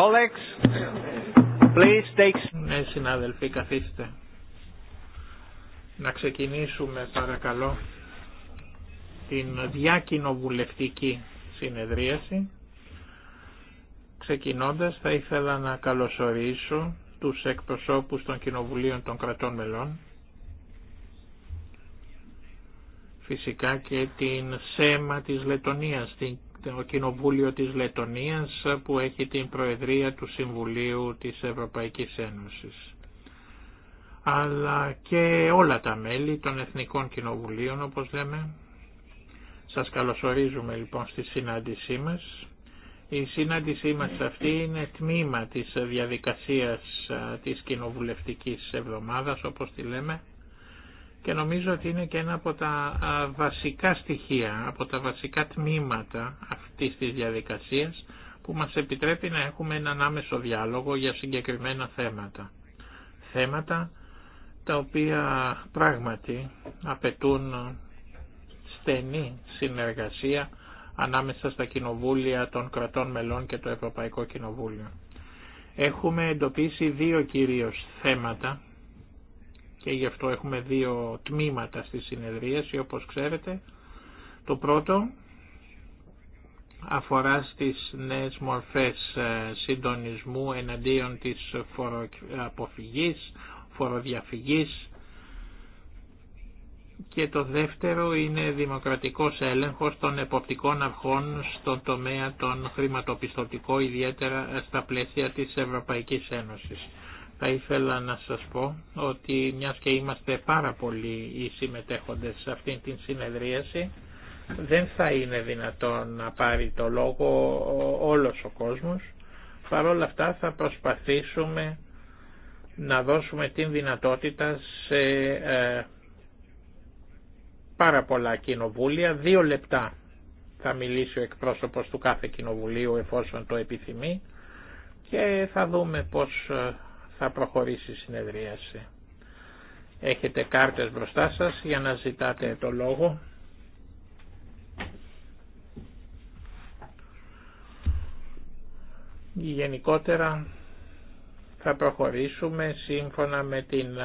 Colleagues, please take... Ναι, συνάδελφοι, καθίστε. Να ξεκινήσουμε παρακαλώ την διακοινοβουλευτική συνεδρίαση. Ξεκινώντας θα ήθελα να καλωσορίσω τους εκπροσώπους των κοινοβουλίων των κρατών μελών φυσικά και την ΣΕΜΑ της Λετωνίας, την το Κοινοβούλιο της Λετωνίας που έχει την Προεδρία του Συμβουλίου της Ευρωπαϊκής Ένωσης αλλά και όλα τα μέλη των Εθνικών Κοινοβουλίων όπως λέμε. Σας καλωσορίζουμε λοιπόν στη συνάντησή μας. Η συνάντησή μας αυτή είναι τμήμα της διαδικασίας ε, της Κοινοβουλευτικής Εβδομάδας όπως τη λέμε και νομίζω ότι είναι και ένα από τα βασικά στοιχεία, από τα βασικά τμήματα αυτής της διαδικασίας που μας επιτρέπει να έχουμε έναν άμεσο διάλογο για συγκεκριμένα θέματα. Θέματα τα οποία πράγματι απαιτούν στενή συνεργασία ανάμεσα στα κοινοβούλια των κρατών μελών και το Ευρωπαϊκό Κοινοβούλιο. Έχουμε εντοπίσει δύο κυρίως θέματα και γι' αυτό έχουμε δύο τμήματα στη συνεδρίαση όπως ξέρετε. Το πρώτο αφορά στις νέες μορφές ε, συντονισμού εναντίον της φοροαποφυγής, φοροδιαφυγής και το δεύτερο είναι δημοκρατικός έλεγχος των εποπτικών αρχών στον τομέα των χρηματοπιστωτικών ιδιαίτερα στα πλαίσια της Ευρωπαϊκής Ένωσης θα ήθελα να σας πω ότι μιας και είμαστε πάρα πολλοί οι συμμετέχοντες σε αυτήν την συνεδρίαση, δεν θα είναι δυνατόν να πάρει το λόγο όλος ο κόσμος. Παρ' όλα αυτά θα προσπαθήσουμε να δώσουμε την δυνατότητα σε ε, πάρα πολλά κοινοβούλια. Δύο λεπτά θα μιλήσει ο εκπρόσωπος του κάθε κοινοβουλίου εφόσον το επιθυμεί και θα δούμε πώς ε, θα προχωρήσει η συνεδρίαση. Έχετε κάρτες μπροστά σας για να ζητάτε το λόγο. Γενικότερα θα προχωρήσουμε σύμφωνα με την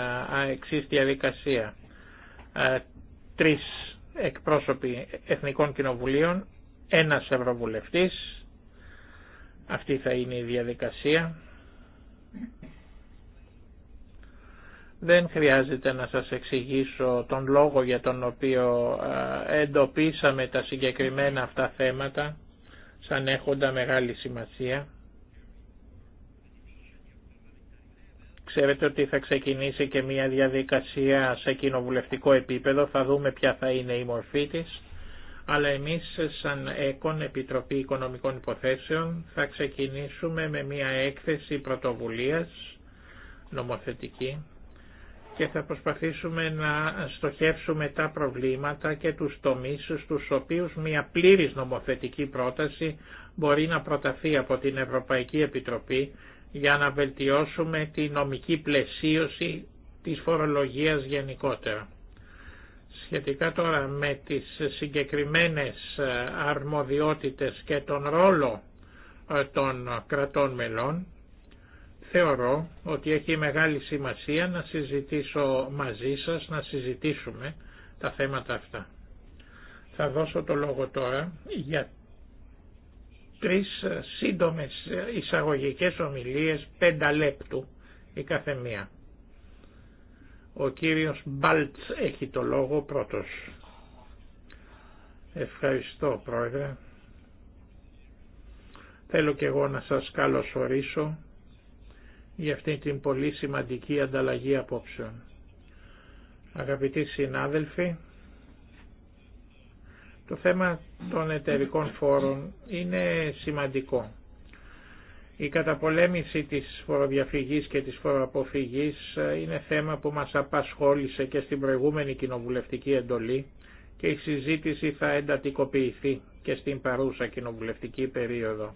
εξή διαδικασία. Τρεις εκπρόσωποι Εθνικών Κοινοβουλίων, ένας Ευρωβουλευτής, αυτή θα είναι η διαδικασία. Δεν χρειάζεται να σας εξηγήσω τον λόγο για τον οποίο εντοπίσαμε τα συγκεκριμένα αυτά θέματα σαν έχοντα μεγάλη σημασία. Ξέρετε ότι θα ξεκινήσει και μια διαδικασία σε κοινοβουλευτικό επίπεδο, θα δούμε ποια θα είναι η μορφή της, αλλά εμείς σαν ΕΚΟΝ, Επιτροπή Οικονομικών Υποθέσεων, θα ξεκινήσουμε με μια έκθεση πρωτοβουλίας νομοθετική, και θα προσπαθήσουμε να στοχεύσουμε τα προβλήματα και τους τομείς στους οποίους μια πλήρης νομοθετική πρόταση μπορεί να προταθεί από την Ευρωπαϊκή Επιτροπή για να βελτιώσουμε τη νομική πλαισίωση της φορολογίας γενικότερα. Σχετικά τώρα με τις συγκεκριμένες αρμοδιότητες και τον ρόλο ε, των κρατών μελών, θεωρώ ότι έχει μεγάλη σημασία να συζητήσω μαζί σας, να συζητήσουμε τα θέματα αυτά. Θα δώσω το λόγο τώρα για τρεις σύντομες εισαγωγικές ομιλίες, πέντα λεπτού η καθεμία. Ο κύριος Μπάλτς έχει το λόγο πρώτος. Ευχαριστώ πρόεδρε. Θέλω και εγώ να σας καλωσορίσω για αυτή την πολύ σημαντική ανταλλαγή απόψεων. Αγαπητοί συνάδελφοι, το θέμα των εταιρικών φόρων είναι σημαντικό. Η καταπολέμηση της φοροδιαφυγής και της φοροαποφυγής είναι θέμα που μας απασχόλησε και στην προηγούμενη κοινοβουλευτική εντολή και η συζήτηση θα εντατικοποιηθεί και στην παρούσα κοινοβουλευτική περίοδο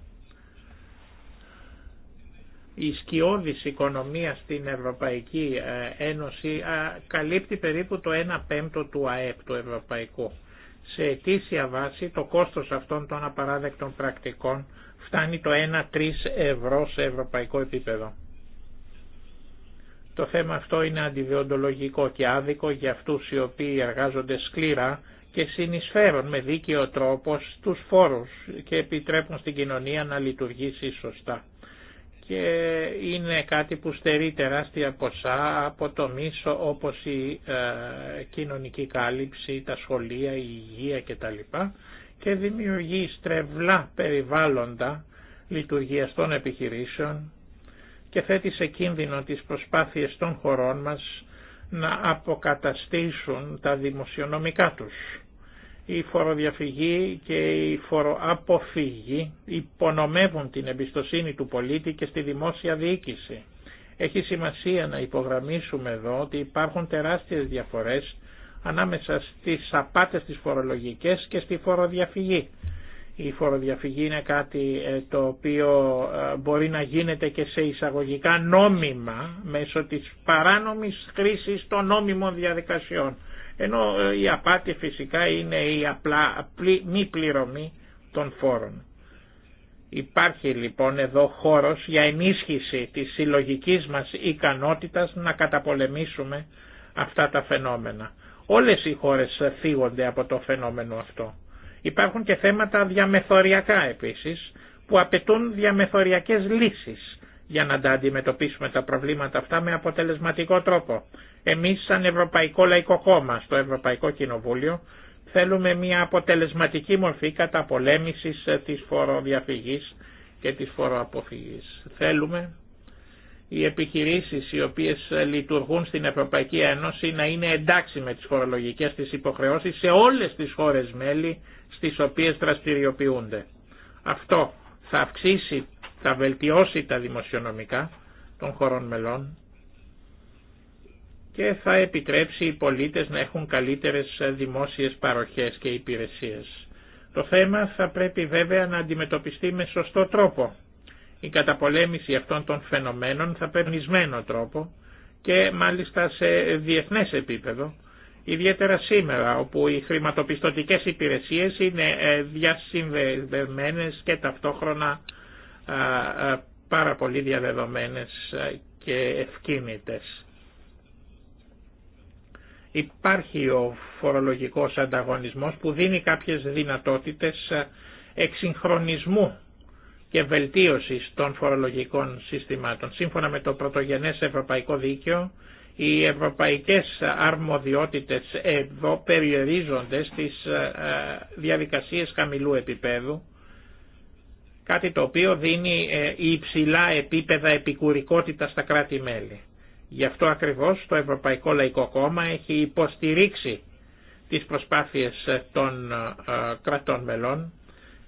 η σκιώδης οικονομία στην Ευρωπαϊκή ε, Ένωση ε, καλύπτει περίπου το 1 πέμπτο του ΑΕΠ του Ευρωπαϊκού. Σε ετήσια βάση το κόστος αυτών των απαράδεκτων πρακτικών φτάνει το 1-3 ευρώ σε ευρωπαϊκό επίπεδο. Το θέμα αυτό είναι αντιδιοντολογικό και άδικο για αυτούς οι οποίοι εργάζονται σκληρά και συνεισφέρουν με δίκαιο τρόπο στους φόρους και επιτρέπουν στην κοινωνία να λειτουργήσει σωστά και είναι κάτι που στερεί τεράστια ποσά από το μίσο όπως η ε, κοινωνική κάλυψη, τα σχολεία, η υγεία κτλ. και δημιουργεί στρεβλά περιβάλλοντα λειτουργίας των επιχειρήσεων και θέτει σε κίνδυνο τις προσπάθειες των χωρών μας να αποκαταστήσουν τα δημοσιονομικά τους η φοροδιαφυγή και η φοροαποφύγη υπονομεύουν την εμπιστοσύνη του πολίτη και στη δημόσια διοίκηση. Έχει σημασία να υπογραμμίσουμε εδώ ότι υπάρχουν τεράστιες διαφορές ανάμεσα στις απάτες τις φορολογικές και στη φοροδιαφυγή. Η φοροδιαφυγή είναι κάτι ε, το οποίο ε, μπορεί να γίνεται και σε εισαγωγικά νόμιμα μέσω της παράνομης χρήσης των νόμιμων διαδικασιών. Ενώ ε, η απάτη φυσικά είναι η απλά μη πληρωμή των φόρων. Υπάρχει λοιπόν εδώ χώρος για ενίσχυση της συλλογικής μας ικανότητας να καταπολεμήσουμε αυτά τα φαινόμενα. Όλες οι χώρες θίγονται από το φαινόμενο αυτό. Υπάρχουν και θέματα διαμεθοριακά επίσης που απαιτούν διαμεθοριακές λύσεις για να τα αντιμετωπίσουμε τα προβλήματα αυτά με αποτελεσματικό τρόπο. Εμείς σαν Ευρωπαϊκό Λαϊκό Κόμμα στο Ευρωπαϊκό Κοινοβούλιο θέλουμε μια αποτελεσματική μορφή καταπολέμησης ε, της φοροδιαφυγής και της φοροαποφυγής. Θέλουμε οι επιχειρήσεις οι οποίες ε, λειτουργούν στην Ευρωπαϊκή Ένωση να είναι εντάξει με τις φορολογικές τις υποχρεώσεις σε όλες τις χώρες μέλη στις οποίες δραστηριοποιούνται. Αυτό θα αυξήσει θα βελτιώσει τα δημοσιονομικά των χωρών μελών και θα επιτρέψει οι πολίτες να έχουν καλύτερες δημόσιες παροχές και υπηρεσίες. Το θέμα θα πρέπει βέβαια να αντιμετωπιστεί με σωστό τρόπο. Η καταπολέμηση αυτών των φαινομένων θα περνισμένο τρόπο και μάλιστα σε διεθνές επίπεδο, ιδιαίτερα σήμερα όπου οι χρηματοπιστωτικές υπηρεσίες είναι ε, διασυνδεδεμένες και ταυτόχρονα πάρα πολύ διαδεδομένες και ευκίνητες. Υπάρχει ο φορολογικός ανταγωνισμός που δίνει κάποιες δυνατότητες εξυγχρονισμού και βελτίωσης των φορολογικών συστημάτων. Σύμφωνα με το πρωτογενές ευρωπαϊκό δίκαιο, οι ευρωπαϊκές αρμοδιότητες εδώ περιορίζονται στις διαδικασίες χαμηλού επίπεδου κάτι το οποίο δίνει ε, υψηλά επίπεδα επικουρικότητα στα κράτη-μέλη. Γι' αυτό ακριβώς το Ευρωπαϊκό Λαϊκό Κόμμα έχει υποστηρίξει τις προσπάθειες των ε, κρατών μελών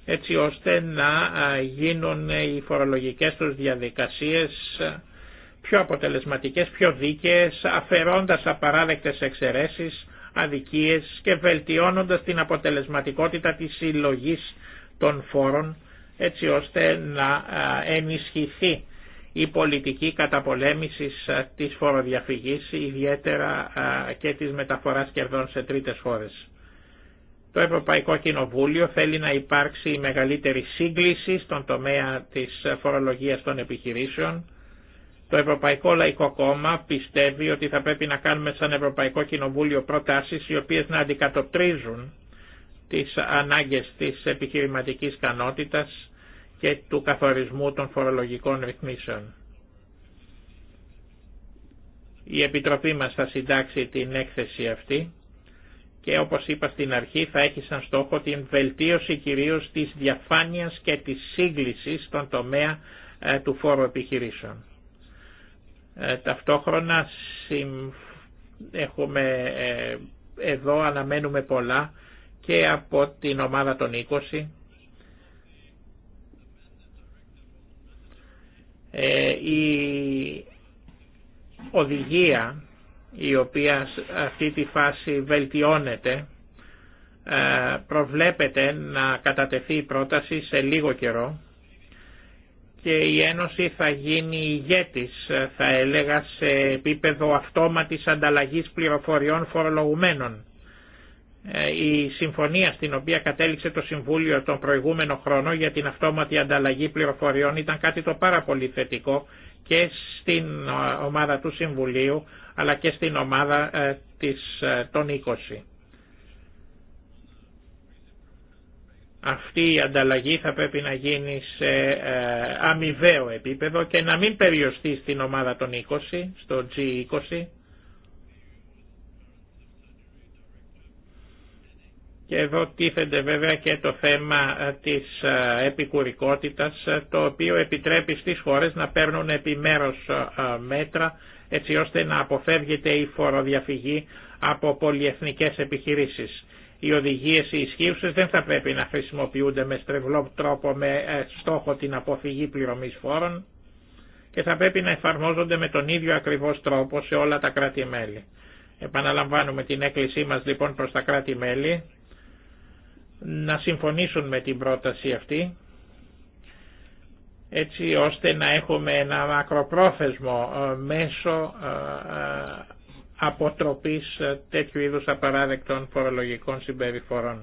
έτσι ώστε να ε, γίνουν οι φορολογικές τους διαδικασίες πιο αποτελεσματικές, πιο δίκαιες, αφαιρώντας απαράδεκτες εξαιρέσεις, αδικίες και βελτιώνοντας την αποτελεσματικότητα της συλλογής των φόρων έτσι ώστε να ενισχυθεί η πολιτική καταπολέμησης της φοροδιαφυγής, ιδιαίτερα και της μεταφοράς κερδών σε τρίτες χώρες. Το Ευρωπαϊκό Κοινοβούλιο θέλει να υπάρξει μεγαλύτερη σύγκληση στον τομέα της φορολογίας των επιχειρήσεων. Το Ευρωπαϊκό Λαϊκό Κόμμα πιστεύει ότι θα πρέπει να κάνουμε σαν Ευρωπαϊκό Κοινοβούλιο προτάσεις οι οποίες να αντικατοπτρίζουν τις ανάγκες της επιχειρηματικής κανότητας και του καθορισμού των φορολογικών ρυθμίσεων. Η Επιτροπή μας θα συντάξει την έκθεση αυτή και όπως είπα στην αρχή θα έχει σαν στόχο την βελτίωση κυρίως της διαφάνειας και της σύγκλησης στον τομέα ε, του φόρου επιχειρήσεων. Ε, ταυτόχρονα έχουμε ε, εδώ αναμένουμε πολλά και από την ομάδα των 20 Ε, η οδηγία η οποία αυτή τη φάση βελτιώνεται ε, προβλέπεται να κατατεθεί η πρόταση σε λίγο καιρό και η Ένωση θα γίνει ηγέτης, ε, θα έλεγα, σε επίπεδο αυτόματης ανταλλαγής πληροφοριών φορολογουμένων. Ε, η συμφωνία στην οποία κατέληξε το Συμβούλιο τον προηγούμενο χρόνο για την αυτόματη ανταλλαγή πληροφοριών ήταν κάτι το πάρα πολύ θετικό και στην ε, ομάδα του Συμβουλίου αλλά και στην ομάδα ε, της, των 20. Αυτή η ανταλλαγή θα πρέπει να γίνει σε αμοιβαίο επίπεδο και να μην περιοριστεί στην ομάδα των 20, στο G20, Και εδώ τίθενται βέβαια και το θέμα ε, της ε, επικουρικότητας, ε, το οποίο επιτρέπει στις χώρες να παίρνουν επιμέρους μέτρα έτσι ώστε να αποφεύγεται η φοροδιαφυγή από πολυεθνικές επιχειρήσεις. Οι οδηγίες οι ισχύουσες δεν θα πρέπει να χρησιμοποιούνται με στρεβλό τρόπο με στόχο την αποφυγή πληρωμής φόρων και θα πρέπει να εφαρμόζονται με τον ίδιο ακριβώς τρόπο σε όλα τα κράτη-μέλη. Επαναλαμβάνουμε την έκκλησή μας λοιπόν προς τα κράτη-μέλη να συμφωνήσουν με την πρόταση αυτή έτσι ώστε να έχουμε ένα μακροπρόθεσμο ε, μέσο ε, ε, αποτροπής τέτοιου είδους απαράδεκτων φορολογικών συμπεριφορών.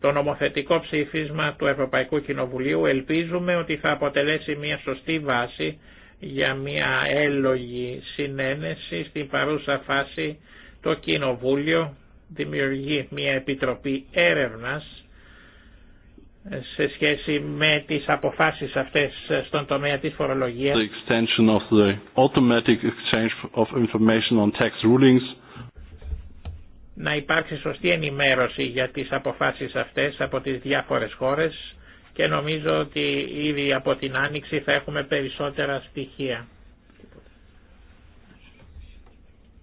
Το νομοθετικό ψήφισμα του Ευρωπαϊκού Κοινοβουλίου ελπίζουμε ότι θα αποτελέσει μια σωστή βάση για μια έλογη συνένεση στην παρούσα φάση το Κοινοβούλιο δημιουργεί μια επιτροπή έρευνας σε σχέση με τις αποφάσεις αυτές στον τομέα της φορολογίας. The extension of the automatic exchange of information on tax rulings. Να υπάρξει σωστή ενημέρωση για τις αποφάσεις αυτές από τις διάφορες χώρες και νομίζω ότι ήδη από την Άνοιξη θα έχουμε περισσότερα στοιχεία.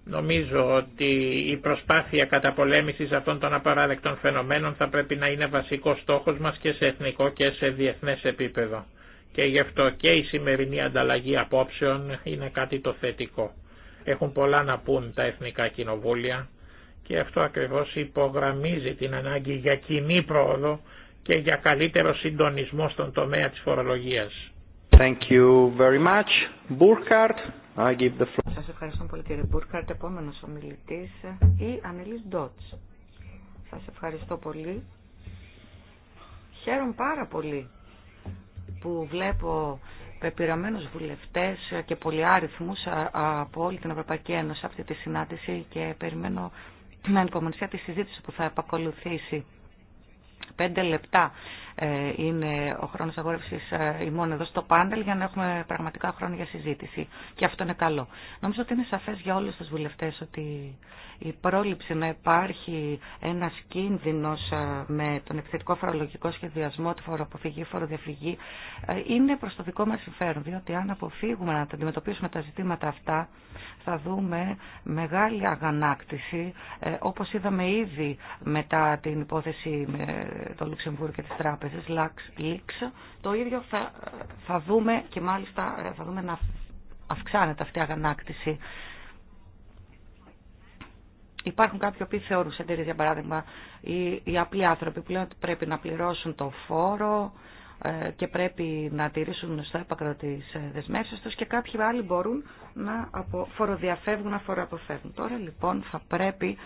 Νομίζω ότι η προσπάθεια καταπολέμησης αυτών των απαράδεκτων φαινομένων θα πρέπει να είναι βασικός στόχος μας και σε εθνικό και σε διεθνές επίπεδο. Και γι' αυτό και η σημερινή ανταλλαγή απόψεων είναι κάτι το θετικό. Έχουν πολλά να πούν τα εθνικά κοινοβούλια και αυτό ακριβώς υπογραμμίζει την ανάγκη για κοινή πρόοδο και για καλύτερο συντονισμό στον τομέα της φορολογίας. Thank you very much. I give the floor. Σας ευχαριστώ πολύ κύριε Μπούρκαρτ, επόμενος ομιλητής η Ανελής Ντότς. Σας ευχαριστώ πολύ. Χαίρομαι πάρα πολύ που βλέπω πεπειραμένους βουλευτές και πολυάριθμους από όλη την Ευρωπαϊκή Ένωση αυτή τη συνάντηση και περιμένω με ανυπομονησία τη συζήτηση που θα επακολουθήσει. Πέντε λεπτά ε, είναι ο χρόνος αγόρευσης ε, ημών εδώ στο πάνελ για να έχουμε πραγματικά χρόνο για συζήτηση. Και αυτό είναι καλό. Νομίζω ότι είναι σαφές για όλους τους βουλευτές ότι η πρόληψη να υπάρχει ένας κίνδυνος ε, με τον εκθετικό φορολογικό σχεδιασμό, τη φοροαποφυγή, φοροδιαφυγή, είναι προς το δικό μας συμφέρον. Διότι αν αποφύγουμε να αντιμετωπίσουμε τα ζητήματα αυτά, θα δούμε μεγάλη αγανάκτηση, όπως είδαμε ήδη μετά την υπόθεση με το Λουξεμβούργο και τις τράπεζες διαδικασίας LAX, το ίδιο θα, θα δούμε και μάλιστα ε, θα δούμε να αυξάνεται αυτή η αγανάκτηση. Υπάρχουν κάποιοι που θεωρούν σε για παράδειγμα, οι, οι απλοί άνθρωποι που λένε ότι πρέπει να πληρώσουν το φόρο ε, και πρέπει να τηρήσουν στο έπακρο τι ε, δεσμεύσει τους και κάποιοι άλλοι μπορούν να φοροδιαφεύγουν, να φοροαποφεύγουν. Τώρα λοιπόν θα πρέπει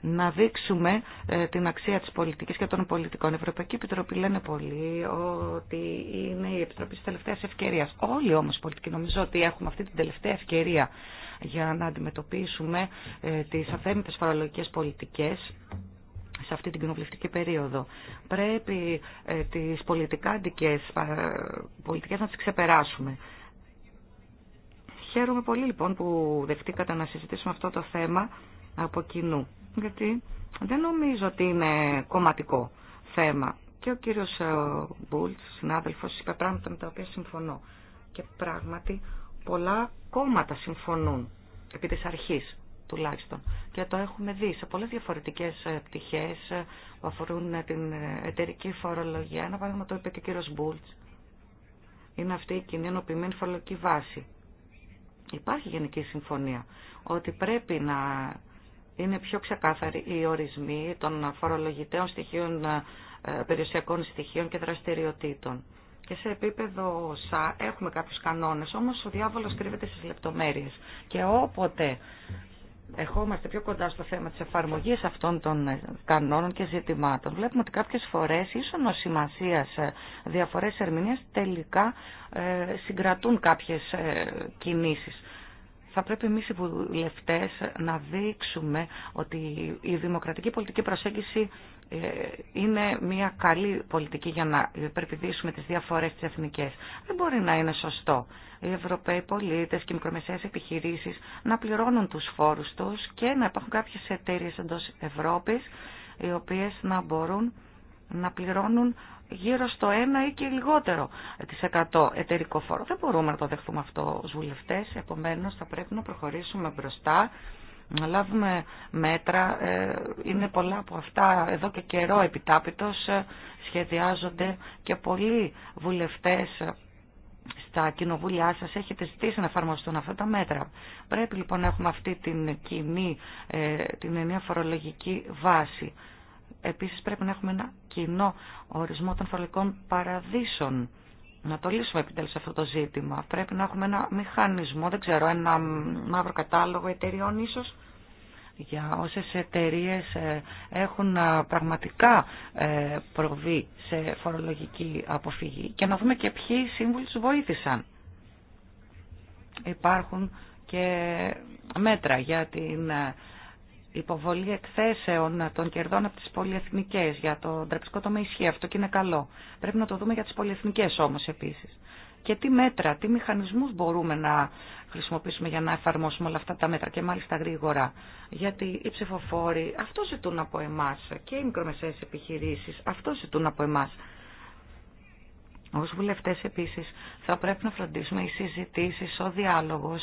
να δείξουμε ε, την αξία της πολιτικής και των πολιτικών. Η Ευρωπαϊκή Επιτροπή λένε πολύ ότι είναι η Επιτροπή της τελευταίας ευκαιρίας. Όλοι όμως οι πολιτικοί νομίζω ότι έχουμε αυτή την τελευταία ευκαιρία για να αντιμετωπίσουμε ε, τις αθέμητες φορολογικές πολιτικές σε αυτή την κοινοβουλευτική περίοδο. Πρέπει ε, τις ε, πολιτικές να τις ξεπεράσουμε. Χαίρομαι πολύ λοιπόν που δεχτήκατε να συζητήσουμε αυτό το θέμα από κοινού γιατί δεν νομίζω ότι είναι κομματικό θέμα. Και ο κύριος ε, Μπούλτ, συνάδελφος, είπε πράγματα με τα οποία συμφωνώ. Και πράγματι πολλά κόμματα συμφωνούν, επί της αρχής τουλάχιστον. Και το έχουμε δει σε πολλές διαφορετικές ε, πτυχές ε, που αφορούν την εταιρική φορολογία. Ένα παράδειγμα το είπε και ο κύριος Μπουλτ. Είναι αυτή η κοινή ενωπημένη φορολογική βάση. Υπάρχει γενική συμφωνία ότι πρέπει να είναι πιο ξεκάθαροι οι ορισμοί των φορολογητέων στοιχείων, ε, περιουσιακών στοιχείων και δραστηριοτήτων. Και σε επίπεδο ΣΑ έχουμε κάποιους κανόνες, όμως ο διάβολος κρύβεται στις λεπτομέρειες. Και όποτε ερχόμαστε πιο κοντά στο θέμα της εφαρμογής αυτών των ε, κανόνων και ζητημάτων, βλέπουμε ότι κάποιες φορές ο σημασίας ε, διαφορές ερμηνείας τελικά συγκρατούν κάποιες κινήσεις θα πρέπει εμείς οι βουλευτές να δείξουμε ότι η δημοκρατική πολιτική προσέγγιση ε, είναι μια καλή πολιτική για να υπερπηδήσουμε τις διαφορές τις εθνικές. Δεν μπορεί να είναι σωστό οι Ευρωπαίοι πολίτες και οι μικρομεσαίες επιχειρήσεις να πληρώνουν τους φόρους τους και να υπάρχουν κάποιες εταιρείε εντός Ευρώπης οι οποίες να μπορούν να πληρώνουν γύρω στο 1 ή και λιγότερο της 100 εταιρικό φόρο. Δεν μπορούμε να το δεχθούμε αυτό ως βουλευτές, επομένως θα πρέπει να προχωρήσουμε μπροστά, να λάβουμε μέτρα. Ε, είναι πολλά από αυτά εδώ και καιρό επιτάπητος, ε, σχεδιάζονται και πολλοί βουλευτές ε, στα κοινοβούλια σας έχετε ζητήσει να εφαρμοστούν αυτά τα μέτρα. Πρέπει λοιπόν να έχουμε αυτή την κοινή, την ενιαία φορολογική βάση. Επίσης πρέπει να έχουμε ένα κοινό ορισμό των φορολογικών παραδείσων. Να το λύσουμε επιτέλους αυτό το ζήτημα. Πρέπει να έχουμε ένα μηχανισμό, δεν ξέρω, ένα μαύρο κατάλογο εταιριών ίσως για όσες εταιρείε ε, έχουν ε, πραγματικά ε, προβεί σε φορολογική αποφυγή και να δούμε και ποιοι σύμβουλοι τους βοήθησαν. Υπάρχουν και μέτρα για την υποβολή εκθέσεων των κερδών από τις πολυεθνικές. Για το τραπεζικό τομέα ισχύει αυτό και είναι καλό. Πρέπει να το δούμε για τις πολυεθνικές όμως επίσης. Και τι μέτρα, τι μηχανισμούς μπορούμε να χρησιμοποιήσουμε για να εφαρμόσουμε όλα αυτά τα μέτρα και μάλιστα γρήγορα. Γιατί οι ψηφοφόροι αυτό ζητούν από εμά και οι μικρομεσαίε επιχειρήσει, αυτό ζητούν από εμά. Ω βουλευτέ, επίση, θα πρέπει να φροντίσουμε οι συζητήσει, ο διάλογο,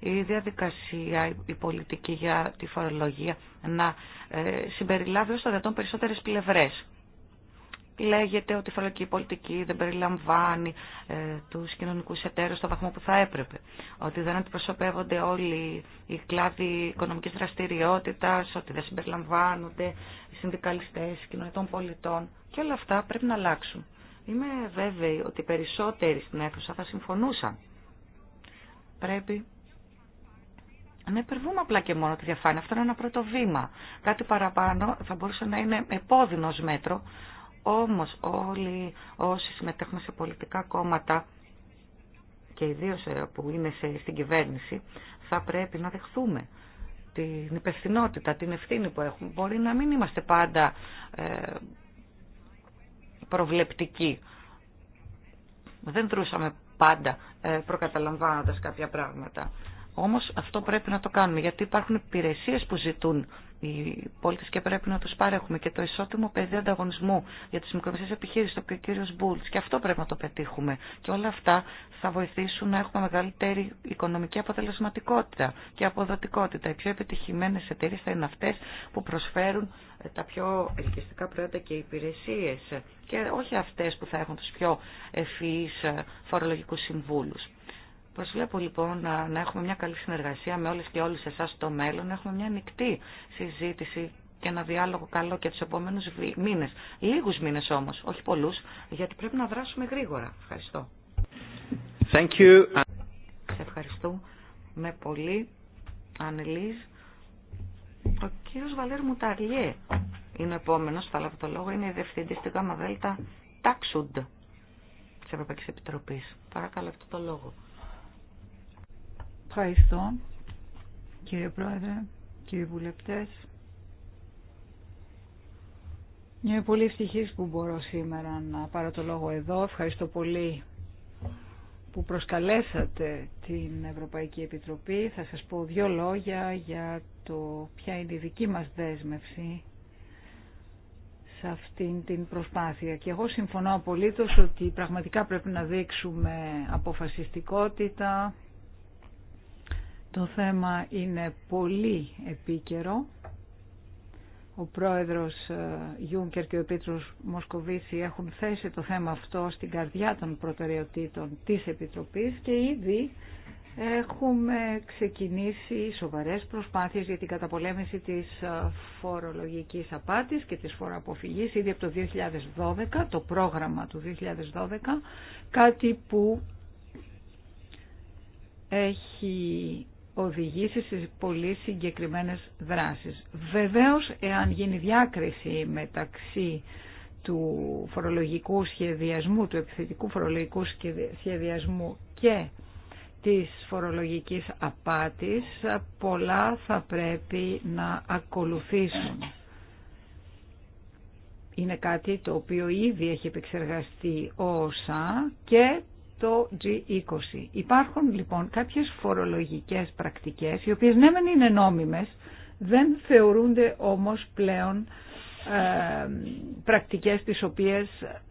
η διαδικασία, η πολιτική για τη φορολογία να ε, συμπεριλάβει όσο δυνατόν περισσότερε πλευρέ. Λέγεται ότι η φορολογική πολιτική δεν περιλαμβάνει ε, του κοινωνικού εταίρου στο βαθμό που θα έπρεπε. Ότι δεν αντιπροσωπεύονται όλοι οι κλάδοι οικονομική δραστηριότητα, ότι δεν συμπεριλαμβάνονται οι συνδικαλιστέ, κοινωνικών πολιτών. Και όλα αυτά πρέπει να αλλάξουν. Είμαι βέβαιη ότι περισσότεροι στην αίθουσα θα συμφωνούσαν. Πρέπει να υπερβούμε απλά και μόνο τη διαφάνεια. Αυτό είναι ένα πρώτο βήμα. Κάτι παραπάνω θα μπορούσε να είναι επώδυνος μέτρο. Όμως όλοι όσοι συμμετέχουν σε πολιτικά κόμματα και ιδίω ε, που είναι στην κυβέρνηση, θα πρέπει να δεχθούμε την υπευθυνότητα, την ευθύνη που έχουμε. Μπορεί να μην είμαστε πάντα ε, προβλεπτική. Δεν δρούσαμε πάντα ε, προκαταλαμβάνοντας κάποια πράγματα. Όμως αυτό πρέπει να το κάνουμε γιατί υπάρχουν υπηρεσίες που ζητούν οι πολίτε και πρέπει να του παρέχουμε και το ισότιμο πεδίο ανταγωνισμού για τι μικρομεσαίε επιχείρησει, το οποίο ο κύριο Μπούλτ. Και αυτό πρέπει να το πετύχουμε. Και όλα αυτά θα βοηθήσουν να έχουμε μεγαλύτερη οικονομική αποτελεσματικότητα και αποδοτικότητα. Οι πιο επιτυχημένε εταιρείε θα είναι αυτέ που προσφέρουν ε, τα πιο ελκυστικά προϊόντα και υπηρεσίε. Και όχι αυτέ που θα έχουν του πιο ευφυεί ε, φορολογικού συμβούλου. Προσβλέπω λοιπόν να, να έχουμε μια καλή συνεργασία με όλες και όλους εσάς στο μέλλον, να έχουμε μια ανοιχτή συζήτηση και ένα διάλογο καλό και τους επόμενους μήνες. Λίγους μήνες όμως, όχι πολλούς, γιατί πρέπει να δράσουμε γρήγορα. Ευχαριστώ. Thank you. Σε ευχαριστούμε πολύ, Ανελίζ. Ο κύριος Βαλέρ Μουταριέ είναι ο επόμενος, θα λάβω το λόγο, είναι η διευθυντή στην ΚΑΜΑ Τάξουντ της Ευρωπαϊκής Επιτροπής. Παρακαλώ αυτό το λόγο. Ευχαριστώ κύριε Πρόεδρε, κύριοι βουλευτές. Είμαι πολύ ευτυχής που μπορώ σήμερα να πάρω το λόγο εδώ. Ευχαριστώ πολύ που προσκαλέσατε την Ευρωπαϊκή Επιτροπή. Θα σας πω δύο λόγια για το ποια είναι η δική μας δέσμευση σε αυτήν την προσπάθεια. Και εγώ συμφωνώ απολύτως ότι πραγματικά πρέπει να δείξουμε αποφασιστικότητα, το θέμα είναι πολύ επίκαιρο. Ο πρόεδρος ε, Γιούγκερ και ο επίτρος Μοσκοβίση έχουν θέσει το θέμα αυτό στην καρδιά των προτεραιοτήτων της Επιτροπής και ήδη έχουμε ξεκινήσει σοβαρές προσπάθειες για την καταπολέμηση της ε, φορολογικής απάτης και της φοροαποφυγής ήδη από το 2012, το πρόγραμμα του 2012, κάτι που έχει οδηγήσει σε πολύ συγκεκριμένες δράσεις. Βεβαίως, εάν γίνει διάκριση μεταξύ του φορολογικού σχεδιασμού, του επιθετικού φορολογικού σχεδιασμού και της φορολογικής απάτης, πολλά θα πρέπει να ακολουθήσουν. Είναι κάτι το οποίο ήδη έχει επεξεργαστεί όσα και το G20. Υπάρχουν λοιπόν κάποιες φορολογικές πρακτικές, οι οποίες ναι μεν είναι νόμιμες, δεν θεωρούνται όμως πλέον ε, πρακτικές τις οποίες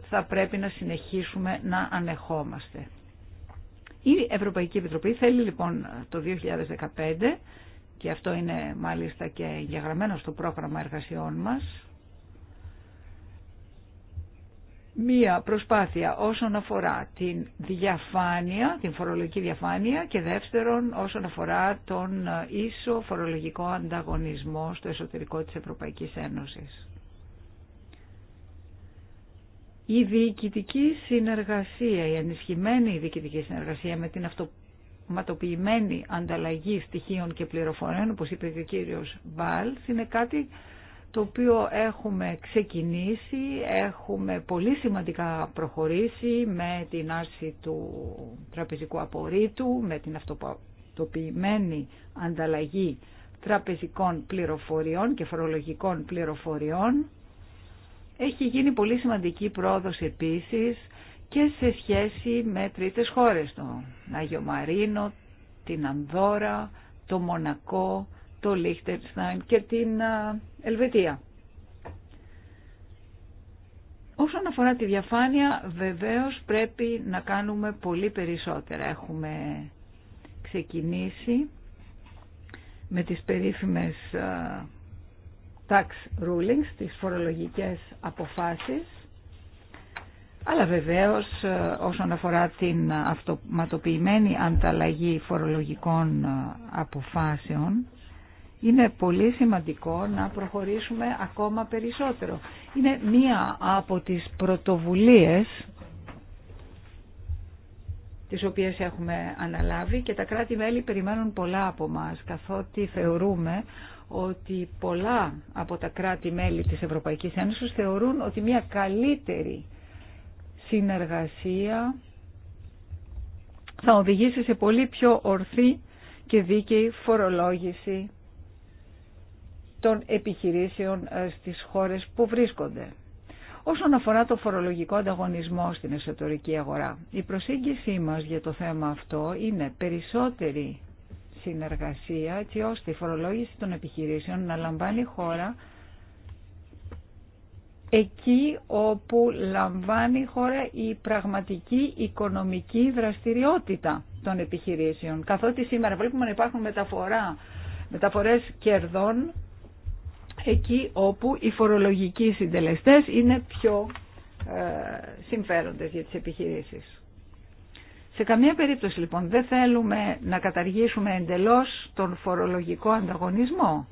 θα πρέπει να συνεχίσουμε να ανεχόμαστε. Η Ευρωπαϊκή Επιτροπή θέλει λοιπόν το 2015, και αυτό είναι μάλιστα και γεγραμμένο στο πρόγραμμα εργασιών μας, μία προσπάθεια όσον αφορά την διαφάνεια, την φορολογική διαφάνεια και δεύτερον όσον αφορά τον ε, ίσο φορολογικό ανταγωνισμό στο εσωτερικό της Ευρωπαϊκής Ένωσης. Η διοικητική συνεργασία, η ενισχυμένη διοικητική συνεργασία με την αυτοματοποιημένη ανταλλαγή στοιχείων και πληροφοριών, όπως είπε και ο κύριος Βάλς, είναι κάτι το οποίο έχουμε ξεκινήσει, έχουμε πολύ σημαντικά προχωρήσει με την άρση του τραπεζικού απορρίτου, με την αυτοποιημένη ανταλλαγή τραπεζικών πληροφοριών και φορολογικών πληροφοριών. Έχει γίνει πολύ σημαντική πρόοδος επίσης και σε σχέση με τρίτες χώρες, το Άγιο Μαρίνο, την Ανδόρα, το Μονακό, το να και την Ελβετία. Όσον αφορά τη διαφάνεια, βεβαίως πρέπει να κάνουμε πολύ περισσότερα. Έχουμε ξεκινήσει με τις περίφημες tax rulings, τις φορολογικές αποφάσεις, αλλά βεβαίως όσον αφορά την αυτοματοποιημένη ανταλλαγή φορολογικών αποφάσεων, είναι πολύ σημαντικό να προχωρήσουμε ακόμα περισσότερο. Είναι μία από τις πρωτοβουλίες τις οποίες έχουμε αναλάβει και τα κράτη-μέλη περιμένουν πολλά από μας, καθότι θεωρούμε ότι πολλά από τα κράτη-μέλη της Ευρωπαϊκής Ένωσης θεωρούν ότι μια καλύτερη συνεργασία θα οδηγήσει σε πολύ πιο ορθή και δίκαιη φορολόγηση των επιχειρήσεων ε, στις χώρες που βρίσκονται. Όσον αφορά το φορολογικό ανταγωνισμό στην εσωτερική αγορά, η προσέγγιση μας για το θέμα αυτό είναι περισσότερη συνεργασία έτσι ώστε η φορολόγηση των επιχειρήσεων να λαμβάνει χώρα εκεί όπου λαμβάνει χώρα η πραγματική οικονομική δραστηριότητα των επιχειρήσεων. Καθότι σήμερα βλέπουμε να υπάρχουν μεταφορά, μεταφορές κερδών εκεί όπου οι φορολογικοί συντελεστές είναι πιο ε, συμφέροντες για τις επιχειρήσεις. Σε καμία περίπτωση λοιπόν δεν θέλουμε να καταργήσουμε εντελώς τον φορολογικό ανταγωνισμό.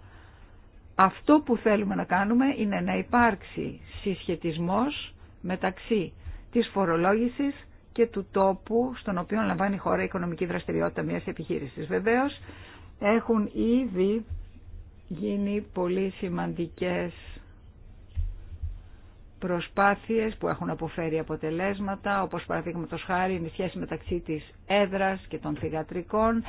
Αυτό που θέλουμε να κάνουμε είναι να υπάρξει συσχετισμός μεταξύ της φορολόγησης και του τόπου στον οποίο λαμβάνει η χώρα η οικονομική δραστηριότητα μιας επιχείρησης. Βεβαίως έχουν ήδη γίνει πολύ σημαντικές προσπάθειες που έχουν αποφέρει αποτελέσματα, όπως παραδείγματος χάρη είναι η σχέση μεταξύ της έδρας και των θηγατρικών,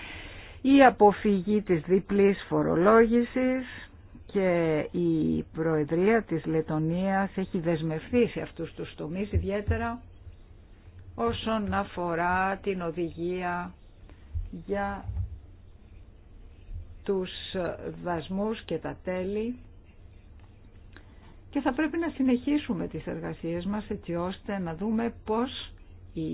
η αποφυγή της διπλής φορολόγησης και η Προεδρία της Λετωνίας έχει δεσμευθεί σε αυτούς τους τομείς ιδιαίτερα όσον αφορά την οδηγία για τους δασμούς και τα τέλη και θα πρέπει να συνεχίσουμε τις εργασίες μας έτσι ώστε να δούμε πώς οι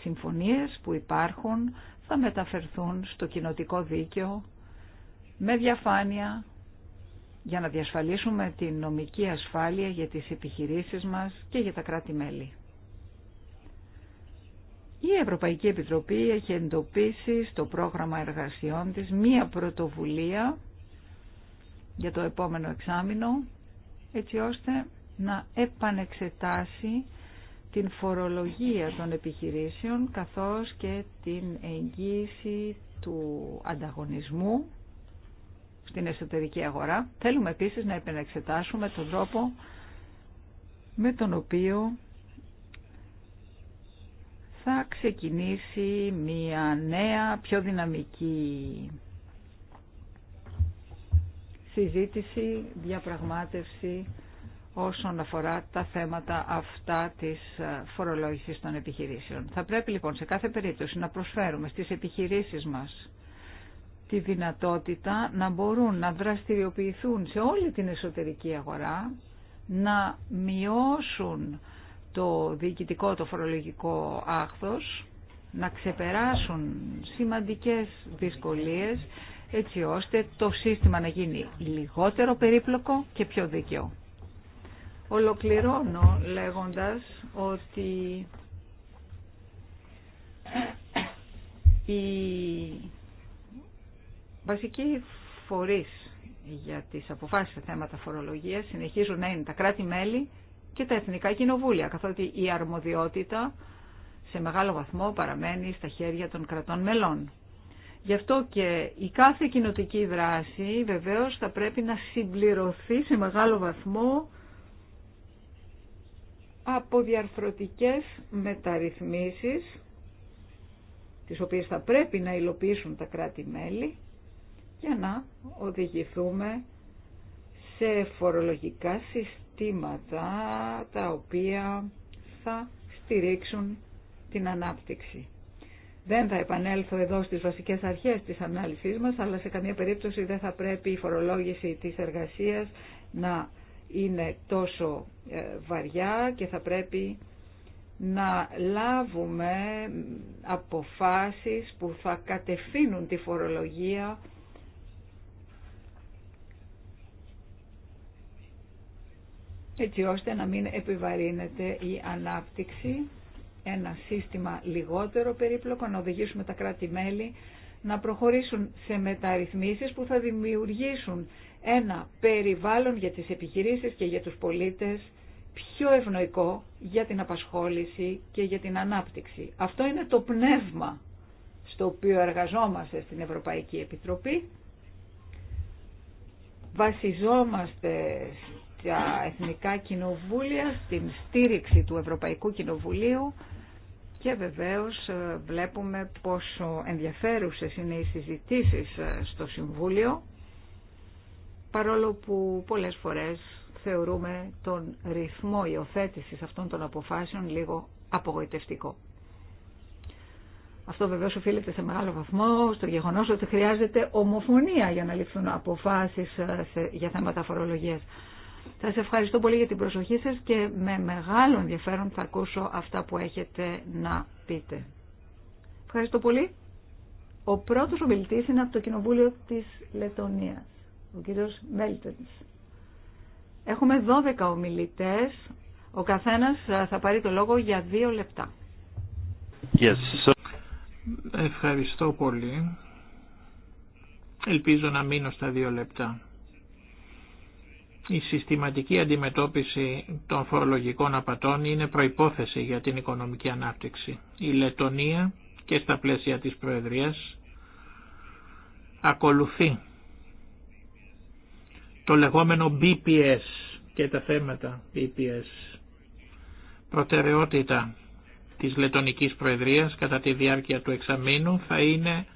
συμφωνίες που υπάρχουν θα μεταφερθούν στο κοινοτικό δίκαιο με διαφάνεια για να διασφαλίσουμε την νομική ασφάλεια για τις επιχειρήσεις μας και για τα κράτη-μέλη. Η Ευρωπαϊκή Επιτροπή έχει εντοπίσει στο πρόγραμμα εργασιών της μία πρωτοβουλία για το επόμενο εξάμεινο έτσι ώστε να επανεξετάσει την φορολογία των επιχειρήσεων καθώς και την εγγύηση του ανταγωνισμού στην εσωτερική αγορά. Θέλουμε επίσης να επανεξετάσουμε τον τρόπο με τον οποίο θα ξεκινήσει μια νέα, πιο δυναμική συζήτηση, διαπραγμάτευση όσον αφορά τα θέματα αυτά της ε, φορολόγησης των επιχειρήσεων. Θα πρέπει λοιπόν σε κάθε περίπτωση να προσφέρουμε στις επιχειρήσεις μας τη δυνατότητα να μπορούν να δραστηριοποιηθούν σε όλη την εσωτερική αγορά, να μειώσουν το διοικητικό, το φορολογικό άχθος, να ξεπεράσουν σημαντικές δυσκολίες έτσι ώστε το σύστημα να γίνει λιγότερο περίπλοκο και πιο δίκαιο. Ολοκληρώνω λέγοντας ότι οι βασικοί φορείς για τις αποφάσεις σε θέματα φορολογίας συνεχίζουν να είναι τα κράτη-μέλη και τα εθνικά κοινοβούλια, καθότι η αρμοδιότητα σε μεγάλο βαθμό παραμένει στα χέρια των κρατών μελών. Γι' αυτό και η κάθε κοινοτική δράση βεβαίως θα πρέπει να συμπληρωθεί σε μεγάλο βαθμό από διαρθρωτικές μεταρρυθμίσεις τις οποίες θα πρέπει να υλοποιήσουν τα κράτη-μέλη για να οδηγηθούμε σε φορολογικά συστήματα τα οποία θα στηρίξουν την ανάπτυξη. Δεν θα επανέλθω εδώ στις βασικές αρχές της ανάλυσής μας, αλλά σε καμία περίπτωση δεν θα πρέπει η φορολόγηση της εργασίας να είναι τόσο ε, βαριά και θα πρέπει να λάβουμε αποφάσεις που θα κατευθύνουν τη φορολογία έτσι ώστε να μην επιβαρύνεται η ανάπτυξη, ένα σύστημα λιγότερο περίπλοκο, να οδηγήσουμε τα κράτη-μέλη να προχωρήσουν σε μεταρρυθμίσεις που θα δημιουργήσουν ένα περιβάλλον για τις επιχειρήσεις και για τους πολίτες πιο ευνοϊκό για την απασχόληση και για την ανάπτυξη. Αυτό είναι το πνεύμα στο οποίο εργαζόμαστε στην Ευρωπαϊκή Επιτροπή. Βασιζόμαστε τα Εθνικά Κοινοβούλια στην στήριξη του Ευρωπαϊκού Κοινοβουλίου και βεβαίως ε, βλέπουμε πόσο ενδιαφέρουσες είναι οι συζητήσεις ε, στο Συμβούλιο παρόλο που πολλές φορές θεωρούμε τον ρυθμό υιοθέτηση αυτών των αποφάσεων λίγο απογοητευτικό. Αυτό βεβαίως οφείλεται σε μεγάλο βαθμό στο γεγονός ότι χρειάζεται ομοφωνία για να ληφθούν αποφάσεις ε, για θέματα φορολογίας. Θα Σας ευχαριστώ πολύ για την προσοχή σας και με μεγάλο ενδιαφέρον θα ακούσω αυτά που έχετε να πείτε. Ευχαριστώ πολύ. Ο πρώτος ομιλητής είναι από το Κοινοβούλιο της Λετωνίας, ο κύριος Μέλτενς. Έχουμε 12 ομιλητές. Ο καθένας ε, θα πάρει το λόγο για δύο λεπτά. Yes. Ευχαριστώ πολύ. Ελπίζω να μείνω στα δύο λεπτά. Η συστηματική αντιμετώπιση των φορολογικών απατών είναι προϋπόθεση για την οικονομική ανάπτυξη. Η Λετωνία και στα πλαίσια της Προεδρίας ακολουθεί το λεγόμενο BPS και τα θέματα BPS. Προτεραιότητα της Λετωνικής Προεδρίας κατά τη διάρκεια του εξαμήνου θα είναι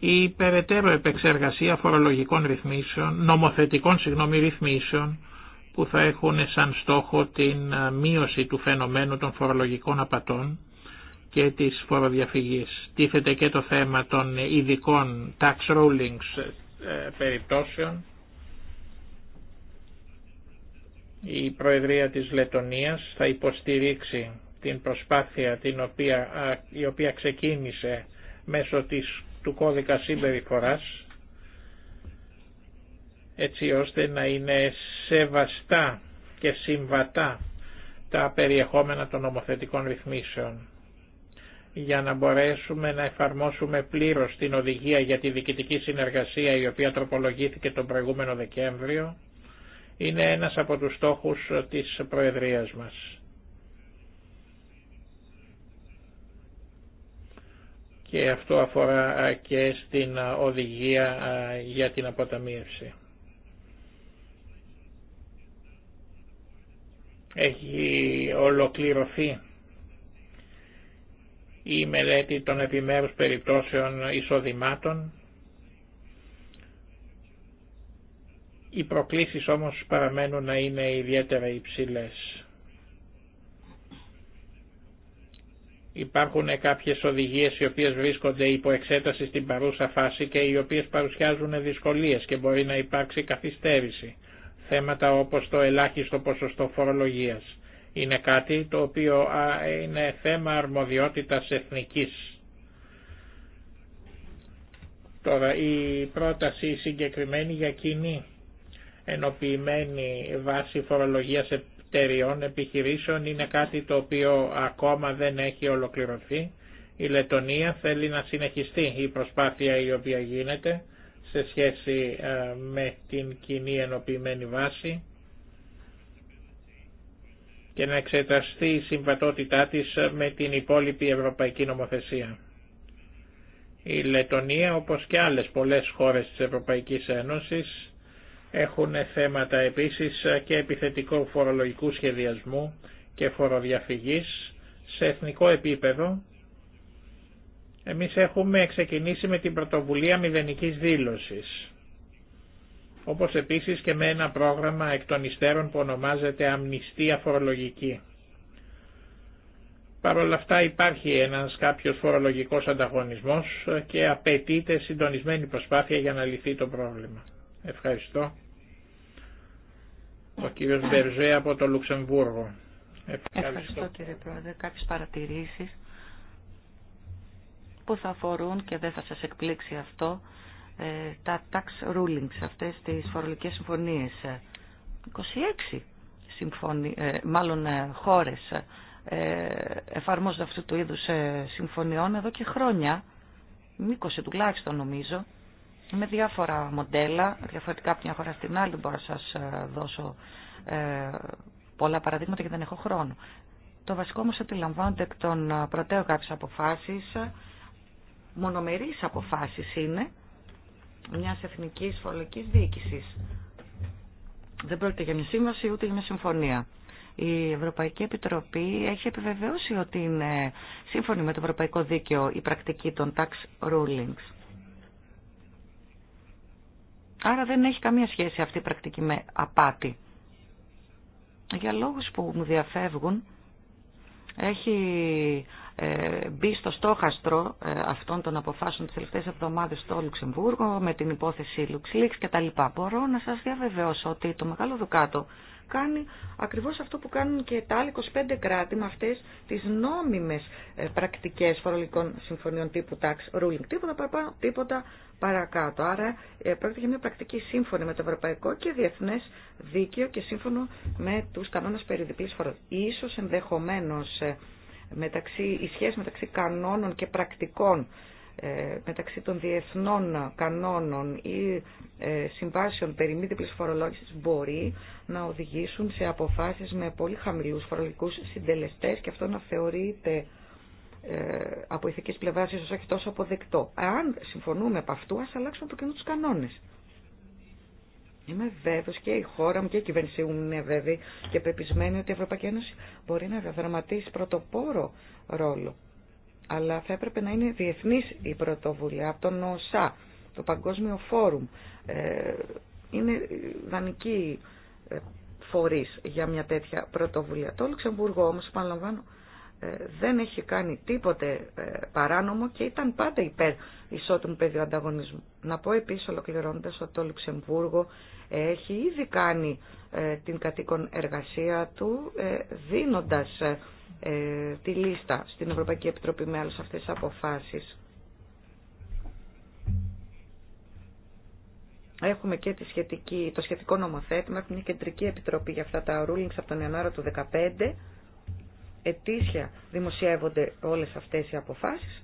η περαιτέρω επεξεργασία φορολογικών ρυθμίσεων, νομοθετικών συγγνώμη ρυθμίσεων που θα έχουν σαν στόχο την ε, μείωση του φαινομένου των φορολογικών απατών και της φοροδιαφυγής. Τίθεται και το θέμα των ειδικών tax rulings ε, περιπτώσεων. Η Προεδρία της Λετωνίας θα υποστηρίξει την προσπάθεια την οποία, ε, η οποία ξεκίνησε μέσω της του κώδικα συμπεριφοράς έτσι ώστε να είναι σεβαστά και συμβατά τα περιεχόμενα των νομοθετικών ρυθμίσεων. Για να μπορέσουμε να εφαρμόσουμε πλήρως την οδηγία για τη διοικητική συνεργασία η οποία τροπολογήθηκε τον προηγούμενο Δεκέμβριο, είναι ένας από τους στόχους της Προεδρίας μας. και αυτό αφορά και στην οδηγία για την αποταμίευση. Έχει ολοκληρωθεί η μελέτη των επιμέρους περιπτώσεων εισοδημάτων. Οι προκλήσεις όμως παραμένουν να είναι ιδιαίτερα υψηλές. Υπάρχουν κάποιες οδηγίες οι οποίες βρίσκονται υπό εξέταση στην παρούσα φάση και οι οποίες παρουσιάζουν δυσκολίες και μπορεί να υπάρξει καθυστέρηση. Θέματα όπως το ελάχιστο ποσοστό φορολογίας. Είναι κάτι το οποίο είναι θέμα αρμοδιότητας εθνικής. Τώρα η πρόταση συγκεκριμένη για κοινή ενοποιημένη βάση φορολογίας εταιριών επιχειρήσεων είναι κάτι το οποίο ακόμα δεν έχει ολοκληρωθεί. Η Λετωνία θέλει να συνεχιστεί η προσπάθεια η οποία γίνεται σε σχέση ε, με την κοινή ενοποιημένη βάση και να εξεταστεί η συμβατότητά της με την υπόλοιπη ευρωπαϊκή νομοθεσία. Η Λετωνία, όπως και άλλες πολλές χώρες της Ευρωπαϊκής Ένωσης, έχουν θέματα επίσης και επιθετικού φορολογικού σχεδιασμού και φοροδιαφυγής σε εθνικό επίπεδο. Εμείς έχουμε ξεκινήσει με την πρωτοβουλία μηδενικής δήλωσης, όπως επίσης και με ένα πρόγραμμα εκ των υστέρων που ονομάζεται Αμνηστία Φορολογική. Παρ' όλα αυτά υπάρχει ένας κάποιος φορολογικός ανταγωνισμός και απαιτείται συντονισμένη προσπάθεια για να λυθεί το πρόβλημα. Ευχαριστώ. Ο κύριος Μπερζέ από το Λουξεμβούργο. Ευχαριστώ, κύριε Πρόεδρε. Κάποιες παρατηρήσεις που θα αφορούν και δεν θα σας εκπλήξει αυτό ε, τα tax rulings, αυτές τις φορολογικές συμφωνίες. 26 συμφωνί, ε, μάλλον ε, χώρες εφαρμόζονται αυτού του είδους συμφωνιών εδώ και χρόνια, 20 τουλάχιστον νομίζω, με διάφορα μοντέλα, διαφορετικά από μια χώρα στην άλλη, μπορώ να σας ε, δώσω ε, πολλά παραδείγματα γιατί δεν έχω χρόνο. Το βασικό όμως ότι λαμβάνονται εκ των ε, πρωτέων κάποιες αποφάσεις, μονομερείς αποφάσεις είναι, μιας εθνικής φορολογικής διοίκησης. Δεν πρόκειται για μια σύμβαση ούτε για μια συμφωνία. Η Ευρωπαϊκή Επιτροπή έχει επιβεβαιώσει ότι είναι σύμφωνη με το Ευρωπαϊκό Δίκαιο η πρακτική των tax rulings. Άρα δεν έχει καμία σχέση αυτή η πρακτική με απάτη. Για λόγους που μου διαφεύγουν, έχει ε, μπει στο στόχαστρο ε, αυτών των αποφάσεων τις τελευταίες εβδομάδες στο Λουξεμβούργο με την υπόθεση LuxLeaks και τα λοιπά. Μπορώ να σας διαβεβαιώσω ότι το Μεγάλο Δουκάτο κάνει ακριβώς αυτό που κάνουν και τα άλλα 25 κράτη με αυτές τις νόμιμες ε, πρακτικές φορολογικών συμφωνιών τύπου tax ruling. Τίποτα παραπάνω, τίποτα παρακάτω. Άρα πρόκειται για μια πρακτική σύμφωνη με το ευρωπαϊκό και διεθνές δίκαιο και σύμφωνο με τους κανόνες περιδιπλής φορολογικής. Ίσως ενδεχομένως μεταξύ, η σχέση μεταξύ κανόνων και πρακτικών, ε, μεταξύ των διεθνών κανόνων ή ε, συμβάσεων περί μη φορολόγησης μπορεί να οδηγήσουν σε αποφάσεις με πολύ χαμηλούς φορολογικούς συντελεστές και αυτό να θεωρείται ε, από ηθικής πλευράς ίσως όχι τόσο αποδεκτό. Αν συμφωνούμε από αυτού, ας αλλάξουμε από κοινού τους κανόνες. Είμαι βέβαιο και η χώρα μου και η κυβέρνησή μου είναι βέβαιη και πεπισμένη ότι η Ευρωπαϊκή Ένωση μπορεί να διαδραματίσει πρωτοπόρο ρόλο. Αλλά θα έπρεπε να είναι διεθνή η πρωτοβουλία από τον ΟΣΑ, το Παγκόσμιο Φόρουμ. Ε, είναι δανεική ε, φορεί για μια τέτοια πρωτοβουλία. Το Λουξεμβούργο όμω, επαναλαμβάνω, ε, δεν έχει κάνει τίποτε παράνομο και ήταν πάντα υπέρ ισότιμου πεδίου ανταγωνισμού. Να πω επίση ολοκληρώνοντα ότι το Λουξεμβούργο έχει ήδη κάνει ε, την κατοίκον εργασία του ε, δίνοντας ε, τη λίστα στην Ευρωπαϊκή Επιτροπή με άλλες αυτές τις αποφάσεις. Έχουμε και το σχετικό νομοθέτημα, έχουμε μια κεντρική επιτροπή για αυτά τα rulings από τον Ιανουάριο του 2015. Ετήσια δημοσιεύονται όλες αυτές οι αποφάσεις,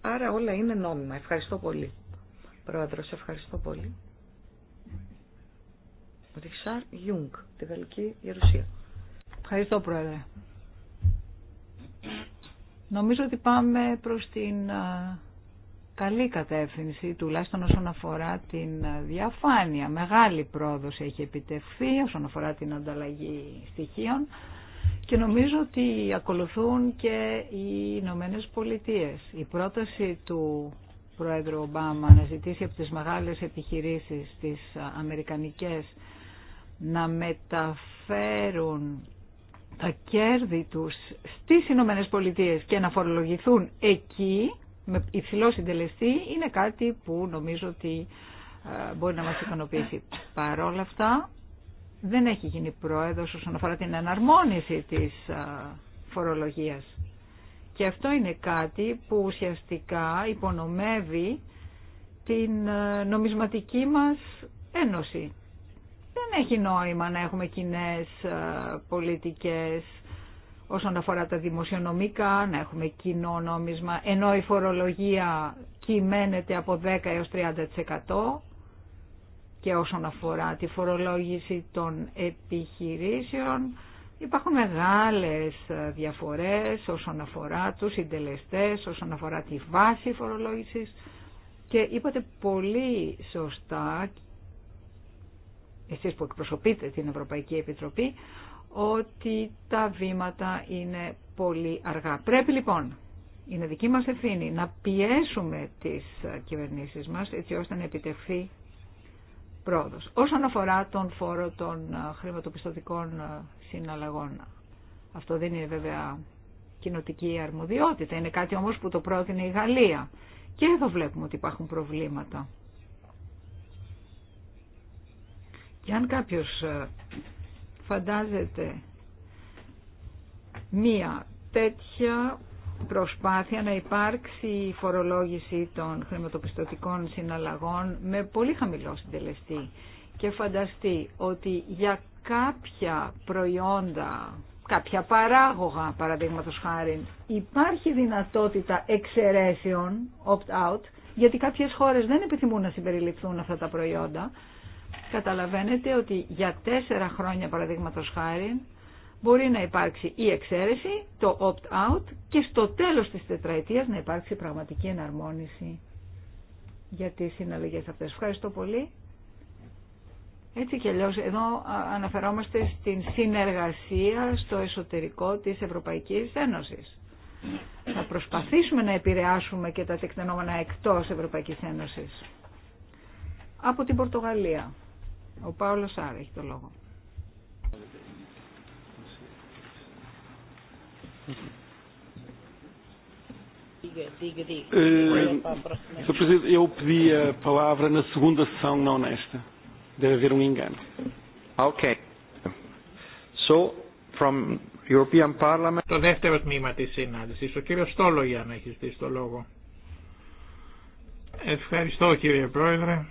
άρα όλα είναι νόμιμα. Ευχαριστώ πολύ. Πρόεδρος, ευχαριστώ πολύ. Ριχσάρ Γιούγκ, τη Γαλλική Γερουσία. Ευχαριστώ, Πρόεδρε. Νομίζω ότι πάμε προς την καλή κατεύθυνση, τουλάχιστον όσον αφορά την διαφάνεια. Μεγάλη πρόοδος έχει επιτευχθεί όσον αφορά την ανταλλαγή στοιχείων και νομίζω ότι ακολουθούν και οι Ηνωμένε Πολιτείε. Η πρόταση του Πρόεδρου Ομπάμα να ζητήσει από τις μεγάλες επιχειρήσεις, τις αμερικανικές, να μεταφέρουν τα κέρδη τους στις Ηνωμένε Πολιτείες και να φορολογηθούν εκεί με υψηλό συντελεστή είναι κάτι που νομίζω ότι ε, μπορεί να μας ικανοποιήσει. Παρόλα αυτά δεν έχει γίνει πρόεδρος όσον αφορά την εναρμόνιση της ε, φορολογίας. Και αυτό είναι κάτι που ουσιαστικά υπονομεύει την ε, νομισματική μας ένωση δεν έχει νόημα να έχουμε κοινέ ε, πολιτικές όσον αφορά τα δημοσιονομικά, να έχουμε κοινό νόμισμα, ενώ η φορολογία κυμαίνεται από 10 έως 30% και όσον αφορά τη φορολόγηση των επιχειρήσεων υπάρχουν μεγάλες ε, διαφορές όσον αφορά τους συντελεστές, όσον αφορά τη βάση φορολόγησης και είπατε πολύ σωστά εσείς που εκπροσωπείτε την Ευρωπαϊκή Επιτροπή, ότι τα βήματα είναι πολύ αργά. Πρέπει λοιπόν, είναι δική μας ευθύνη, να πιέσουμε τις κυβερνήσεις μας έτσι ώστε να επιτευχθεί πρόοδος. Όσον αφορά τον φόρο των χρηματοπιστωτικών συναλλαγών, αυτό δεν είναι βέβαια κοινοτική αρμοδιότητα, είναι κάτι όμως που το πρότεινε η Γαλλία. Και εδώ βλέπουμε ότι υπάρχουν προβλήματα. Και αν κάποιος ε, φαντάζεται μία τέτοια προσπάθεια να υπάρξει η φορολόγηση των χρηματοπιστωτικών συναλλαγών με πολύ χαμηλό συντελεστή και φανταστεί ότι για κάποια προϊόντα, κάποια παράγωγα παραδείγματο χάρη υπάρχει δυνατότητα εξαιρέσεων opt-out γιατί κάποιες χώρες δεν επιθυμούν να συμπεριληφθούν αυτά τα προϊόντα καταλαβαίνετε ότι για τέσσερα χρόνια παραδείγματο χάρη μπορεί να υπάρξει η εξαίρεση, το opt-out και στο τέλος της τετραετίας να υπάρξει πραγματική εναρμόνιση για τις συναλλαγές αυτές. Ευχαριστώ πολύ. Έτσι και αλλιώς εδώ αναφερόμαστε στην συνεργασία στο εσωτερικό της Ευρωπαϊκής Ένωσης. Θα προσπαθήσουμε να επηρεάσουμε και τα τεκτενόμενα εκτός Ευρωπαϊκής Ένωσης. Από την Πορτογαλία. Ο Παύλο Άρα έχει το λόγο. Ε, eu pedi a Το δεύτερο τμήμα της συνάντησης. Ο κύριος Στόλογιαν έχει στήσει το λόγο. Ευχαριστώ κύριε Πρόεδρε.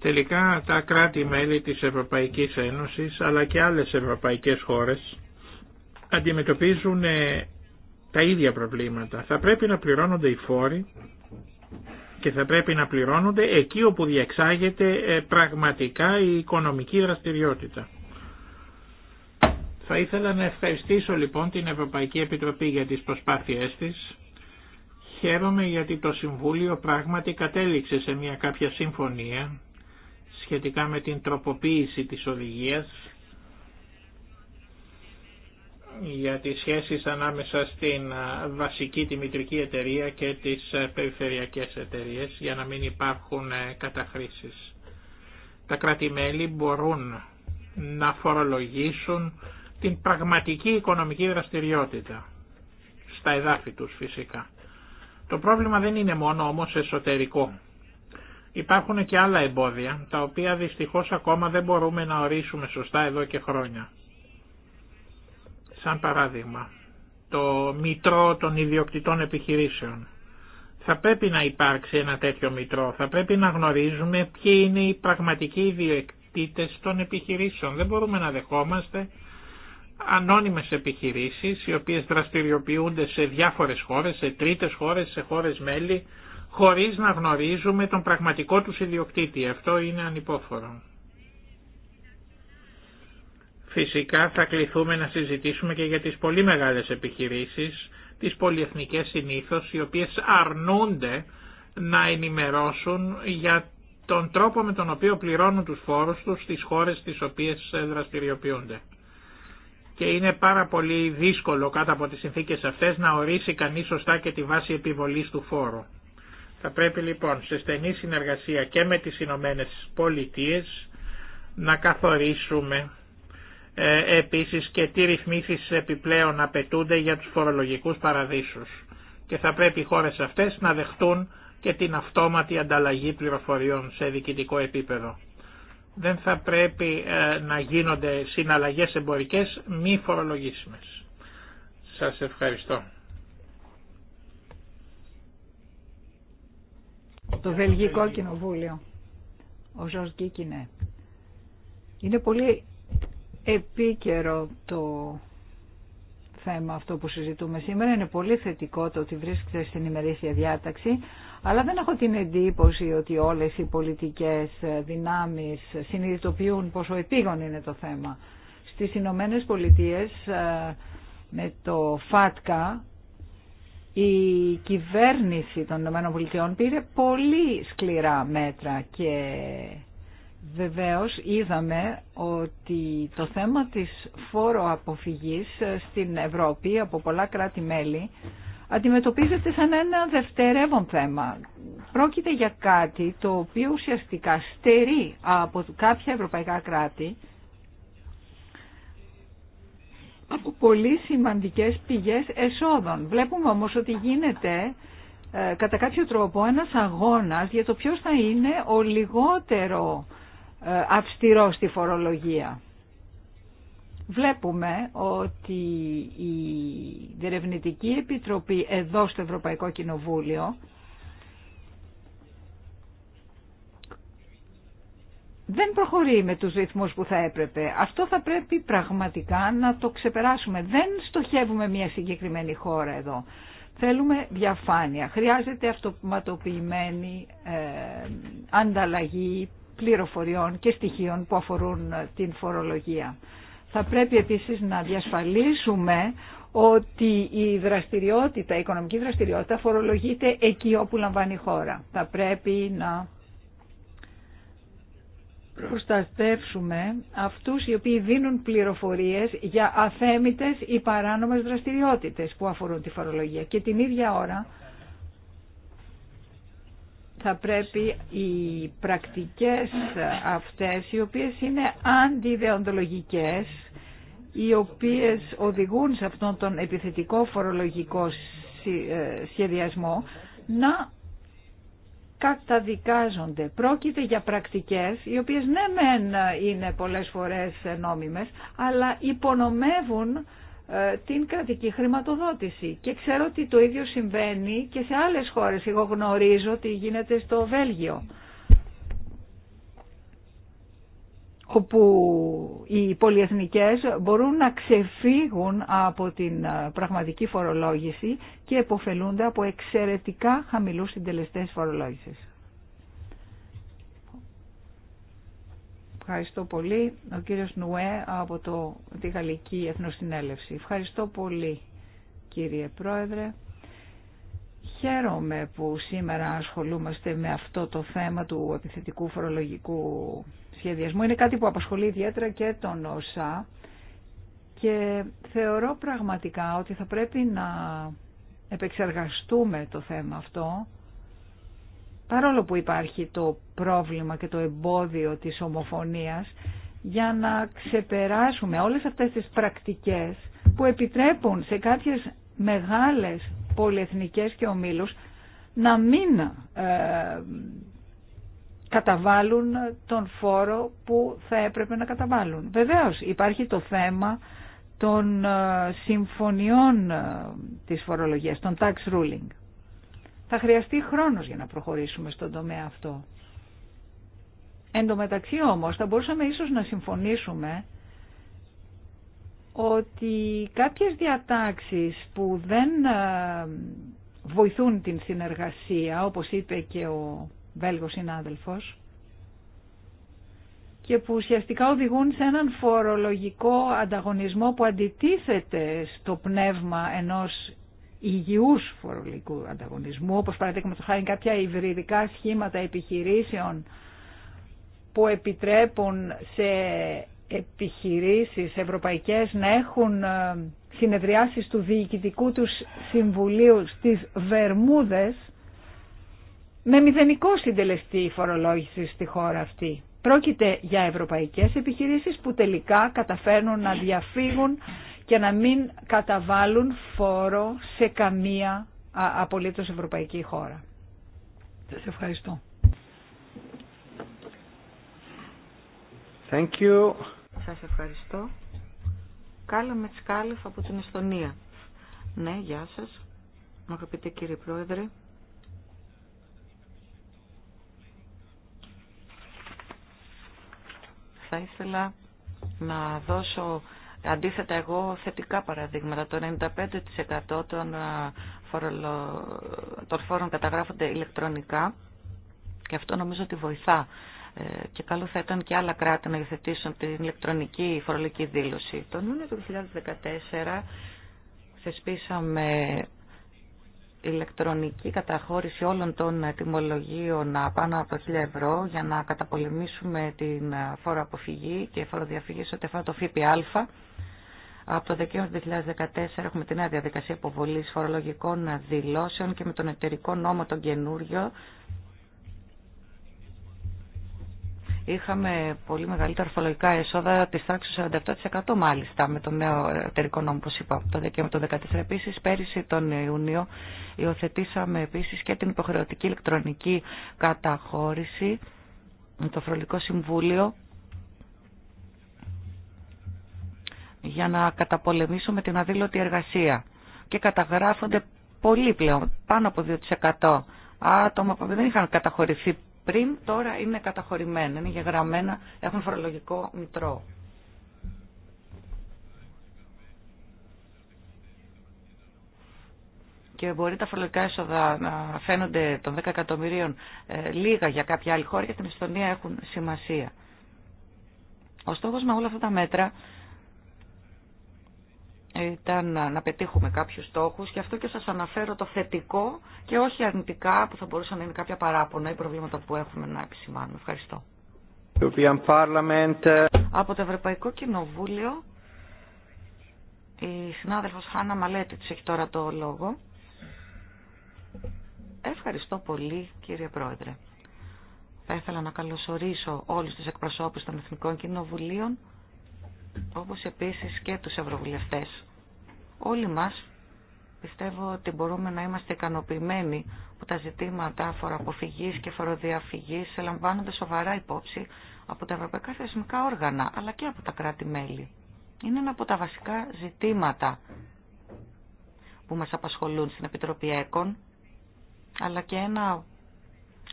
Τελικά τα κράτη-μέλη της Ευρωπαϊκής Ένωσης αλλά και άλλες ευρωπαϊκές χώρες αντιμετωπίζουν ε, τα ίδια προβλήματα. Θα πρέπει να πληρώνονται οι φόροι και θα πρέπει να πληρώνονται εκεί όπου διεξάγεται ε, πραγματικά η οικονομική δραστηριότητα. Θα ήθελα να ευχαριστήσω λοιπόν την Ευρωπαϊκή Επιτροπή για τις προσπάθειές της. Χαίρομαι γιατί το Συμβούλιο πράγματι κατέληξε σε μια κάποια συμφωνία σχετικά με την τροποποίηση της οδηγίας για τις σχέσεις ανάμεσα στην βασική τη μητρική εταιρεία και τις περιφερειακές εταιρείες για να μην υπάρχουν ε, καταχρήσεις. Τα κράτη-μέλη μπορούν να φορολογήσουν την πραγματική οικονομική δραστηριότητα, στα εδάφη τους φυσικά. Το πρόβλημα δεν είναι μόνο όμως εσωτερικό. Υπάρχουν και άλλα εμπόδια, τα οποία δυστυχώς ακόμα δεν μπορούμε να ορίσουμε σωστά εδώ και χρόνια. Σαν παράδειγμα, το μητρό των ιδιοκτητών επιχειρήσεων. Θα πρέπει να υπάρξει ένα τέτοιο μητρό, θα πρέπει να γνωρίζουμε ποιοι είναι οι πραγματικοί ιδιοκτήτες των επιχειρήσεων. Δεν μπορούμε να δεχόμαστε ανώνυμες επιχειρήσεις οι οποίες δραστηριοποιούνται σε διάφορες χώρες, σε τρίτες χώρες, σε χώρες μέλη χωρίς να γνωρίζουμε τον πραγματικό του ιδιοκτήτη. Αυτό είναι ανυπόφορο. Φυσικά θα κληθούμε να συζητήσουμε και για τις πολύ μεγάλες επιχειρήσεις, τις πολυεθνικές συνήθως, οι οποίες αρνούνται να ενημερώσουν για τον τρόπο με τον οποίο πληρώνουν τους φόρους τους στις χώρες τις οποίες δραστηριοποιούνται. Και είναι πάρα πολύ δύσκολο κάτω από τις συνθήκες αυτές να ορίσει κανείς σωστά και τη βάση επιβολής του φόρου. Θα πρέπει λοιπόν σε στενή συνεργασία και με τις Ηνωμένε Πολιτείες να καθορίσουμε ε, επίσης και τι ρυθμίσεις επιπλέον απαιτούνται για τους φορολογικούς παραδείσους και θα πρέπει οι χώρες αυτές να δεχτούν και την αυτόματη ανταλλαγή πληροφοριών σε διοικητικό επίπεδο. Δεν θα πρέπει ε, να γίνονται συναλλαγές εμπορικές μη φορολογήσιμες. Σας ευχαριστώ. το Βελγικό Κοινοβούλιο, ο Ζορς ναι. Είναι πολύ επίκαιρο το θέμα αυτό που συζητούμε σήμερα. Είναι πολύ θετικό το ότι βρίσκεται στην ημερήσια διάταξη, αλλά δεν έχω την εντύπωση ότι όλες οι πολιτικές δυνάμεις συνειδητοποιούν πόσο επίγον είναι το θέμα. Στις Ηνωμένε Πολιτείες ε, με το ΦΑΤΚΑ η κυβέρνηση των ΗΠΑ πήρε πολύ σκληρά μέτρα και βεβαίως είδαμε ότι το θέμα της φόρο αποφυγής στην Ευρώπη από πολλά κράτη-μέλη αντιμετωπίζεται σαν ένα δευτερεύον θέμα. Πρόκειται για κάτι το οποίο ουσιαστικά στερεί από κάποια ευρωπαϊκά κράτη από πολύ σημαντικές πηγές εσόδων. Βλέπουμε όμως ότι γίνεται ε, κατά κάποιο τρόπο ένας αγώνας για το ποιος θα είναι ο λιγότερο ε, αυστηρό στη φορολογία. Βλέπουμε ότι η Διερευνητική Επιτροπή εδώ στο Ευρωπαϊκό Κοινοβούλιο δεν προχωρεί με τους ρυθμούς που θα έπρεπε. Αυτό θα πρέπει πραγματικά να το ξεπεράσουμε. Δεν στοχεύουμε μια συγκεκριμένη χώρα εδώ. Θέλουμε διαφάνεια. Χρειάζεται αυτοματοποιημένη ε, ανταλλαγή πληροφοριών και στοιχείων που αφορούν ε, την φορολογία. Θα πρέπει επίσης να διασφαλίσουμε ότι η δραστηριότητα, η οικονομική δραστηριότητα φορολογείται εκεί όπου λαμβάνει η χώρα. Θα πρέπει να προστατεύσουμε αυτούς οι οποίοι δίνουν πληροφορίες για αθέμητες ή παράνομες δραστηριότητες που αφορούν τη φορολογία. Και την ίδια ώρα θα πρέπει οι πρακτικές αυτές οι οποίες είναι αντιδεοντολογικές οι οποίες οδηγούν σε αυτόν τον επιθετικό φορολογικό ε, σχεδιασμό να καταδικάζονται. Πρόκειται για πρακτικές οι οποίες ναι μεν είναι πολλές φορές νόμιμες αλλά υπονομεύουν ε, την κρατική χρηματοδότηση. Και ξέρω ότι το ίδιο συμβαίνει και σε άλλες χώρες. Εγώ γνωρίζω ότι γίνεται στο Βέλγιο. όπου οι πολυεθνικές μπορούν να ξεφύγουν από την ε, πραγματική φορολόγηση και εποφελούνται από εξαιρετικά χαμηλούς συντελεστές φορολόγησης. Ευχαριστώ πολύ. Ο κύριος Νουέ από το, τη Γαλλική Εθνοσυνέλευση. Ευχαριστώ πολύ κύριε Πρόεδρε. Χαίρομαι που σήμερα ασχολούμαστε με αυτό το θέμα του επιθετικού φορολογικού σχεδιασμού. Είναι κάτι που απασχολεί ιδιαίτερα και τον ΩΣΑ και θεωρώ πραγματικά ότι θα πρέπει να επεξεργαστούμε το θέμα αυτό παρόλο που υπάρχει το πρόβλημα και το εμπόδιο της ομοφωνίας για να ξεπεράσουμε όλες αυτές τις πρακτικές που επιτρέπουν σε κάποιες μεγάλες πολυεθνικές και ομίλους να μην ε, καταβάλουν τον φόρο που θα έπρεπε να καταβάλουν. Βεβαίως υπάρχει το θέμα των ε, συμφωνιών ε, της φορολογίας, των tax ruling. Θα χρειαστεί χρόνος για να προχωρήσουμε στον τομέα αυτό. Εν τω μεταξύ όμως θα μπορούσαμε ίσως να συμφωνήσουμε ότι κάποιες διατάξεις που δεν ε, βοηθούν την συνεργασία, όπως είπε και ο Βέλγος συνάδελφος, και που ουσιαστικά οδηγούν σε έναν φορολογικό ανταγωνισμό που αντιτίθεται στο πνεύμα ενός υγιούς φορολογικού ανταγωνισμού, όπως παραδείγμα χάρη κάποια υβριδικά σχήματα επιχειρήσεων που επιτρέπουν σε επιχειρήσεις ευρωπαϊκές να έχουν ε, συνεδριάσεις του Διοικητικού τους Συμβουλίου στις Βερμούδες με μηδενικό συντελεστή φορολόγηση στη χώρα αυτή. Πρόκειται για ευρωπαϊκές επιχειρήσεις που τελικά καταφέρνουν να διαφύγουν και να μην καταβάλουν φόρο σε καμία απολύτως ευρωπαϊκή χώρα. Σας ευχαριστώ. Thank you. Σας ευχαριστώ. Κάλα Μετσκάλεφ από την Εστονία. Ναι, γεια σας. Αγαπητέ κύριε Πρόεδρε, Θα ήθελα να δώσω αντίθετα εγώ θετικά παραδείγματα. Το 95% των, φορολο... των φόρων καταγράφονται ηλεκτρονικά και αυτό νομίζω ότι βοηθά ε, και καλό θα ήταν και άλλα κράτη να υιοθετήσουν την ηλεκτρονική φορολογική δήλωση. Τον Ιούνιο του 2014 θεσπίσαμε ηλεκτρονική καταχώρηση όλων των τιμολογίων πάνω από 1.000 ευρώ για να καταπολεμήσουμε την φόρο αποφυγή και φοροδιαφυγή στο σε ό,τι αφορά το ΦΠΑ. Από το Δεκέμβριο 2014 έχουμε τη νέα διαδικασία υποβολή φορολογικών δηλώσεων και με τον εταιρικό νόμο τον καινούριο είχαμε πολύ μεγαλύτερα ορθολογικά έσοδα της τάξης 47% μάλιστα με τον νέο ε, εταιρικό νόμο όπως είπα το Δεκέμβριο του 2014. Επίσης πέρυσι τον Ιούνιο υιοθετήσαμε επίσης και την υποχρεωτική ηλεκτρονική καταχώρηση με το Φρολικό Συμβούλιο για να καταπολεμήσουμε την αδήλωτη εργασία και καταγράφονται πολύ πλέον, πάνω από 2% άτομα που δεν είχαν καταχωρηθεί πριν, τώρα είναι καταχωρημένα, είναι γεγραμμένα, έχουν φορολογικό μητρό. και μπορεί τα φορολογικά έσοδα να φαίνονται των 10 εκατομμυρίων ε, λίγα για κάποια άλλη χώρα και στην Ιστονία έχουν σημασία. Ο στόχος με όλα αυτά τα μέτρα ήταν να πετύχουμε κάποιους στόχους και αυτό και σας αναφέρω το θετικό και όχι αρνητικά που θα μπορούσαν να είναι κάποια παράπονα ή προβλήματα που έχουμε να επισημάνουμε. Ευχαριστώ. Ε, Από το Ευρωπαϊκό Κοινοβούλιο η συνάδελφος Χάνα Μαλέτη της έχει τώρα το λόγο. Ευχαριστώ πολύ κύριε Πρόεδρε. Θα ήθελα να καλωσορίσω όλους τους εκπροσώπους των Εθνικών Κοινοβουλίων όπως επίσης και τους Ευρωβουλευτές. Όλοι μας πιστεύω ότι μπορούμε να είμαστε ικανοποιημένοι που τα ζητήματα φοροαποφυγής και φοροδιαφυγής λαμβάνονται σοβαρά υπόψη από τα ευρωπαϊκά θεσμικά όργανα, αλλά και από τα κράτη-μέλη. Είναι ένα από τα βασικά ζητήματα που μας απασχολούν στην Επιτροπή ΕΚΟΝ, αλλά και ένα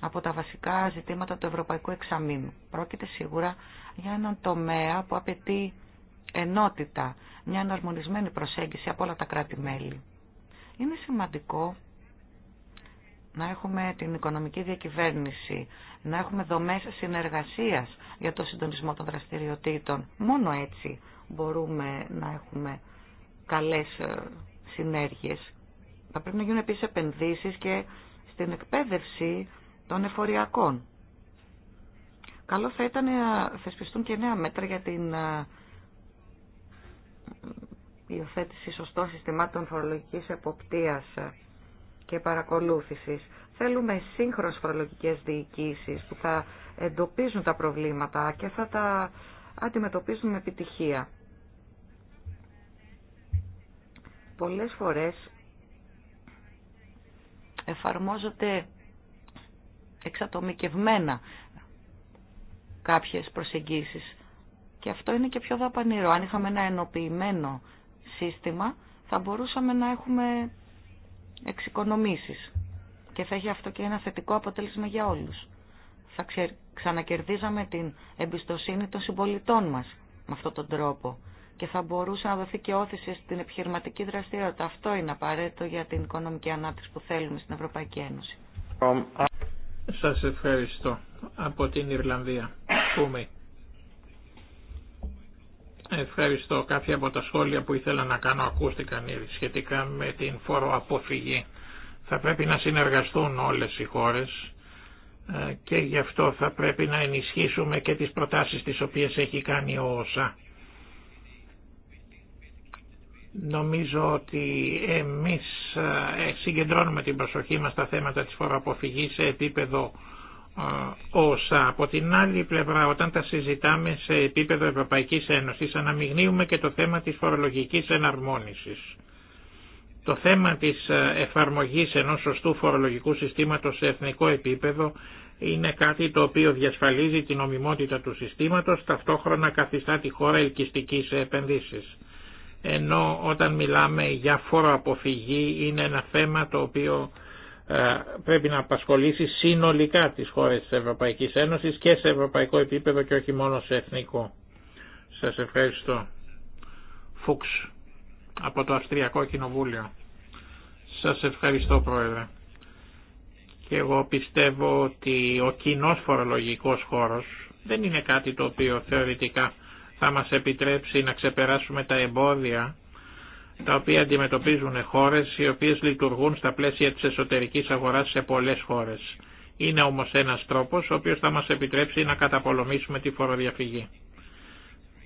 από τα βασικά ζητήματα του Ευρωπαϊκού Εξαμήνου. Πρόκειται σίγουρα για έναν τομέα που απαιτεί ενότητα, μια εναρμονισμένη προσέγγιση από όλα τα κράτη-μέλη. Είναι σημαντικό να έχουμε την οικονομική διακυβέρνηση, να έχουμε δομές συνεργασίας για το συντονισμό των δραστηριοτήτων. Μόνο έτσι μπορούμε να έχουμε καλές ε, συνέργειες. Θα πρέπει να γίνουν επίσης επενδύσεις και στην εκπαίδευση των εφοριακών. Καλό θα ήταν να θεσπιστούν και νέα μέτρα για την ε, υιοθέτηση σωστών συστημάτων φορολογικής εποπτείας και παρακολούθησης. Θέλουμε σύγχρονες φορολογικές διοικήσεις που θα εντοπίζουν τα προβλήματα και θα τα αντιμετωπίζουν με επιτυχία. Πολλές φορές εφαρμόζονται εξατομικευμένα κάποιες προσεγγίσεις και αυτό είναι και πιο δαπανηρό. Αν είχαμε ένα ενοποιημένο σύστημα, θα μπορούσαμε να έχουμε εξοικονομήσεις. Και θα έχει αυτό και ένα θετικό αποτέλεσμα για όλους. Θα ξανακερδίζαμε την εμπιστοσύνη των συμπολιτών μας με αυτόν τον τρόπο. Και θα μπορούσε να δοθεί και όθηση στην επιχειρηματική δραστηριότητα. Αυτό είναι απαραίτητο για την οικονομική ανάπτυξη που θέλουμε στην Ευρωπαϊκή Ένωση. Σας ευχαριστώ από την Ιρλανδία. Πούμε. Ευχαριστώ. Κάποια από τα σχόλια που ήθελα να κάνω ακούστηκαν ήδη σχετικά με την φοροαποφυγή. Θα πρέπει να συνεργαστούν όλες οι χώρες ε, και γι' αυτό θα πρέπει να ενισχύσουμε και τις προτάσεις τις οποίες έχει κάνει ο ΩΣΑ. Νομίζω ότι εμείς ε, συγκεντρώνουμε την προσοχή μας στα θέματα της φοροαποφυγής σε επίπεδο όσα από την άλλη πλευρά όταν τα συζητάμε σε επίπεδο Ευρωπαϊκής Ένωσης αναμειγνύουμε και το θέμα της φορολογικής εναρμόνισης. Το θέμα της ε, εφαρμογής ενός σωστού φορολογικού συστήματος σε εθνικό επίπεδο είναι κάτι το οποίο διασφαλίζει την ομιμότητα του συστήματος, ταυτόχρονα καθιστά τη χώρα ελκυστική σε επενδύσεις. Ενώ όταν μιλάμε για φοροαποφυγή είναι ένα θέμα το οποίο ε, πρέπει να απασχολήσει συνολικά τις χώρες της Ευρωπαϊκής Ένωσης και σε ευρωπαϊκό επίπεδο και όχι μόνο σε εθνικό. Σας ευχαριστώ. Φούξ από το Αυστριακό Κοινοβούλιο. Σας ευχαριστώ Πρόεδρε. Και εγώ πιστεύω ότι ο κοινό φορολογικός χώρος δεν είναι κάτι το οποίο θεωρητικά θα μας επιτρέψει να ξεπεράσουμε τα εμπόδια τα οποία αντιμετωπίζουν χώρες οι οποίες λειτουργούν στα πλαίσια της εσωτερικής αγοράς σε πολλές χώρες. Είναι όμως ένας τρόπος ο οποίος θα μας επιτρέψει να καταπολεμήσουμε τη φοροδιαφυγή.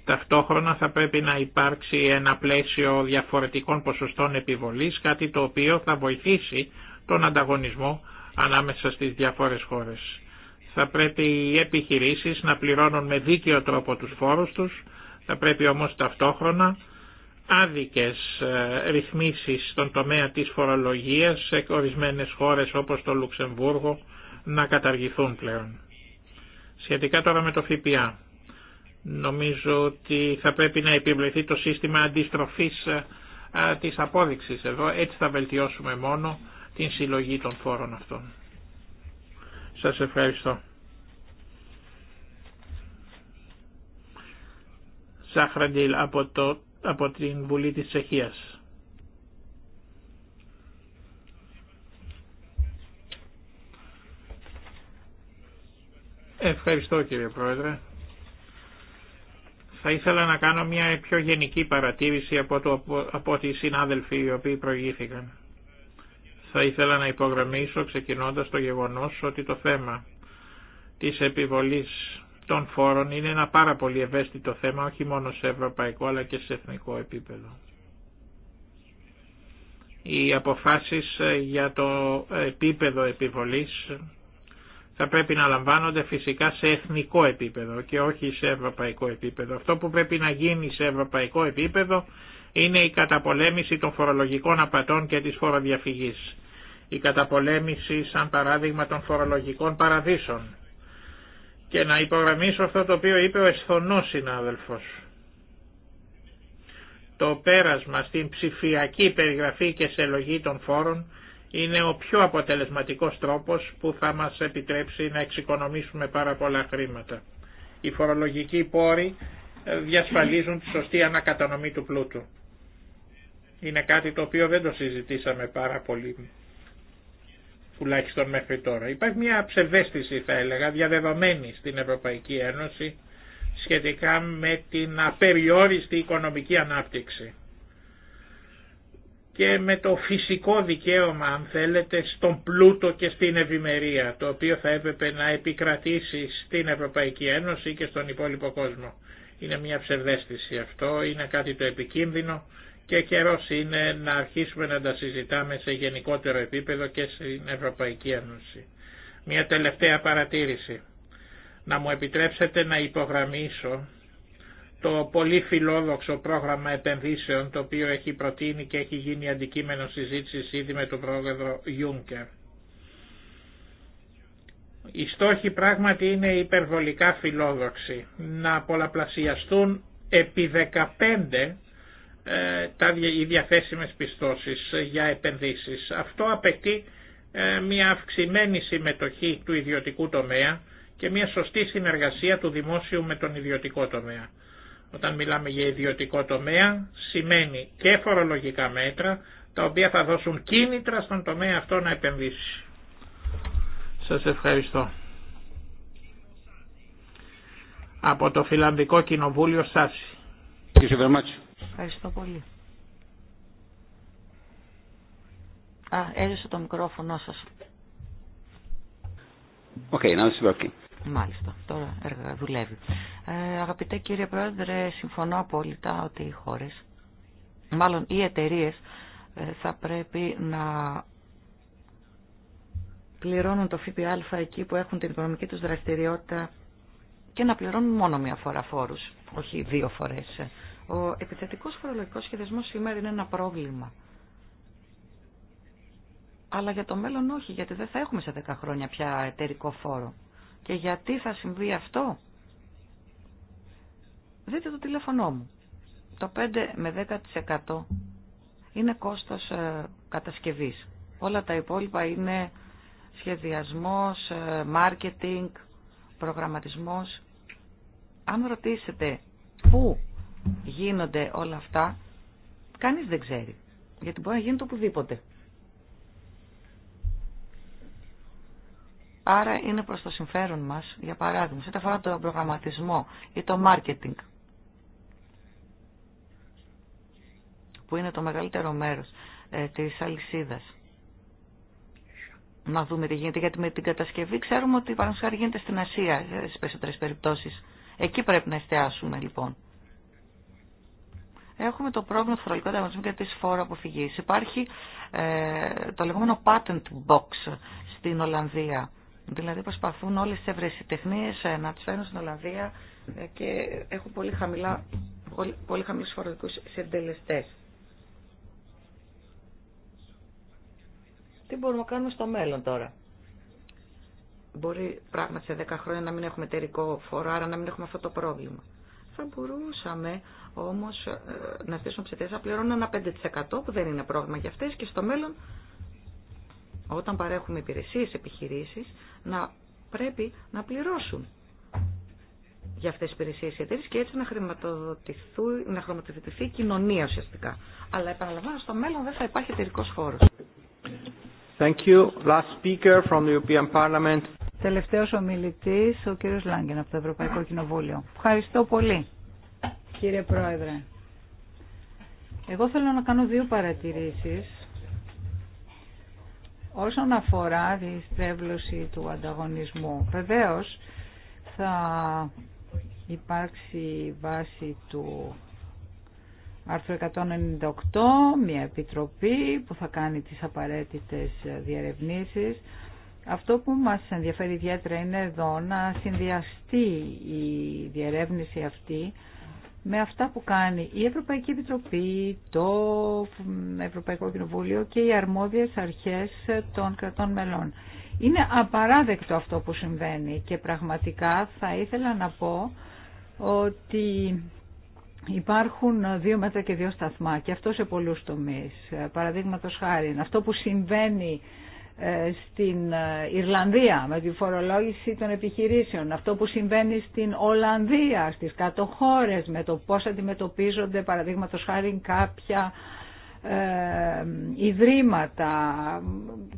Ταυτόχρονα θα πρέπει να υπάρξει ένα πλαίσιο διαφορετικών ποσοστών επιβολής, κάτι το οποίο θα βοηθήσει τον ανταγωνισμό ανάμεσα στις διάφορες χώρες. Θα πρέπει οι επιχειρήσεις να πληρώνουν με δίκαιο τρόπο τους φόρους τους, θα πρέπει όμως ταυτόχρονα άδικες ε, ρυθμίσεις στον τομέα της φορολογίας σε ορισμένες χώρες όπως το Λουξεμβούργο να καταργηθούν πλέον. Σχετικά τώρα με το ΦΠΑ. Νομίζω ότι θα πρέπει να επιβληθεί το σύστημα αντιστροφής ε, της απόδειξης εδώ. Έτσι θα βελτιώσουμε μόνο την συλλογή των φόρων αυτών. Σας ευχαριστώ. Σαχραντήλ από το από την Βουλή της Τσεχίας. Ευχαριστώ κύριε Πρόεδρε. Θα ήθελα να κάνω μια πιο γενική παρατήρηση από, το, από ό,τι συνάδελφοι οι οποίοι προηγήθηκαν. Θα ήθελα να υπογραμμίσω ξεκινώντας το γεγονός ότι το θέμα της επιβολής των φόρων είναι ένα πάρα πολύ ευαίσθητο θέμα όχι μόνο σε ευρωπαϊκό αλλά και σε εθνικό επίπεδο. Οι αποφάσεις ε, για το ε, επίπεδο επιβολής θα πρέπει να λαμβάνονται φυσικά σε εθνικό επίπεδο και όχι σε ευρωπαϊκό επίπεδο. Αυτό που πρέπει να γίνει σε ευρωπαϊκό επίπεδο είναι η καταπολέμηση των φορολογικών απατών και της φοροδιαφυγής. Η καταπολέμηση σαν παράδειγμα των φορολογικών παραδείσων και να υπογραμμίσω αυτό το οποίο είπε ο εσθονός συνάδελφος. Το πέρασμα στην ψηφιακή περιγραφή και σε των φόρων είναι ο πιο αποτελεσματικός τρόπος που θα μας επιτρέψει να εξοικονομήσουμε πάρα πολλά χρήματα. Οι φορολογικοί πόροι ε, διασφαλίζουν τη σωστή ανακατανομή του πλούτου. Είναι κάτι το οποίο δεν το συζητήσαμε πάρα πολύ τουλάχιστον μέχρι τώρα. Υπάρχει μια ψευδέστηση θα έλεγα διαδεδομένη στην Ευρωπαϊκή Ένωση σχετικά με την απεριόριστη οικονομική ανάπτυξη και με το φυσικό δικαίωμα αν θέλετε στον πλούτο και στην ευημερία το οποίο θα έπρεπε να επικρατήσει στην Ευρωπαϊκή Ένωση και στον υπόλοιπο κόσμο. Είναι μια ψευδέστηση αυτό, είναι κάτι το επικίνδυνο και καιρό είναι να αρχίσουμε να τα συζητάμε σε γενικότερο επίπεδο και στην Ευρωπαϊκή Ένωση. Μια τελευταία παρατήρηση. Να μου επιτρέψετε να υπογραμμίσω το πολύ φιλόδοξο πρόγραμμα επενδύσεων το οποίο έχει προτείνει και έχει γίνει αντικείμενο συζήτησης ήδη με τον πρόεδρο Γιούνκερ. Οι στόχοι πράγματι είναι υπερβολικά φιλόδοξοι. Να πολλαπλασιαστούν επί ε, τα, οι διαθέσιμες πιστώσεις ε, για επενδύσεις. Αυτό απαιτεί ε, μια αυξημένη συμμετοχή του ιδιωτικού τομέα και μια σωστή συνεργασία του δημόσιου με τον ιδιωτικό τομέα. Όταν μιλάμε για ιδιωτικό τομέα σημαίνει και φορολογικά μέτρα τα οποία θα δώσουν κίνητρα στον τομέα αυτό να επενδύσει. Σας ευχαριστώ. Από το Φιλανδικό Κοινοβούλιο Σάση. Ευχαριστώ πολύ. Α, έζησε το μικρόφωνο σας. ΟΚ, να Μάλιστα, τώρα έργα δουλεύει. Ε, αγαπητέ κύριε Πρόεδρε, συμφωνώ απόλυτα ότι οι χώρες, μάλλον οι εταιρείε ε, θα πρέπει να πληρώνουν το ΦΠΑ εκεί που έχουν την οικονομική τους δραστηριότητα και να πληρώνουν μόνο μία φορά φόρους, όχι δύο φορές. Ο επιθετικός φορολογικός σχεδιασμός σήμερα είναι ένα πρόβλημα. Αλλά για το μέλλον όχι, γιατί δεν θα έχουμε σε 10 χρόνια πια εταιρικό φόρο. Και γιατί θα συμβεί αυτό. Δείτε το τηλέφωνό μου. Το 5 με 10% είναι κόστος ε, κατασκευής. Όλα τα υπόλοιπα είναι σχεδιασμός, μάρκετινγκ, προγραμματισμός. Αν ρωτήσετε πού γίνονται όλα αυτά, κανείς δεν ξέρει. Γιατί μπορεί να γίνεται οπουδήποτε. Άρα είναι προς το συμφέρον μας, για παράδειγμα, σε αφορά τον προγραμματισμό ή το marketing, που είναι το μεγαλύτερο μέρος ε, της αλυσίδας. Να δούμε τι γίνεται, γιατί με την κατασκευή ξέρουμε ότι παραδείγματος γίνεται στην Ασία, ε, στις περισσότερες περιπτώσεις. Εκεί πρέπει να εστιάσουμε λοιπόν. Έχουμε το πρόβλημα του φορολογικού ανταγωνισμού και τη φόρου αποφυγή. Υπάρχει ε, το λεγόμενο patent box στην Ολλανδία. Δηλαδή προσπαθούν όλε τι ευρεσιτεχνίε ε, να τι φέρουν στην Ολλανδία ε, και έχουν πολύ, πολύ, πολύ χαμηλού φορολογικού συντελεστέ. Τι μπορούμε να κάνουμε στο μέλλον τώρα. Μπορεί πράγματι σε 10 χρόνια να μην έχουμε εταιρικό φόρο, άρα να μην έχουμε αυτό το πρόβλημα. Θα μπορούσαμε Όμω, ε, να στήσουν ψηφίες θα πληρώνουν ένα 5% που δεν είναι πρόβλημα για αυτές και στο μέλλον όταν παρέχουμε υπηρεσίες επιχειρήσεις να πρέπει να πληρώσουν για αυτές τις υπηρεσίες οι εταιρείες και έτσι να, να χρηματοδοτηθεί η κοινωνία ουσιαστικά. Αλλά επαναλαμβάνω στο μέλλον δεν θα υπάρχει εταιρικό χώρος. Thank you. Last ο κύριος Λάγκεν από το Ευρωπαϊκό Κοινοβούλιο. Ευχαριστώ πολύ κύριε Πρόεδρε. Εγώ θέλω να κάνω δύο παρατηρήσεις όσον αφορά τη στρέβλωση του ανταγωνισμού. Βεβαίως θα υπάρξει βάση του άρθρου 198 μια επιτροπή που θα κάνει τις απαραίτητες διαρευνήσεις. Αυτό που μας ενδιαφέρει ιδιαίτερα είναι εδώ να συνδυαστεί η διερεύνηση αυτή με αυτά που κάνει η Ευρωπαϊκή Επιτροπή, το Ευρωπαϊκό Κοινοβούλιο και οι αρμόδιες αρχές των κρατών μελών. Είναι απαράδεκτο αυτό που συμβαίνει και πραγματικά θα ήθελα να πω ότι υπάρχουν δύο μέτρα και δύο σταθμά και αυτό σε πολλούς τομείς. Παραδείγματος χάρη, αυτό που συμβαίνει ε, στην ε, Ιρλανδία με τη φορολόγηση των επιχειρήσεων, αυτό που συμβαίνει στην Ολλανδία, στις κάτω με το πώς αντιμετωπίζονται παραδείγματο χάρη κάποια ε, ιδρύματα.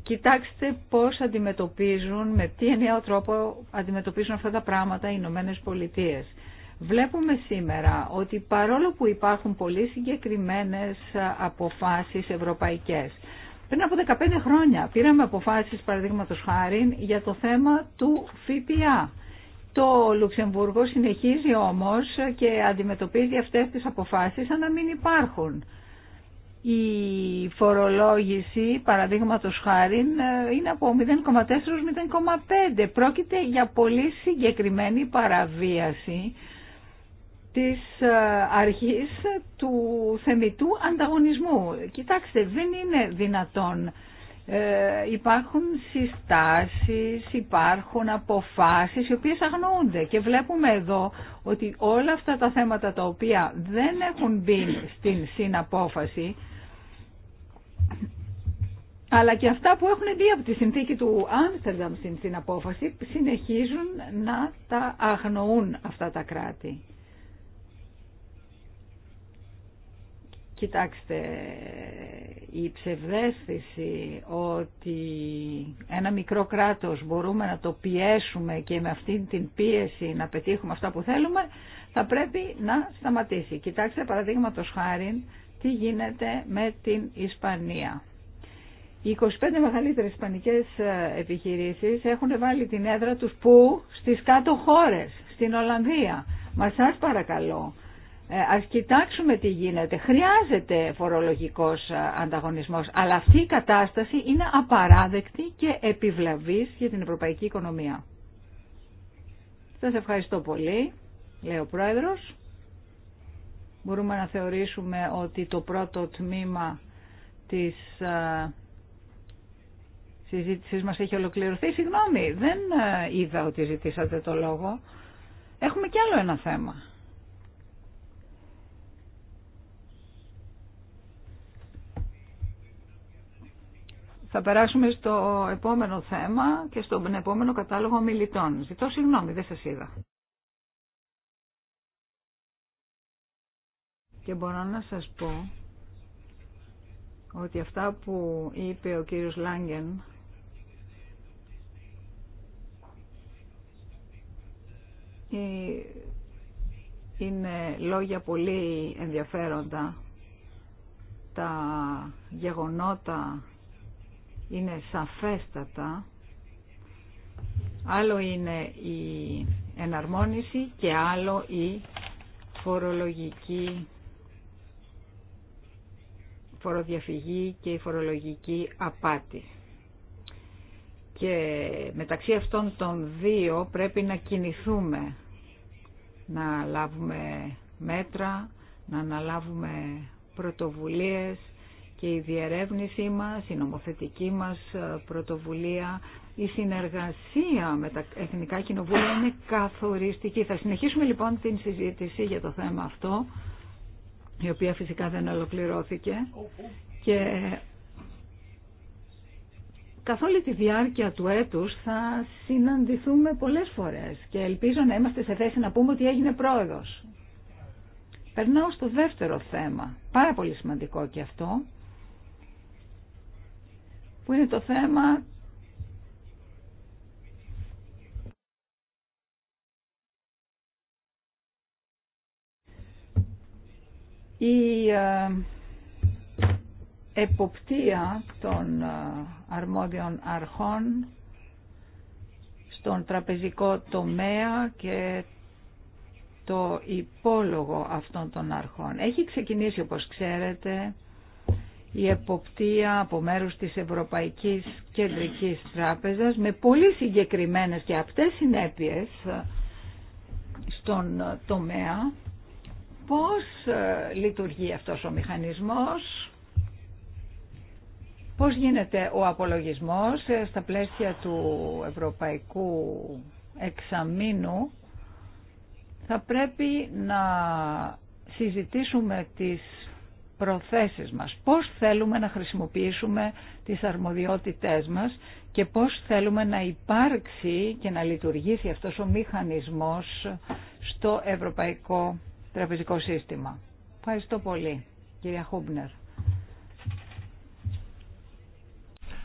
Κοιτάξτε πώς αντιμετωπίζουν, με τι ενιαίο τρόπο αντιμετωπίζουν αυτά τα πράγματα οι Ηνωμένε Πολιτείε. Βλέπουμε σήμερα ότι παρόλο που υπάρχουν πολύ συγκεκριμένες ε, αποφάσεις ευρωπαϊκές, πριν από 15 χρόνια πήραμε αποφάσεις παραδείγματο χάρη για το θέμα του ΦΠΑ. Το Λουξεμβούργο συνεχίζει όμως και αντιμετωπίζει αυτές τις αποφάσεις σαν να μην υπάρχουν. Η φορολόγηση, παραδείγματο χάρη, είναι από 0,4 0,5. Πρόκειται για πολύ συγκεκριμένη παραβίαση της ε, αρχής του θεμητού ανταγωνισμού. Κοιτάξτε, δεν είναι δυνατόν. Ε, υπάρχουν συστάσεις, υπάρχουν αποφάσεις οι οποίες αγνοούνται και βλέπουμε εδώ ότι όλα αυτά τα θέματα τα οποία δεν έχουν μπει στην συναπόφαση αλλά και αυτά που έχουν μπει από τη συνθήκη του Άμστερνταμ στην, συναπόφαση συνεχίζουν να τα αγνοούν αυτά τα κράτη. Κοιτάξτε, η ψευδέστηση ότι ένα μικρό κράτος μπορούμε να το πιέσουμε και με αυτή την πίεση να πετύχουμε αυτά που θέλουμε, θα πρέπει να σταματήσει. Κοιτάξτε παραδείγματος χάρη τι γίνεται με την Ισπανία. Οι 25 μεγαλύτερες ισπανικές ε, επιχειρήσεις έχουν βάλει την έδρα τους που στις κάτω χώρες, στην Ολλανδία. Μα σας παρακαλώ, ε, ας κοιτάξουμε τι γίνεται. Χρειάζεται φορολογικός ε, ανταγωνισμός, αλλά αυτή η κατάσταση είναι απαράδεκτη και επιβλαβής για την ευρωπαϊκή οικονομία. Σας ευχαριστώ πολύ, λέει ο Πρόεδρος. Μπορούμε να θεωρήσουμε ότι το πρώτο τμήμα της ε, συζήτησης μας έχει ολοκληρωθεί. Συγγνώμη, δεν είδα ότι ζητήσατε το λόγο. Έχουμε κι άλλο ένα θέμα. Θα περάσουμε στο επόμενο θέμα και στον επόμενο κατάλογο μιλητών. Ζητώ συγγνώμη, δεν σας είδα. Και μπορώ να σας πω ότι αυτά που είπε ο κύριος Λάγκεν είναι λόγια πολύ ενδιαφέροντα. Τα γεγονότα είναι σαφέστατα. Άλλο είναι η εναρμόνιση και άλλο η φορολογική φοροδιαφυγή και η φορολογική απάτη. Και μεταξύ αυτών των δύο πρέπει να κινηθούμε, να λάβουμε μέτρα, να αναλάβουμε πρωτοβουλίες, και η διερεύνησή μας, η νομοθετική μας ε, πρωτοβουλία, η συνεργασία με τα Εθνικά Κοινοβούλια είναι καθοριστική. Θα συνεχίσουμε λοιπόν την συζήτηση για το θέμα αυτό, η οποία φυσικά δεν ολοκληρώθηκε και ε, καθ' τη διάρκεια του έτους θα συναντηθούμε πολλές φορές και ελπίζω να είμαστε σε θέση να πούμε ότι έγινε πρόεδρος. Περνάω στο δεύτερο θέμα, πάρα πολύ σημαντικό και αυτό, που είναι το θέμα η ε, εποπτεία των ε, αρμόδιων αρχών στον τραπεζικό τομέα και το υπόλογο αυτών των αρχών. Έχει ξεκινήσει όπως ξέρετε η εποπτεία από μέρους της Ευρωπαϊκής Κεντρικής Τράπεζας με πολύ συγκεκριμένες και αυτές συνέπειες στον τομέα πώς ε, λειτουργεί αυτός ο μηχανισμός πώς γίνεται ο απολογισμός ε, στα πλαίσια του Ευρωπαϊκού Εξαμήνου θα πρέπει να συζητήσουμε τις προθέσεις μας, πώς θέλουμε να χρησιμοποιήσουμε τις αρμοδιότητές μας και πώς θέλουμε να υπάρξει και να λειτουργήσει αυτός ο μηχανισμός στο Ευρωπαϊκό Τραπεζικό Σύστημα. Ευχαριστώ πολύ, κυρία Χούμπνερ.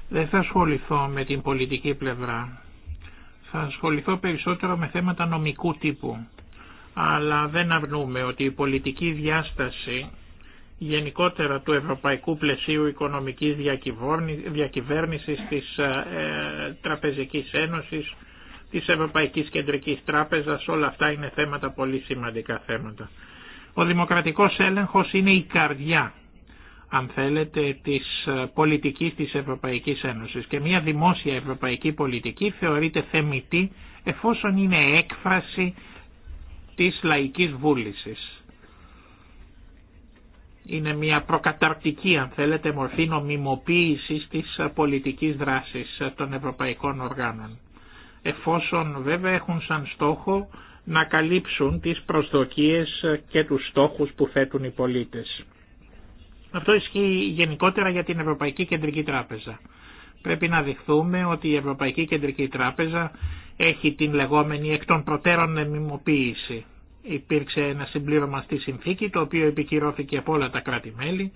Δεν θα ασχοληθώ με την πολιτική πλευρά. Θα ασχοληθώ περισσότερο με θέματα νομικού τύπου. Αλλά δεν αρνούμε ότι η πολιτική διάσταση γενικότερα του Ευρωπαϊκού Πλαισίου Οικονομικής Διακυβέρνησης της ε, ε, Τραπεζικής Ένωσης, της Ευρωπαϊκής Κεντρικής Τράπεζας, όλα αυτά είναι θέματα πολύ σημαντικά θέματα. Ο δημοκρατικός έλεγχος είναι η καρδιά, αν θέλετε, της ε, πολιτικής της Ευρωπαϊκής Ένωσης και μια δημόσια ευρωπαϊκή πολιτική θεωρείται θεμητή εφόσον είναι έκφραση της λαϊκής βούλησης είναι μια προκαταρκτική αν θέλετε μορφή νομιμοποίησης της πολιτικής δράσης των ευρωπαϊκών οργάνων. Εφόσον βέβαια έχουν σαν στόχο να καλύψουν τις προσδοκίες και τους στόχους που θέτουν οι πολίτες. Αυτό ισχύει γενικότερα για την Ευρωπαϊκή Κεντρική Τράπεζα. Πρέπει να δειχθούμε ότι η Ευρωπαϊκή Κεντρική Τράπεζα έχει την λεγόμενη εκ των προτέρων νομιμοποίηση υπήρξε ένα συμπλήρωμα στη συνθήκη το οποίο επικυρώθηκε από όλα τα κράτη-μέλη.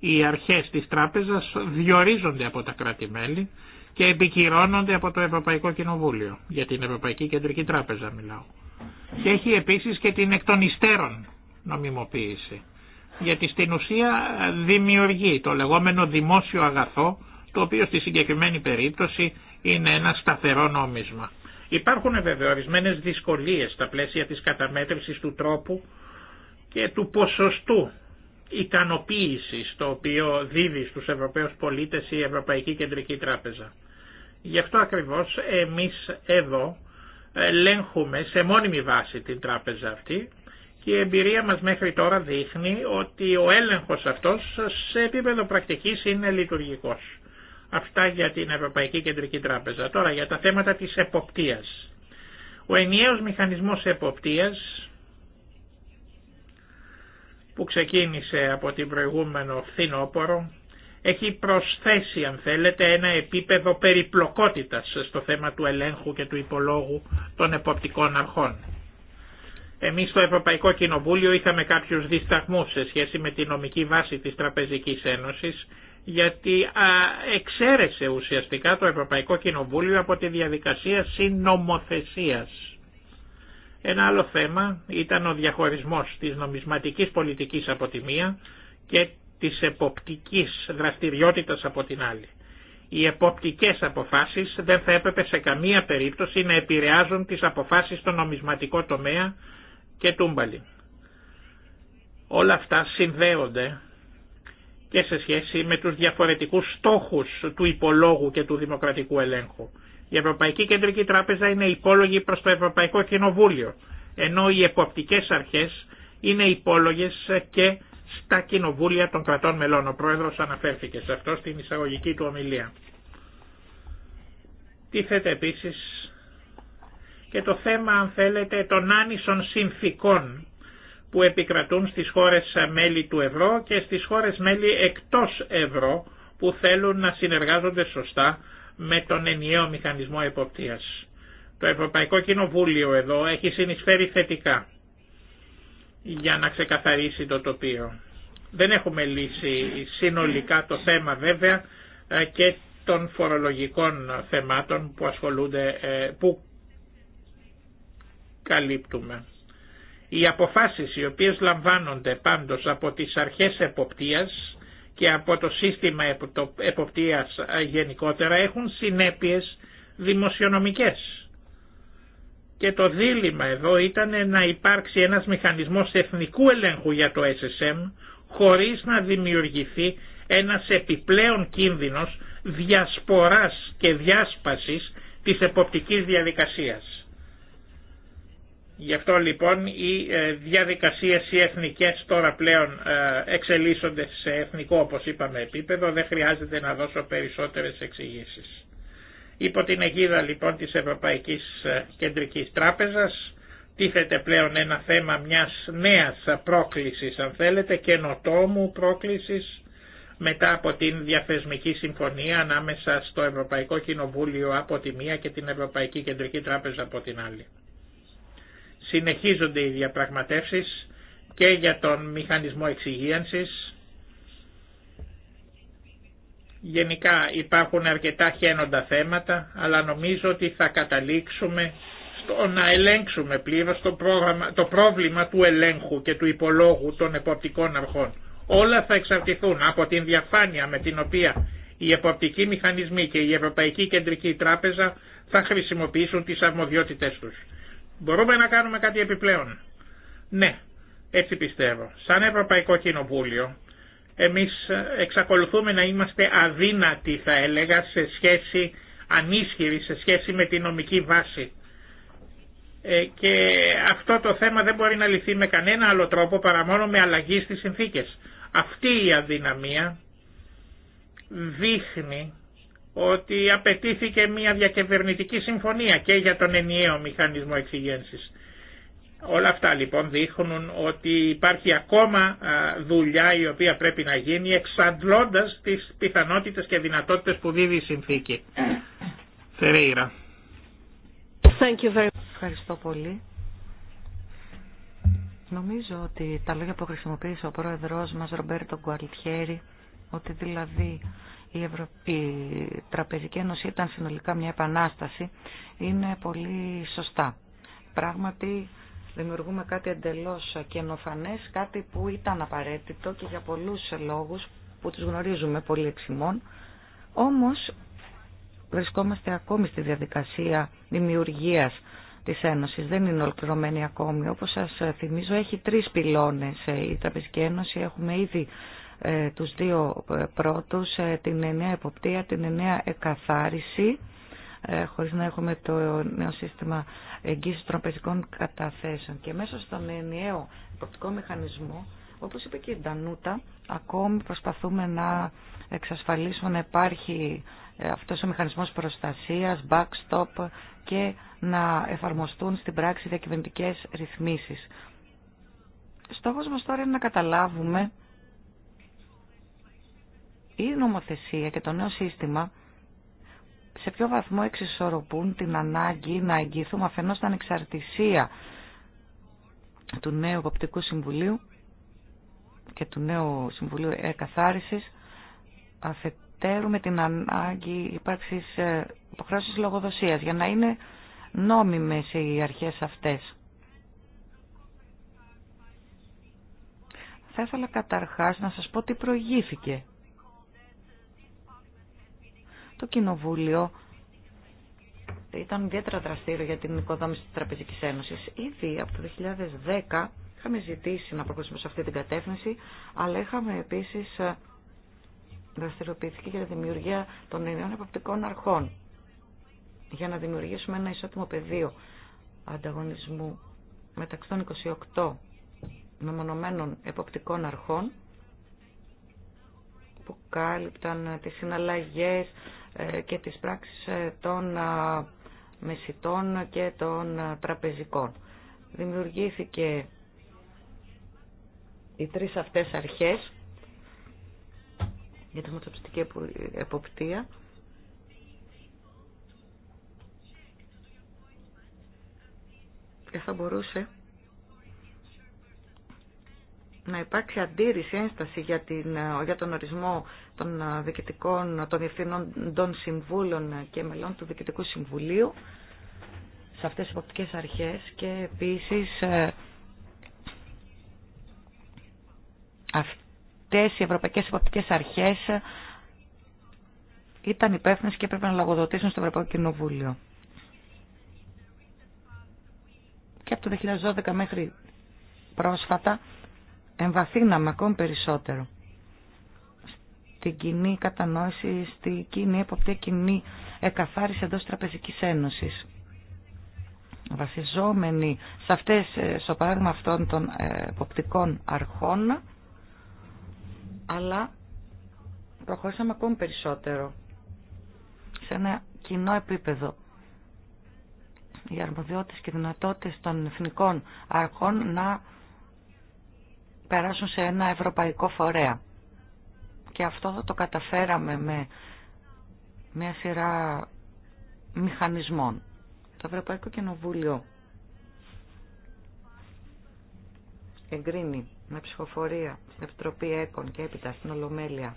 Οι αρχές της τράπεζας διορίζονται από τα κράτη-μέλη και επικυρώνονται από το Ευρωπαϊκό Κοινοβούλιο, για την Ευρωπαϊκή Κεντρική Τράπεζα μιλάω. Και έχει επίσης και την εκ των υστέρων νομιμοποίηση, γιατί στην ουσία δημιουργεί το λεγόμενο δημόσιο αγαθό, το οποίο στη συγκεκριμένη περίπτωση είναι ένα σταθερό νόμισμα. Υπάρχουν βέβαια ορισμένες δυσκολίες στα πλαίσια της καταμέτρησης του τρόπου και του ποσοστού ικανοποίησης το οποίο δίδει στους Ευρωπαίους πολίτες η Ευρωπαϊκή Κεντρική Τράπεζα. Γι' αυτό ακριβώς εμείς εδώ ελέγχουμε σε μόνιμη βάση την τράπεζα αυτή και η εμπειρία μας μέχρι τώρα δείχνει ότι ο έλεγχος αυτός σε επίπεδο πρακτικής είναι λειτουργικός. Αυτά για την Ευρωπαϊκή Κεντρική Τράπεζα. Τώρα για τα θέματα της εποπτείας. Ο ενιαίος μηχανισμός εποπτείας που ξεκίνησε από την προηγούμενο φθινόπορο έχει προσθέσει αν θέλετε ένα επίπεδο περιπλοκότητας στο θέμα του ελέγχου και του υπολόγου των εποπτικών αρχών. Εμείς στο Ευρωπαϊκό Κοινοβούλιο είχαμε κάποιους δισταγμούς σε σχέση με τη νομική βάση της Τραπεζικής Ένωσης γιατί εξαίρεσε ουσιαστικά το Ευρωπαϊκό Κοινοβούλιο από τη διαδικασία συνομοθεσίας. Ένα άλλο θέμα ήταν ο διαχωρισμός της νομισματικής πολιτικής από τη μία και της εποπτικής δραστηριότητας από την άλλη. Οι εποπτικές αποφάσεις δεν θα έπρεπε σε καμία περίπτωση να επηρεάζουν τις αποφάσεις στο νομισματικό τομέα και τούμπαλι. Όλα αυτά συνδέονται και σε σχέση με τους διαφορετικούς στόχους του υπολόγου και του δημοκρατικού ελέγχου. Η Ευρωπαϊκή Κεντρική Τράπεζα είναι υπόλογη προς το Ευρωπαϊκό Κοινοβούλιο, ενώ οι εποπτικές αρχές είναι υπόλογες και στα κοινοβούλια των κρατών μελών. Ο Πρόεδρος αναφέρθηκε σε αυτό στην εισαγωγική του ομιλία. Τίθεται επίσης και το θέμα, αν θέλετε, των άνισων συνθήκων που επικρατούν στις χώρες ε, μέλη του ευρώ και στις χώρες μέλη εκτός ευρώ που θέλουν να συνεργάζονται σωστά με τον ενιαίο μηχανισμό εποπτείας. Το Ευρωπαϊκό Κοινοβούλιο εδώ έχει συνεισφέρει θετικά για να ξεκαθαρίσει το τοπίο. Δεν έχουμε λύσει συνολικά το θέμα βέβαια ε, και των φορολογικών θεμάτων που ασχολούνται, ε, που καλύπτουμε. Οι αποφάσεις οι οποίες λαμβάνονται πάντως από τις αρχές εποπτείας και από το σύστημα εποπτείας γενικότερα έχουν συνέπειες δημοσιονομικές. Και το δίλημα εδώ ήταν να υπάρξει ένας μηχανισμός εθνικού ελέγχου για το SSM χωρίς να δημιουργηθεί ένας επιπλέον κίνδυνος διασποράς και διάσπασης της εποπτικής διαδικασίας. Γι' αυτό λοιπόν οι ε, διαδικασίες οι εθνικές τώρα πλέον ε, εξελίσσονται σε εθνικό όπως είπαμε επίπεδο, δεν χρειάζεται να δώσω περισσότερες εξηγήσει. Υπό την αιγίδα λοιπόν της Ευρωπαϊκής ε, Κεντρικής Τράπεζας τίθεται πλέον ένα θέμα μιας νέας πρόκλησης αν θέλετε, καινοτόμου πρόκλησης μετά από την διαθεσμική συμφωνία ανάμεσα στο Ευρωπαϊκό Κοινοβούλιο από τη μία και την Ευρωπαϊκή Κεντρική Τράπεζα από την άλλη. Συνεχίζονται οι διαπραγματεύσεις και για τον μηχανισμό εξυγίανσης. Γενικά υπάρχουν αρκετά χαίνοντα θέματα, αλλά νομίζω ότι θα καταλήξουμε στο να ελέγξουμε πλήρως το, πρόγραμμα, το πρόβλημα του ελέγχου και του υπολόγου των εποπτικών αρχών. Όλα θα εξαρτηθούν από την διαφάνεια με την οποία οι εποπτικοί μηχανισμοί και η Ευρωπαϊκή Κεντρική Τράπεζα θα χρησιμοποιήσουν τις αρμοδιότητες τους. Μπορούμε να κάνουμε κάτι επιπλέον. Ναι, έτσι πιστεύω. Σαν Ευρωπαϊκό Κοινοβούλιο, εμείς ε, εξακολουθούμε να είμαστε αδύνατοι, θα έλεγα, σε σχέση, ανίσχυροι σε σχέση με τη νομική βάση. Ε, και αυτό το θέμα δεν μπορεί να λυθεί με κανένα άλλο τρόπο παρά μόνο με αλλαγή στις συνθήκες. Αυτή η αδυναμία δείχνει ότι απαιτήθηκε μια διακυβερνητική συμφωνία και για τον ενιαίο μηχανισμό εξυγένσης. Όλα αυτά λοιπόν δείχνουν ότι υπάρχει ακόμα δουλειά η οποία πρέπει να γίνει εξαντλώντας τις πιθανότητες και δυνατότητες που δίδει η συνθήκη. Φερέιρα. Thank you very Ευχαριστώ πολύ. Νομίζω ότι τα λόγια που χρησιμοποίησε ο πρόεδρός μας Ρομπέρτο Γκουαλτιέρη ότι δηλαδή η Ευρωπαϊκή Τραπεζική Ένωση ήταν συνολικά μια επανάσταση είναι πολύ σωστά. Πράγματι δημιουργούμε κάτι εντελώς καινοφανές, κάτι που ήταν απαραίτητο και για πολλούς λόγους που τους γνωρίζουμε πολύ εξημών. Όμως βρισκόμαστε ακόμη στη διαδικασία δημιουργίας της Ένωσης. Δεν είναι ολοκληρωμένη ακόμη. Όπως σας θυμίζω έχει τρεις πυλώνες η Τραπεζική Ένωση. Έχουμε ήδη ε, τους δύο ε, πρώτους, ε, την εννέα εποπτεία, την εννέα εκαθάριση, χωρίς να έχουμε το νέο σύστημα εγγύησης τραπεζικών καταθέσεων. Και μέσα στον ενιαίο εποπτικό μηχανισμό, όπως είπε και η Ντανούτα, ακόμη προσπαθούμε να εξασφαλίσουμε να υπάρχει αυτός ο μηχανισμός προστασίας, backstop και να εφαρμοστούν στην πράξη διακυβερνητικές ρυθμίσεις. Στόχος μας τώρα είναι να καταλάβουμε η νομοθεσία και το νέο σύστημα σε ποιο βαθμό εξισορροπούν την ανάγκη να εγγυηθούμε αφενός την ανεξαρτησία του νέου οπτικού Συμβουλίου και του νέου Συμβουλίου Εκαθάρισης αφετέρου με την ανάγκη ύπαρξης ε, υποχρέωσης λογοδοσίας για να είναι νόμιμες οι αρχές αυτές. Θα ήθελα καταρχάς να σας πω τι προηγήθηκε το Κοινοβούλιο ήταν ιδιαίτερα δραστήριο για την οικοδόμηση της Τραπεζικής Ένωσης. Ήδη από το 2010 είχαμε ζητήσει να προχωρήσουμε σε αυτή την κατεύθυνση, αλλά είχαμε επίσης ε, δραστηριοποιηθεί για τη δημιουργία των νέων εποπτικών αρχών, για να δημιουργήσουμε ένα ισότιμο πεδίο ανταγωνισμού μεταξύ των 28 μεμονωμένων εποπτικών αρχών που κάλυπταν τις συναλλαγές, ε, και τις πράξεις ε, των ε, μεσητών και των τραπεζικών. Δημιουργήθηκε οι τρεις αυτές αρχές για τη μοτοπιστική εποπτεία και θα μπορούσε να υπάρξει αντίρρηση, ένσταση για, την, για τον ορισμό των διοικητικών, των των συμβούλων και μελών του Διοικητικού Συμβουλίου σε αυτές τις υποπτικές αρχές και επίσης ε, αυτές οι ευρωπαϊκές υποπτικές αρχές ήταν υπεύθυνες και έπρεπε να λαγοδοτήσουν στο Ευρωπαϊκό Κοινοβούλιο. Και από το 2012 μέχρι πρόσφατα εμβαθύναμε ακόμη περισσότερο στην κοινή κατανόηση, στην κοινή εποπτεία κοινή εκαθάριση εντός Τραπεζικής Ένωσης. Βασιζόμενοι σε αυτές, ε, στο παράδειγμα αυτών των ε, εποπτικών αρχών, αλλά προχωρήσαμε ακόμη περισσότερο σε ένα κοινό επίπεδο. Οι αρμοδιότητες και δυνατότητες των εθνικών αρχών να περάσουν σε ένα ευρωπαϊκό φορέα. Και αυτό το καταφέραμε με μια σειρά μηχανισμών. Το Ευρωπαϊκό Κοινοβούλιο εγκρίνει με ψυχοφορία στην Επιτροπή ΕΚΟΝ και έπειτα στην Ολομέλεια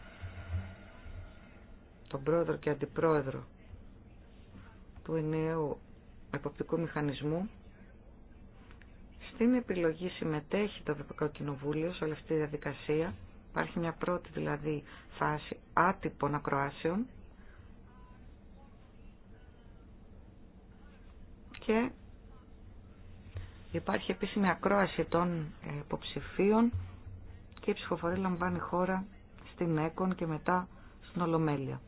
τον πρόεδρο και αντιπρόεδρο του ενιαίου εποπτικού μηχανισμού στην επιλογή συμμετέχει το Ευρωπαϊκό Κοινοβούλιο σε όλη αυτή τη διαδικασία. Υπάρχει μια πρώτη δηλαδή φάση άτυπων ακροάσεων και υπάρχει μια ακρόαση των υποψηφίων και η ψηφοφορία λαμβάνει χώρα στην ΕΚΟΝ και μετά στην Ολομέλεια.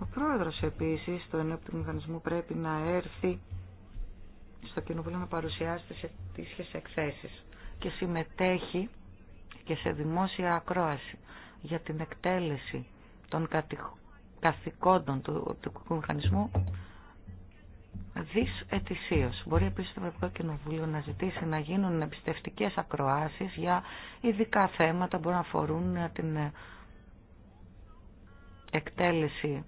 Ο πρόεδρος επίσης του ενόπτου μηχανισμού πρέπει να έρθει στο Κοινοβούλιο να παρουσιάσει τις ετήσιες εκθέσεις και συμμετέχει και σε δημόσια ακρόαση για την εκτέλεση των καθηκόντων του οπτικού μηχανισμού δις ετησίως. Μπορεί επίσης το Ευρωπαϊκό Κοινοβούλιο να ζητήσει να γίνουν εμπιστευτικέ ακροάσεις για ειδικά θέματα που να αφορούν την εκτέλεση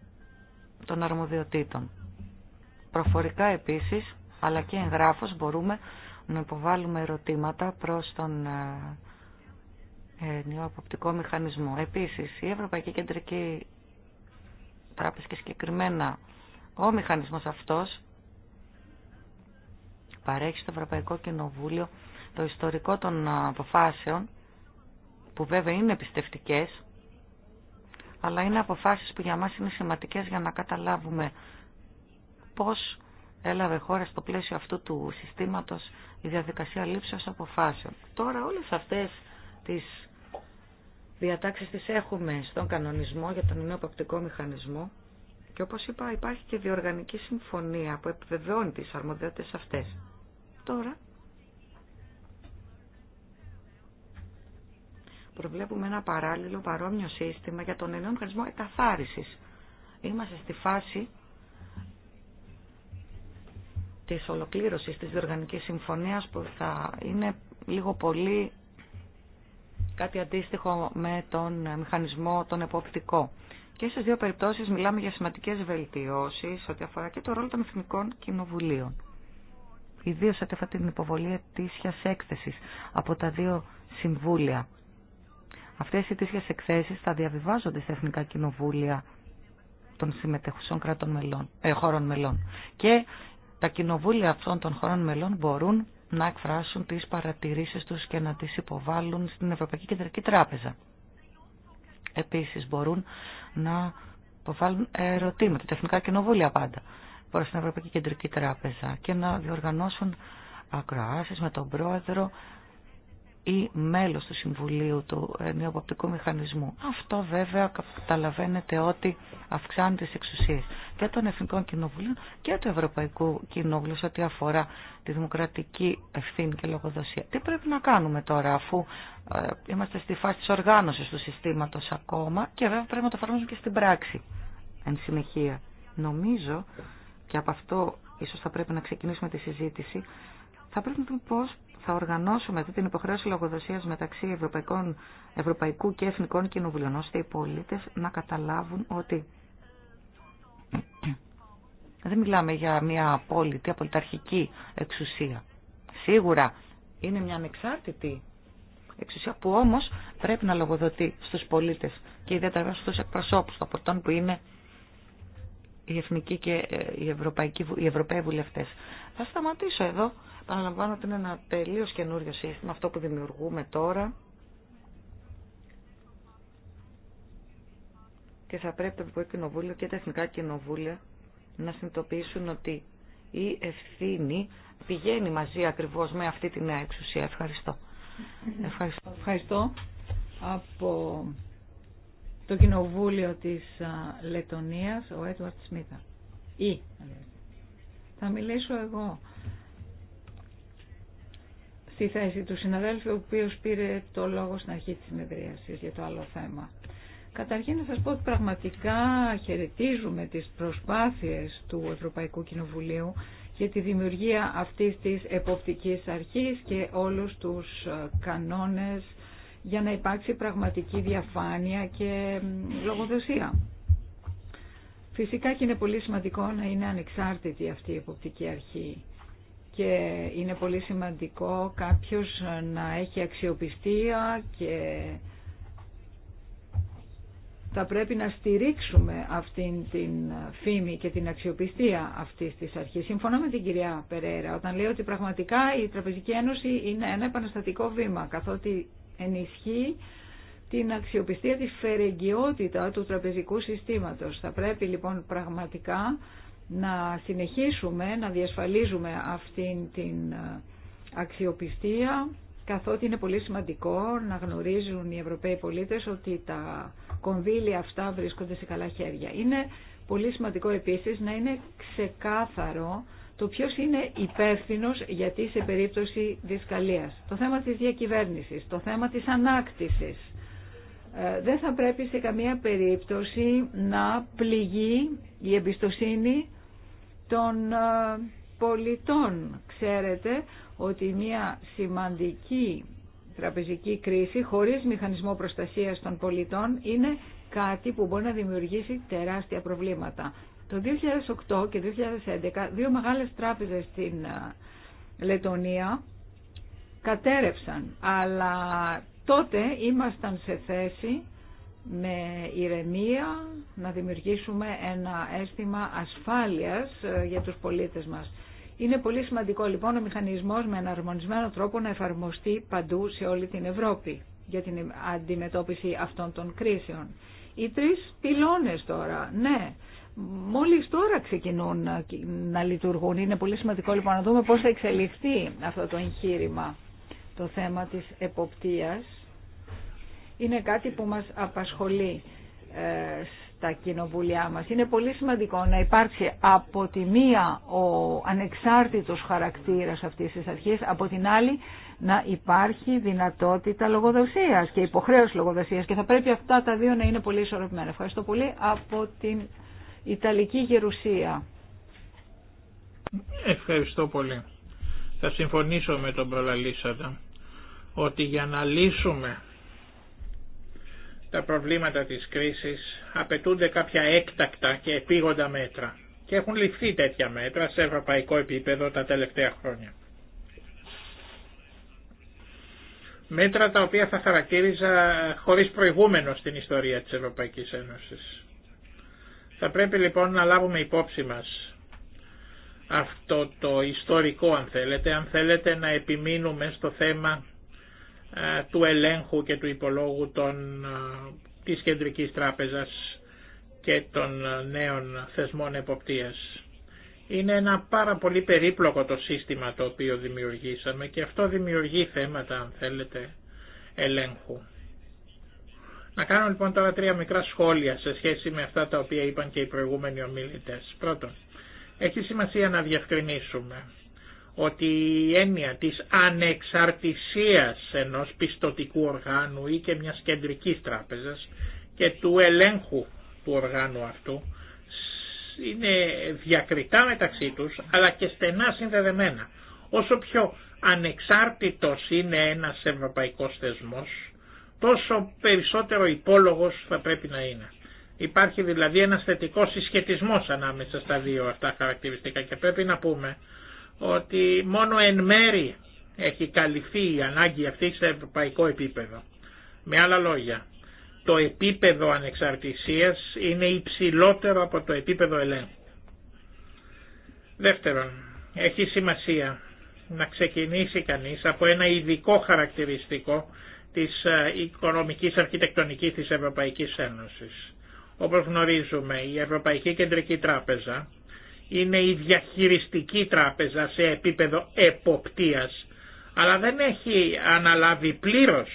των αρμοδιοτήτων. Προφορικά επίσης αλλά και εγγράφος μπορούμε να υποβάλουμε ερωτήματα προς τον ε, ε, αποπτικό μηχανισμό. Επίσης, η Ευρωπαϊκή Κεντρική Τράπεζα και συγκεκριμένα ο μηχανισμός αυτός παρέχει στο Ευρωπαϊκό Κοινοβούλιο το ιστορικό των αποφάσεων που βέβαια είναι επιστευτικές αλλά είναι αποφάσεις που για μας είναι σημαντικές για να καταλάβουμε πώς έλαβε χώρα στο πλαίσιο αυτού του συστήματος η διαδικασία λήψεως αποφάσεων. Τώρα όλες αυτές τις διατάξεις τις έχουμε στον κανονισμό για τον νέο παπτικό μηχανισμό και όπως είπα υπάρχει και διοργανική συμφωνία που επιβεβαιώνει τις αρμοδιότητες αυτές. Τώρα προβλέπουμε ένα παράλληλο παρόμοιο σύστημα για τον νέο μηχανισμό εκαθάρισης. Είμαστε στη φάση της ολοκλήρωσης της διοργανικής συμφωνίας που θα είναι λίγο πολύ κάτι αντίστοιχο με τον μηχανισμό τον εποπτικό. Και στις δύο περιπτώσεις μιλάμε για σημαντικές βελτιώσεις ό,τι αφορά και το ρόλο των εθνικών κοινοβουλίων. Ιδίω ό,τι αφορά την υποβολή ετήσια έκθεση από τα δύο συμβούλια. Αυτέ οι ετήσιες εκθέσει θα διαβιβάζονται στα εθνικά κοινοβούλια των συμμετεχουσών κρατών μελών, ε, χώρων μελών τα κοινοβούλια αυτών των χωρών μελών μπορούν να εκφράσουν τις παρατηρήσεις τους και να τις υποβάλουν στην Ευρωπαϊκή Κεντρική Τράπεζα. Επίσης μπορούν να υποβάλουν ερωτήματα, τεχνικά κοινοβούλια πάντα, προς την Ευρωπαϊκή Κεντρική Τράπεζα και να διοργανώσουν ακροάσεις με τον πρόεδρο ή μέλος του Συμβουλίου του ε, Νεοποπτικού Μηχανισμού. Αυτό βέβαια καταλαβαίνετε ότι αυξάνει τις εξουσίες και των Εθνικών Κοινοβουλίων και του Ευρωπαϊκού Κοινοβουλίου ό,τι αφορά τη δημοκρατική ευθύνη και λογοδοσία. Τι πρέπει να κάνουμε τώρα αφού ε, είμαστε στη φάση της οργάνωσης του συστήματος ακόμα και βέβαια πρέπει να το εφαρμόζουμε και στην πράξη εν συνεχεία. Νομίζω και από αυτό ίσως θα πρέπει να ξεκινήσουμε τη συζήτηση θα πρέπει να δούμε πώς θα οργανώσουμε αυτή την υποχρέωση λογοδοσίας μεταξύ Ευρωπαϊκών, Ευρωπαϊκού και Εθνικών Κοινοβουλίων, ώστε οι πολίτες να καταλάβουν ότι δεν μιλάμε για μια απόλυτη, απολυταρχική εξουσία. Σίγουρα είναι μια ανεξάρτητη εξουσία που όμως πρέπει να λογοδοτεί στους πολίτες και ιδιαίτερα στους εκπροσώπους των πορτών που είναι οι εθνικοί και ε, οι, οι ευρωπαίοι βουλευτές. Θα σταματήσω εδώ. Αναλαμβάνω ότι είναι ένα τελείως καινούριο σύστημα, αυτό που δημιουργούμε τώρα. Και θα πρέπει το Ευρωπαϊκό Κοινοβούλιο και τα Εθνικά Κοινοβούλια να συνειδητοποιήσουν ότι η ευθύνη πηγαίνει μαζί ακριβώς με αυτή τη νέα εξουσία. Ευχαριστώ. Ευχαριστώ. Ευχαριστώ από το Κοινοβούλιο της Λετωνίας, ο Έντουαρτ Σμίθα. Ή, θα μιλήσω εγώ στη θέση του συναδέλφου, ο οποίος πήρε το λόγο στην αρχή της συνεδρίασης για το άλλο θέμα. Καταρχήν να σας πω ότι πραγματικά χαιρετίζουμε τις προσπάθειες του Ευρωπαϊκού Κοινοβουλίου για τη δημιουργία αυτής της εποπτικής αρχής και όλους τους ε, κανόνες για να υπάρξει πραγματική διαφάνεια και λογοδοσία. Φυσικά και είναι πολύ σημαντικό να είναι ανεξάρτητη αυτή η εποπτική αρχή και είναι πολύ σημαντικό κάποιος να έχει αξιοπιστία και θα πρέπει να στηρίξουμε αυτήν την φήμη και την αξιοπιστία αυτής της αρχής. Συμφωνώ με την κυρία Περέρα όταν λέει ότι πραγματικά η Τραπεζική Ένωση είναι ένα επαναστατικό βήμα καθότι ενισχύει την αξιοπιστία, τη φερεγγιότητα του τραπεζικού συστήματος. Θα πρέπει λοιπόν πραγματικά να συνεχίσουμε να διασφαλίζουμε αυτήν την ε, αξιοπιστία καθότι είναι πολύ σημαντικό να γνωρίζουν οι Ευρωπαίοι πολίτες ότι τα κονδύλια αυτά βρίσκονται σε καλά χέρια. Είναι πολύ σημαντικό επίσης να είναι ξεκάθαρο το ποιος είναι υπεύθυνο γιατί σε περίπτωση δυσκαλίας. Το θέμα της διακυβέρνησης, το θέμα της ανάκτησης. Ε, δεν θα πρέπει σε καμία περίπτωση να πληγεί η εμπιστοσύνη των ε, πολιτών. Ξέρετε ότι μια σημαντική τραπεζική κρίση χωρίς μηχανισμό προστασίας των πολιτών είναι κάτι που μπορεί να δημιουργήσει τεράστια προβλήματα. Το 2008 και 2011 δύο μεγάλες τράπεζες στην ε, Λετωνία κατέρευσαν, αλλά τότε ήμασταν σε θέση με ηρεμία να δημιουργήσουμε ένα αίσθημα ασφάλειας ε, για τους πολίτες μας. Είναι πολύ σημαντικό λοιπόν ο μηχανισμός με εναρμονισμένο τρόπο να εφαρμοστεί παντού σε όλη την Ευρώπη για την αντιμετώπιση αυτών των κρίσεων. Οι τρεις πυλώνες τώρα, ναι, μόλις τώρα ξεκινούν να λειτουργούν. Είναι πολύ σημαντικό λοιπόν να δούμε πώς θα εξελιχθεί αυτό το εγχείρημα, το θέμα της εποπτείας είναι κάτι που μας απασχολεί ε, στα κοινοβουλιά μας. Είναι πολύ σημαντικό να υπάρξει από τη μία ο ανεξάρτητος χαρακτήρας αυτής της αρχής, από την άλλη να υπάρχει δυνατότητα λογοδοσίας και υποχρέωση λογοδοσίας και θα πρέπει αυτά τα δύο να είναι πολύ ισορροπημένα. Ευχαριστώ πολύ από την Ιταλική Γερουσία. Ευχαριστώ πολύ. Θα συμφωνήσω με τον προλαλήσατα ότι για να λύσουμε τα προβλήματα της κρίσης απαιτούνται κάποια έκτακτα και επίγοντα μέτρα και έχουν ληφθεί τέτοια μέτρα σε ευρωπαϊκό επίπεδο τα τελευταία χρόνια. Μέτρα τα οποία θα χαρακτήριζα χωρίς προηγούμενο στην ιστορία της Ευρωπαϊκής Ένωσης. Θα πρέπει λοιπόν να λάβουμε υπόψη μας αυτό το ιστορικό αν θέλετε, αν θέλετε να επιμείνουμε στο θέμα ε, του ελέγχου και του υπολόγου των, ε, της Κεντρικής Τράπεζας και των ε, νέων θεσμών εποπτείας. Είναι ένα πάρα πολύ περίπλοκο το σύστημα το οποίο δημιουργήσαμε και αυτό δημιουργεί θέματα, αν θέλετε, ελέγχου. Να κάνω λοιπόν τώρα τρία μικρά σχόλια σε σχέση με αυτά τα οποία είπαν και οι προηγούμενοι ομιλητές. Πρώτον, έχει σημασία να διευκρινίσουμε ότι η έννοια της ανεξαρτησίας ενός πιστοτικού οργάνου ή και μιας κεντρικής τράπεζας και του ελέγχου του οργάνου αυτού είναι διακριτά μεταξύ τους αλλά και στενά συνδεδεμένα. Όσο πιο ανεξάρτητος είναι ένας ευρωπαϊκός θεσμός τόσο περισσότερο υπόλογος θα πρέπει να είναι. Υπάρχει δηλαδή ένας θετικός συσχετισμός ανάμεσα στα δύο αυτά χαρακτηριστικά και πρέπει να πούμε ότι μόνο εν μέρη έχει καλυφθεί η ανάγκη αυτή σε ευρωπαϊκό επίπεδο. Με άλλα λόγια, το επίπεδο ανεξαρτησίας είναι υψηλότερο από το επίπεδο ελέγχου. Δεύτερον, έχει σημασία να ξεκινήσει κανείς από ένα ειδικό χαρακτηριστικό της ε, οικονομικής αρχιτεκτονικής της Ευρωπαϊκής Ένωσης. Όπως γνωρίζουμε, η Ευρωπαϊκή Κεντρική Τράπεζα είναι η διαχειριστική τράπεζα σε επίπεδο εποπτείας, αλλά δεν έχει αναλάβει πλήρως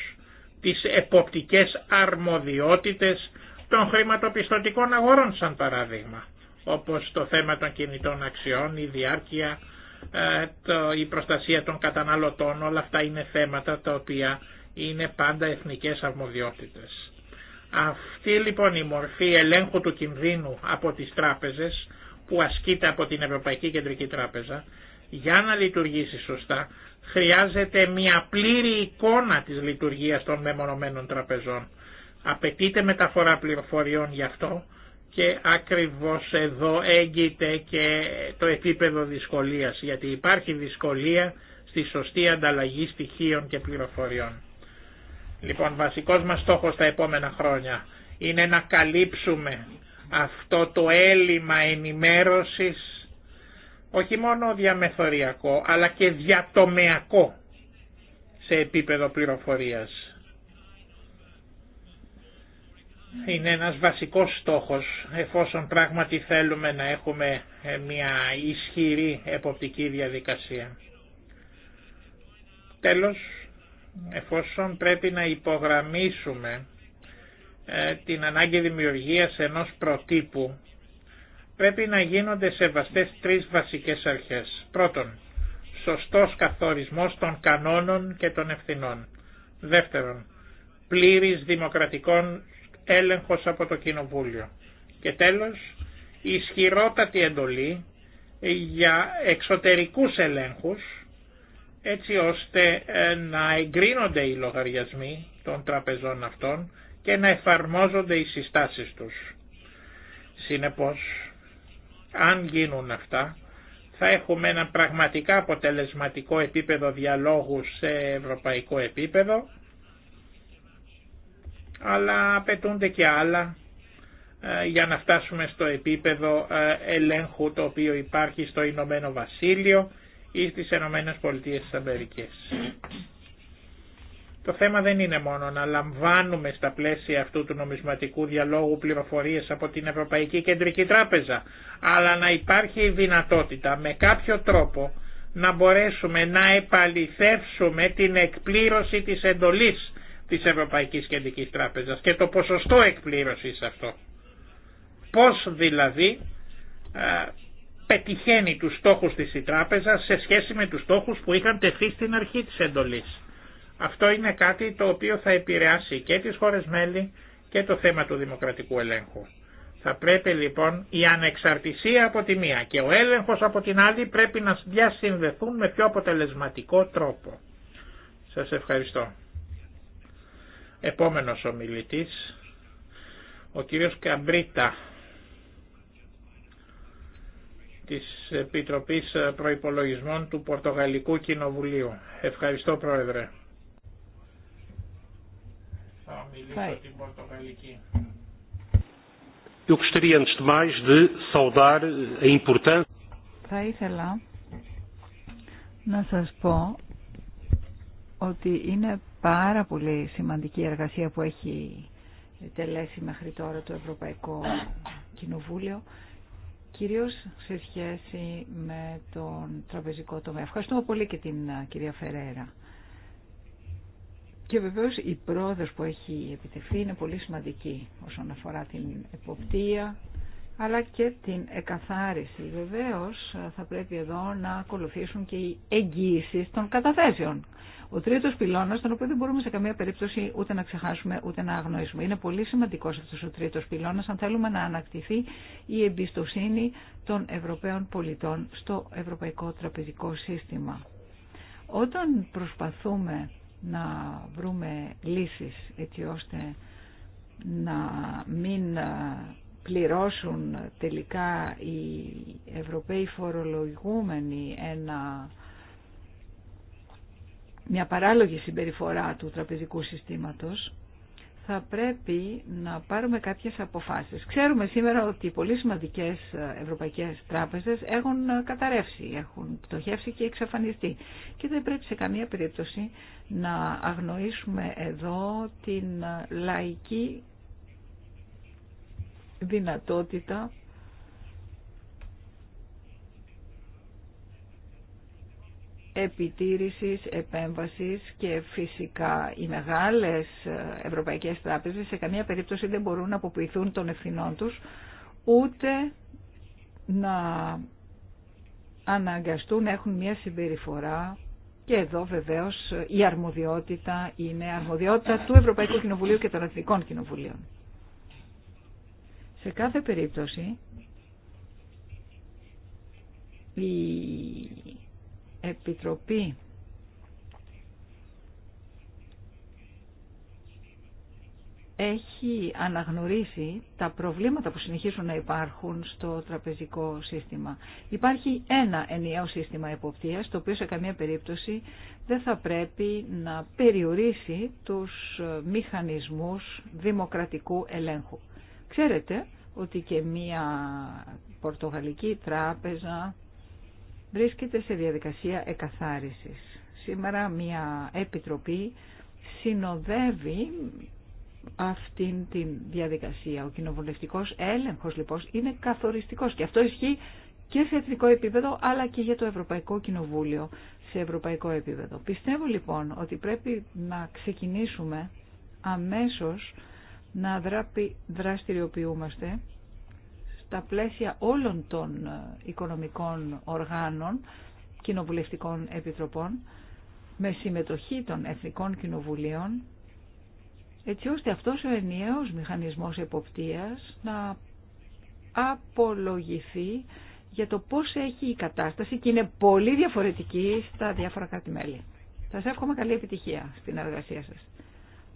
τις εποπτικές αρμοδιότητες των χρηματοπιστωτικών αγορών σαν παράδειγμα, όπως το θέμα των κινητών αξιών, η διάρκεια, ε, η προστασία των καταναλωτών, όλα αυτά είναι θέματα τα οποία είναι πάντα εθνικές αρμοδιότητες. Αυτή λοιπόν η μορφή ελέγχου του κινδύνου από τις τράπεζες που ασκείται από την Ευρωπαϊκή Κεντρική Τράπεζα, για να λειτουργήσει σωστά, χρειάζεται μια πλήρη εικόνα της λειτουργίας των μεμονωμένων τραπεζών. Απαιτείται μεταφορά πληροφοριών γι' αυτό και ακριβώς εδώ έγκυται και το επίπεδο δυσκολίας, γιατί υπάρχει δυσκολία στη σωστή ανταλλαγή στοιχείων και πληροφοριών. Λοιπόν, βασικός μας στόχος τα επόμενα χρόνια είναι να καλύψουμε αυτό το έλλειμμα ενημέρωσης όχι μόνο διαμεθοριακό αλλά και διατομεακό σε επίπεδο πληροφορίας. Είναι ένας βασικός στόχος εφόσον πράγματι θέλουμε να έχουμε ε, μια ισχυρή εποπτική διαδικασία. Τέλος, εφόσον πρέπει να υπογραμμίσουμε ε, την ανάγκη δημιουργίας ενός προτύπου πρέπει να γίνονται σεβαστές τρεις βασικές αρχές. Πρώτον, σωστός καθορισμός των κανόνων και των ευθυνών. Δεύτερον, πλήρης δημοκρατικών έλεγχος από το Κοινοβούλιο. Και τέλος, ισχυρότατη εντολή για εξωτερικούς ελέγχους, έτσι ώστε ε, να εγκρίνονται οι λογαριασμοί των τραπεζών αυτών και να εφαρμόζονται οι συστάσεις τους. Συνεπώς, αν γίνουν αυτά, θα έχουμε ένα πραγματικά αποτελεσματικό επίπεδο διαλόγου σε ευρωπαϊκό επίπεδο, αλλά απαιτούνται και άλλα ε, για να φτάσουμε στο επίπεδο ε, ελέγχου το οποίο υπάρχει στο Ηνωμένο Βασίλειο ή στις Ηνωμένες Πολιτείες της Αμερικής. Το θέμα δεν είναι μόνο να λαμβάνουμε στα πλαίσια αυτού του νομισματικού διαλόγου πληροφορίες από την Ευρωπαϊκή Κεντρική Τράπεζα, αλλά να υπάρχει η δυνατότητα με κάποιο τρόπο να μπορέσουμε να επαληθεύσουμε την εκπλήρωση της εντολής της Ευρωπαϊκής Κεντρικής Τράπεζας και το ποσοστό εκπλήρωσης αυτό. Πώς δηλαδή πετυχαίνει τους στόχους της η τράπεζα σε σχέση με τους στόχους που είχαν τεθεί στην αρχή της εντολής. Αυτό είναι κάτι το οποίο θα επηρεάσει και τις χώρες μέλη και το θέμα του δημοκρατικού ελέγχου. Θα πρέπει λοιπόν η ανεξαρτησία από τη μία και ο έλεγχος από την άλλη πρέπει να διασυνδεθούν με πιο αποτελεσματικό τρόπο. Σας ευχαριστώ. Επόμενος ομιλητής, ο κύριος Καμπρίτα της Επιτροπής Προϋπολογισμών του Πορτογαλικού Κοινοβουλίου. Ευχαριστώ Πρόεδρε. Θα ήθελα να σας πω ότι είναι πάρα πολύ σημαντική η εργασία που έχει τελέσει μέχρι τώρα το Ευρωπαϊκό Κοινοβούλιο κυρίως σε σχέση με τον τραπεζικό τομέα. Ευχαριστούμε πολύ και την ε, κυρία Φερέρα. Και βεβαίω η πρόοδο που έχει επιτευχθεί είναι πολύ σημαντική όσον αφορά την εποπτεία αλλά και την εκαθάριση. Βεβαίω θα πρέπει εδώ να ακολουθήσουν και οι εγγύησει των καταθέσεων. Ο τρίτο πυλώνας, τον οποίο δεν μπορούμε σε καμία περίπτωση ούτε να ξεχάσουμε ούτε να αγνοήσουμε. Είναι πολύ σημαντικό αυτό ο τρίτο πυλώνας αν θέλουμε να ανακτηθεί η εμπιστοσύνη των Ευρωπαίων πολιτών στο Ευρωπαϊκό Τραπεζικό Σύστημα. Όταν προσπαθούμε να βρούμε λύσεις έτσι ώστε να μην ε, πληρώσουν τελικά οι Ευρωπαίοι φορολογούμενοι ένα, μια παράλογη συμπεριφορά του τραπεζικού συστήματος θα πρέπει να πάρουμε κάποιες αποφάσεις. Ξέρουμε σήμερα ότι οι πολύ σημαντικές ε, ευρωπαϊκές τράπεζες έχουν ε, καταρρεύσει, έχουν πτωχεύσει και εξαφανιστεί. Και δεν πρέπει σε καμία περίπτωση να αγνοήσουμε εδώ την ε, λαϊκή δυνατότητα επιτήρησης, επέμβασης και φυσικά οι μεγάλες ε, ευρωπαϊκές τράπεζες σε καμία περίπτωση δεν μπορούν να αποποιηθούν των ευθυνών τους ούτε να αναγκαστούν να έχουν μια συμπεριφορά και εδώ βεβαίως η αρμοδιότητα είναι αρμοδιότητα του Ευρωπαϊκού Κοινοβουλίου και των Εθνικών Κοινοβουλίων. Σε κάθε περίπτωση η Επιτροπή έχει αναγνωρίσει τα προβλήματα που συνεχίζουν να υπάρχουν στο τραπεζικό σύστημα. Υπάρχει ένα ενιαίο σύστημα εποπτείας, το οποίο σε καμία περίπτωση δεν θα πρέπει να περιορίσει τους μηχανισμούς δημοκρατικού ελέγχου. Ξέρετε ότι και μία πορτογαλική τράπεζα βρίσκεται σε διαδικασία εκαθάρισης. Σήμερα μια επιτροπή συνοδεύει αυτήν την διαδικασία. Ο κοινοβουλευτικός έλεγχος λοιπόν είναι καθοριστικός και αυτό ισχύει και σε εθνικό επίπεδο αλλά και για το Ευρωπαϊκό Κοινοβούλιο σε ευρωπαϊκό επίπεδο. Πιστεύω λοιπόν ότι πρέπει να ξεκινήσουμε αμέσως να δραστηριοποιούμαστε τα πλαίσια όλων των ε, οικονομικών οργάνων, κοινοβουλευτικών επιτροπών, με συμμετοχή των Εθνικών Κοινοβουλίων, έτσι ώστε αυτός ο ενιαίος μηχανισμός εποπτείας να απολογηθεί για το πώς έχει η κατάσταση και είναι πολύ διαφορετική στα διάφορα κράτη-μέλη. Σας εύχομαι καλή επιτυχία στην εργασία σας.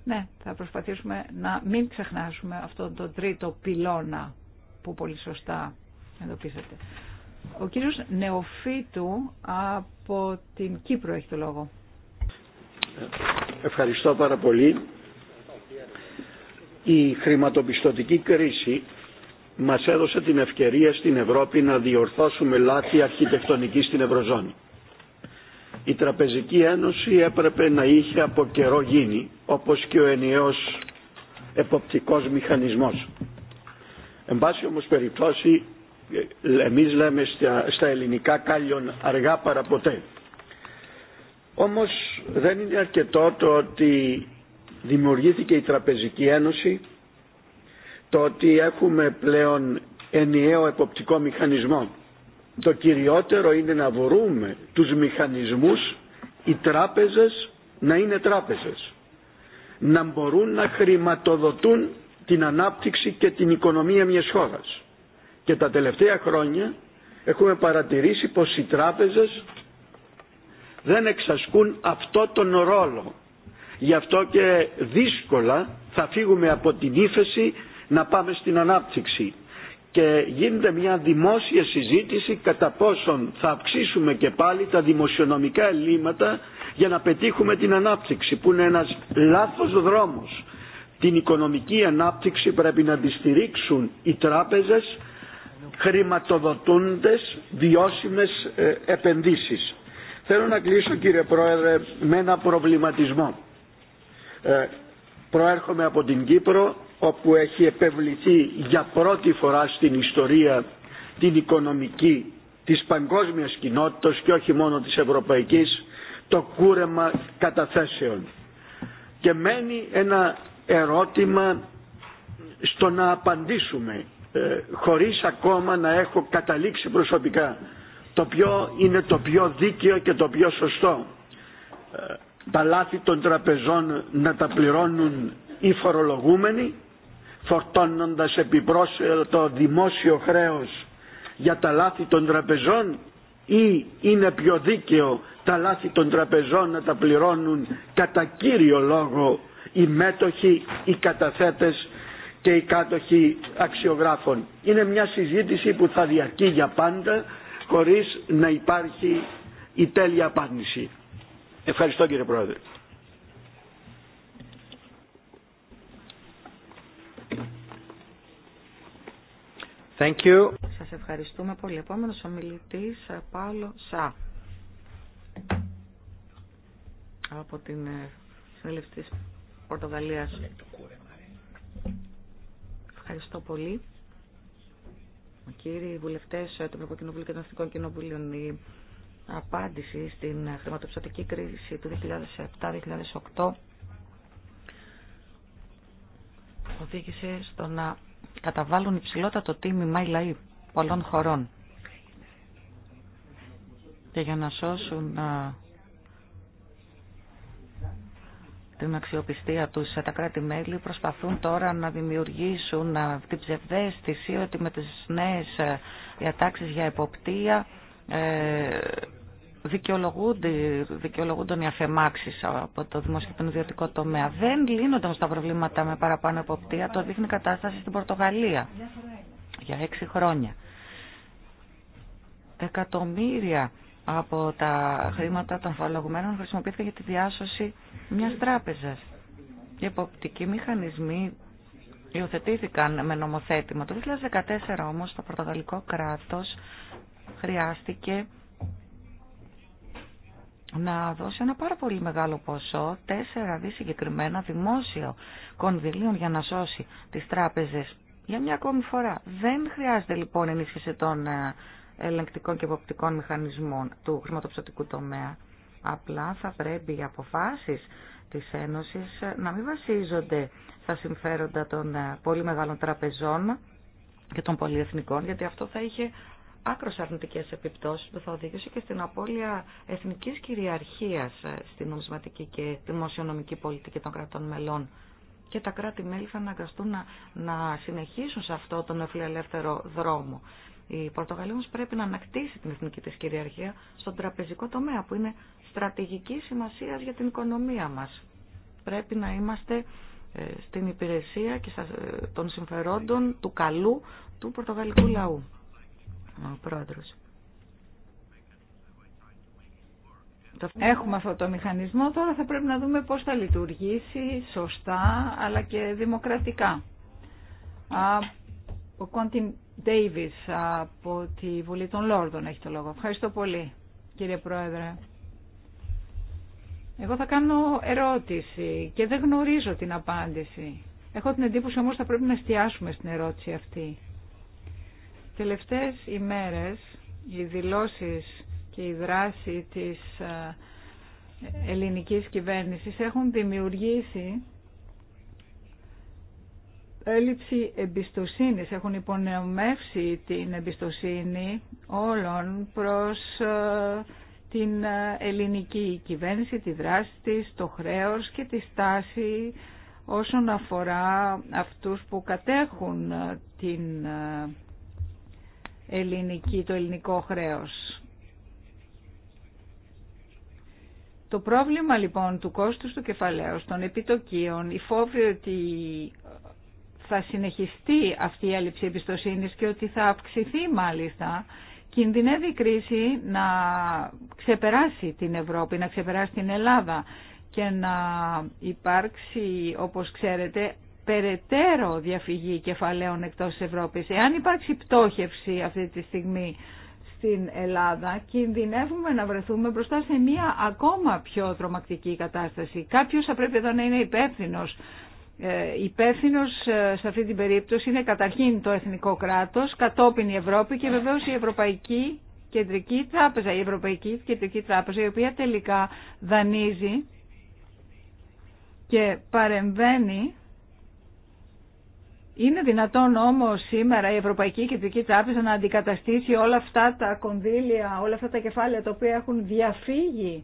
Ναι, θα προσπαθήσουμε να μην ξεχνάσουμε αυτόν τον τρίτο πυλώνα που πολύ σωστά εντοπίσατε. Ο κύριος Νεοφίτου από την Κύπρο έχει το λόγο. Ευχαριστώ πάρα πολύ. Η χρηματοπιστωτική κρίση μας έδωσε την ευκαιρία στην Ευρώπη να διορθώσουμε λάθη αρχιτεκτονική στην Ευρωζώνη. Η Τραπεζική Ένωση έπρεπε να είχε από καιρό γίνει, όπως και ο ενιαίος εποπτικός μηχανισμός. Εν πάση όμως περιπτώσει ε, εμείς λέμε στα, ελληνικά κάλλιον αργά παραποτέ. Όμως δεν είναι αρκετό το ότι δημιουργήθηκε η Τραπεζική Ένωση, το ότι έχουμε πλέον ενιαίο εποπτικό μηχανισμό. Το κυριότερο είναι να βρούμε τους μηχανισμούς οι τράπεζες να είναι τράπεζες. Να μπορούν να χρηματοδοτούν την ανάπτυξη και την οικονομία μιας χώρας. Και τα τελευταία χρόνια έχουμε παρατηρήσει πως οι τράπεζες δεν εξασκούν αυτό τον ρόλο. Γι' αυτό και δύσκολα θα φύγουμε από την ύφεση να πάμε στην ανάπτυξη. Και γίνεται μια δημόσια συζήτηση κατά πόσον θα αυξήσουμε και πάλι τα δημοσιονομικά ελλείμματα για να πετύχουμε την ανάπτυξη που είναι ένας λάθος δρόμος την οικονομική ανάπτυξη πρέπει να τη στηρίξουν οι τράπεζες χρηματοδοτούντες βιώσιμες ε, επενδύσεις. Θέλω να κλείσω κύριε Πρόεδρε με ένα προβληματισμό. Ε, προέρχομαι από την Κύπρο όπου έχει επευληθεί για πρώτη φορά στην ιστορία την οικονομική της παγκόσμιας κοινότητας και όχι μόνο της ευρωπαϊκής το κούρεμα καταθέσεων. Και μένει ένα ερώτημα στο να απαντήσουμε ε, χωρίς ακόμα να έχω καταλήξει προσωπικά το ποιο είναι το πιο δίκαιο και το πιο σωστό ε, τα λάθη των τραπεζών να τα πληρώνουν οι φορολογούμενοι φορτώνοντας επιπρόσθετο δημόσιο χρέος για τα λάθη των τραπεζών ή είναι πιο δίκαιο τα λάθη των τραπεζών να τα πληρώνουν κατά κύριο λόγο οι μέτοχοι, οι καταθέτες και οι κάτοχοι αξιογράφων. Είναι μια συζήτηση που θα διαρκεί για πάντα χωρίς να υπάρχει η τέλεια απάντηση. Ευχαριστώ κύριε Πρόεδρε. Thank you. Σας ευχαριστούμε πολύ. Επόμενος ομιλητής, Πάλο Σα. Από την ε, συνελευτή Πορτογαλίας. Ευχαριστώ πολύ. Κύριοι βουλευτέ του Ευρωπαϊκού Κοινοβουλίου και των Αστικών Κοινοβουλίων, η απάντηση στην χρηματοπιστωτική κρίση του 2007-2008 οδήγησε στο να καταβάλουν υψηλότατο τίμημα οι λαοί πολλών χωρών και για να σώσουν την αξιοπιστία τους τα κράτη-μέλη προσπαθούν τώρα να δημιουργήσουν την ψευδέστηση ότι με τις νέες ε, διατάξεις για εποπτεία ε, δικαιολογούνται, δικαιολογούνται οι αφεμάξεις από το δημόσιο και τομέα. Δεν λύνονται όμως τα προβλήματα με παραπάνω εποπτεία. Το δείχνει η κατάσταση στην Πορτογαλία για έξι χρόνια. Εκατομμύρια από τα χρήματα των φορολογουμένων χρησιμοποιήθηκε για τη διάσωση μιας τράπεζας. Οι εποπτικοί μηχανισμοί υιοθετήθηκαν με νομοθέτημα. Το 2014 όμως το πρωτογαλλικό κράτος χρειάστηκε να δώσει ένα πάρα πολύ μεγάλο ποσό, 4 δι συγκεκριμένα δημόσιο κονδυλίων για να σώσει τις τράπεζες για μια ακόμη φορά. Δεν χρειάζεται λοιπόν ενίσχυση των ε, ελεγκτικών και εποπτικών μηχανισμών του χρηματοπιστωτικού τομέα. Απλά θα πρέπει οι αποφάσεις της Ένωσης να μην βασίζονται στα συμφέροντα των ε, πολύ μεγάλων τραπεζών και των πολυεθνικών, γιατί αυτό θα είχε άκρο αρνητικέ επιπτώσει που θα οδηγήσει και στην απώλεια εθνική κυριαρχία ε, στην νομισματική και δημοσιονομική πολιτική των κρατών μελών. Και τα κράτη-μέλη θα αναγκαστούν να, συνεχίσουν σε αυτό τον φιλελεύθερο δρόμο. Η Πορτογαλία όμως πρέπει να ανακτήσει την εθνική της κυριαρχία στον τραπεζικό τομέα που είναι στρατηγική σημασία για την οικονομία μας. Πρέπει να είμαστε ε, στην υπηρεσία και ε, των συμφερόντων του καλού του πορτογαλικού λαού. Ο Έχουμε αυτό το μηχανισμό, τώρα θα πρέπει να δούμε πώς θα λειτουργήσει σωστά αλλά και δημοκρατικά. Ο Ντέιβις από τη Βουλή των Λόρδων έχει το λόγο. Ευχαριστώ πολύ κύριε Πρόεδρε. Εγώ θα κάνω ερώτηση και δεν γνωρίζω την απάντηση. Έχω την εντύπωση όμως θα πρέπει να εστιάσουμε στην ερώτηση αυτή. Τελευταίες ημέρες οι δηλώσεις και η δράση της ε, ελληνικής κυβέρνησης έχουν δημιουργήσει έλλειψη εμπιστοσύνης, έχουν υπονεωμεύσει την εμπιστοσύνη όλων προς ε, την ε, ελληνική κυβέρνηση, τη δράση της, το χρέος και τη στάση όσον αφορά αυτούς που κατέχουν ε, την ελληνική, το ελληνικό χρέος. Το πρόβλημα λοιπόν του κόστους του κεφαλαίου, των επιτοκίων, η φόβη ότι θα συνεχιστεί αυτή η έλλειψη εμπιστοσύνης και ότι θα αυξηθεί μάλιστα, κινδυνεύει η κρίση να ξεπεράσει την Ευρώπη, να ξεπεράσει την Ελλάδα και να υπάρξει, όπως ξέρετε, περαιτέρω διαφυγή κεφαλαίων εκτός Ευρώπης. Εάν υπάρξει πτώχευση αυτή τη στιγμή στην Ελλάδα, κινδυνεύουμε να βρεθούμε μπροστά σε μία ακόμα πιο τρομακτική κατάσταση. Κάποιος θα πρέπει εδώ να είναι υπεύθυνο ε, υπεύθυνο ε, σε αυτή την περίπτωση είναι καταρχήν το εθνικό κράτος, κατόπιν η Ευρώπη και βεβαίως η Ευρωπαϊκή Κεντρική Τράπεζα, η Ευρωπαϊκή Κεντρική Τράπεζα, η οποία τελικά δανείζει και παρεμβαίνει. Είναι δυνατόν όμως σήμερα η Ευρωπαϊκή Κεντρική Τράπεζα να αντικαταστήσει όλα αυτά τα κονδύλια, όλα αυτά τα κεφάλαια τα οποία έχουν διαφύγει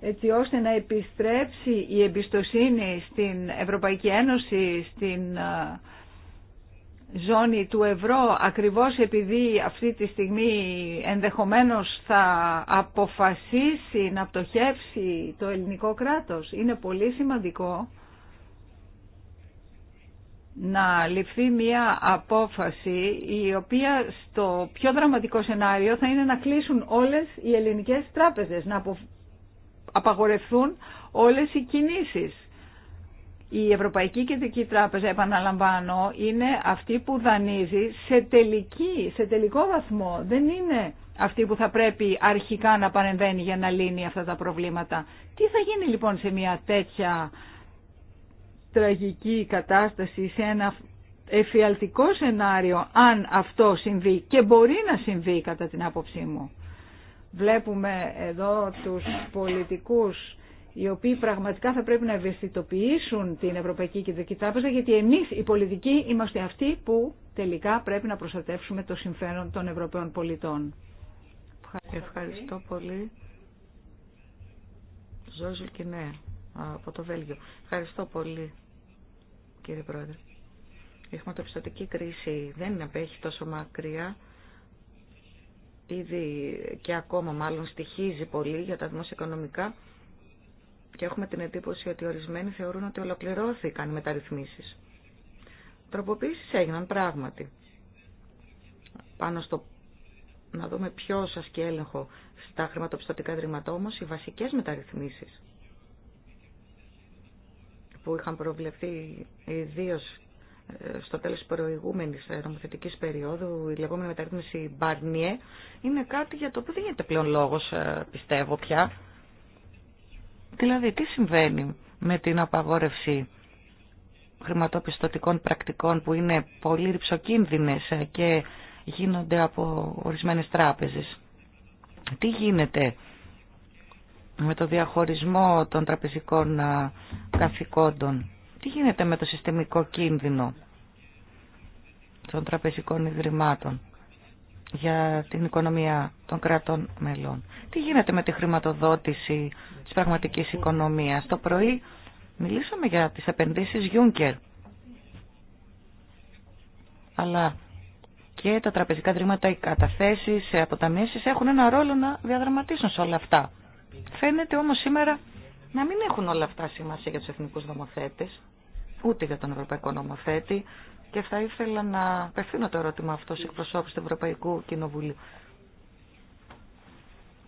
έτσι ώστε να επιστρέψει η εμπιστοσύνη στην Ευρωπαϊκή Ένωση, στην ζώνη του ευρώ, ακριβώς επειδή αυτή τη στιγμή ενδεχομένως θα αποφασίσει να πτωχεύσει το ελληνικό κράτος. Είναι πολύ σημαντικό να ληφθεί μια απόφαση η οποία στο πιο δραματικό σενάριο θα είναι να κλείσουν όλες οι ελληνικές τράπεζες, να απαγορευθούν όλες οι κινήσεις. Η Ευρωπαϊκή Κεντρική Τράπεζα, επαναλαμβάνω, είναι αυτή που δανείζει σε, τελική, σε τελικό βαθμό. Δεν είναι αυτή που θα πρέπει αρχικά να παρεμβαίνει για να λύνει αυτά τα προβλήματα. Τι θα γίνει λοιπόν σε μια τέτοια τραγική κατάσταση, σε ένα εφιαλτικό σενάριο, αν αυτό συμβεί και μπορεί να συμβεί κατά την άποψή μου. Βλέπουμε εδώ τους πολιτικούς οι οποίοι πραγματικά θα πρέπει να ευαισθητοποιήσουν την Ευρωπαϊκή Κεντρική Τράπεζα γιατί εμείς οι πολιτικοί είμαστε αυτοί που τελικά πρέπει να προστατεύσουμε το συμφέρον των Ευρωπαίων πολιτών. Ευχαριστώ πολύ. και Κινέ ναι, από το Βέλγιο. Ευχαριστώ πολύ κύριε Πρόεδρε. Η χρηματοπιστωτική κρίση δεν απέχει τόσο μακριά ήδη και ακόμα μάλλον στοιχίζει πολύ για τα δημοσιοοικονομικά και έχουμε την εντύπωση ότι ορισμένοι θεωρούν ότι ολοκληρώθηκαν οι μεταρρυθμίσεις. Τροποποίησεις έγιναν πράγματι. Πάνω στο να δούμε ποιο ασκεί έλεγχο στα χρηματοπιστωτικά ιδρύματα όμως οι βασικές μεταρρυθμίσεις που είχαν προβλεφθεί ιδίω στο τέλος της προηγούμενης ε, νομοθετικής περίοδου, η λεγόμενη μεταρρύθμιση μπαρνίε είναι κάτι για το οποίο δεν γίνεται πλέον λόγος, ε, πιστεύω πια. Δηλαδή, τι συμβαίνει με την απαγόρευση χρηματοπιστωτικών πρακτικών που είναι πολύ ρυψοκίνδυνες ε, και γίνονται από ορισμένες τράπεζες. Τι γίνεται με το διαχωρισμό των τραπεζικών καθηκόντων τι γίνεται με το συστημικό κίνδυνο των τραπεζικών ιδρυμάτων για την οικονομία των κρατών μελών. Τι γίνεται με τη χρηματοδότηση της πραγματικής οικονομίας. Το πρωί μιλήσαμε για τις επενδύσεις Juncker. Αλλά και τα τραπεζικά δρήματα, οι καταθέσεις, οι αποταμίσεις έχουν ένα ρόλο να διαδραματίσουν σε όλα αυτά. Φαίνεται όμως σήμερα να μην έχουν όλα αυτά σημασία για τους εθνικούς δομοθέτες ούτε για τον Ευρωπαϊκό Νομοθέτη και θα ήθελα να απευθύνω το ερώτημα αυτό σε εκπροσώπους του Ευρωπαϊκού Κοινοβουλίου.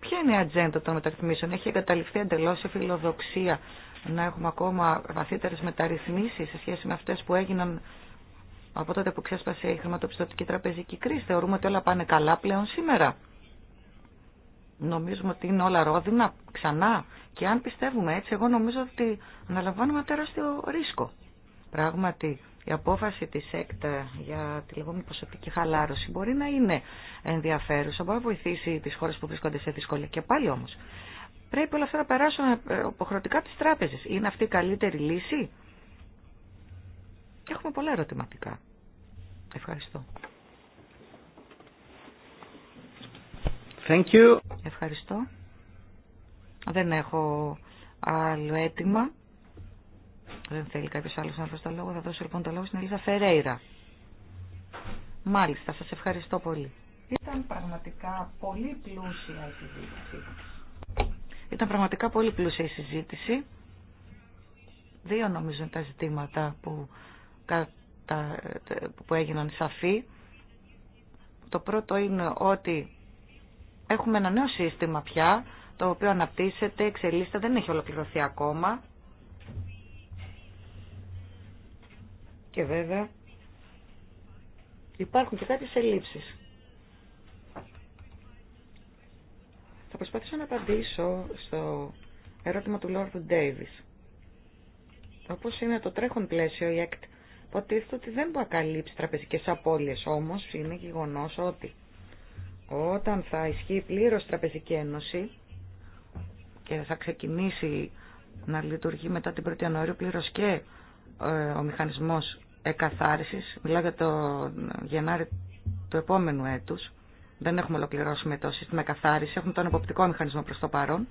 Ποια είναι η ατζέντα των μεταρρυθμίσεων, έχει εγκαταληφθεί εντελώ η φιλοδοξία να έχουμε ακόμα βαθύτερε μεταρρυθμίσει σε σχέση με αυτέ που έγιναν από τότε που ξέσπασε η χρηματοπιστωτική τραπεζική κρίση. Θεωρούμε ότι όλα πάνε καλά πλέον σήμερα. Νομίζουμε ότι είναι όλα ρόδινα ξανά. Και αν πιστεύουμε έτσι, εγώ νομίζω ότι αναλαμβάνουμε τεράστιο ρίσκο. Πράγματι, η απόφαση της ΕΚΤΑ για τη λεγόμενη ποσοτική χαλάρωση μπορεί να είναι ενδιαφέρουσα, μπορεί να βοηθήσει τις χώρες που βρίσκονται σε δυσκολία και πάλι όμως. Πρέπει όλα αυτά να περάσουν ε, υποχρεωτικά τις τράπεζες. Είναι αυτή η καλύτερη λύση? έχουμε πολλά ερωτηματικά. Ευχαριστώ. Thank you. Ευχαριστώ. Δεν έχω άλλο αίτημα δεν θέλει κάποιο άλλο να δώσει το λόγο. Θα δώσω λοιπόν το λόγο στην Ελίζα Φερέιρα. Μάλιστα, σα ευχαριστώ πολύ. Ήταν πραγματικά πολύ πλούσια η συζήτηση. Ήταν πραγματικά πολύ πλούσια η συζήτηση. Δύο νομίζω τα ζητήματα που, κατα... που έγιναν σαφή. Το πρώτο είναι ότι έχουμε ένα νέο σύστημα πια, το οποίο αναπτύσσεται, εξελίσσεται, δεν έχει ολοκληρωθεί ακόμα. Και βέβαια υπάρχουν και κάποιες ελλείψεις. Θα προσπαθήσω να απαντήσω στο ερώτημα του Λόρδου Ντέιβις. Όπως είναι το τρέχον πλαίσιο, η ΕΚΤ υποτίθεται ότι δεν μπορεί να καλύψει τραπεζικές απώλειες, όμως είναι γεγονό ότι όταν θα ισχύει πλήρως τραπεζική ένωση και θα ξεκινήσει να λειτουργεί μετά την 1η Ιανουαρίου πλήρως και ε, ο μηχανισμός εκαθάρισης, μιλάω για το Γενάρη του επόμενου έτους, δεν έχουμε ολοκληρώσει με το σύστημα εκαθάρισης. έχουμε τον εποπτικό μηχανισμό προς το παρόν.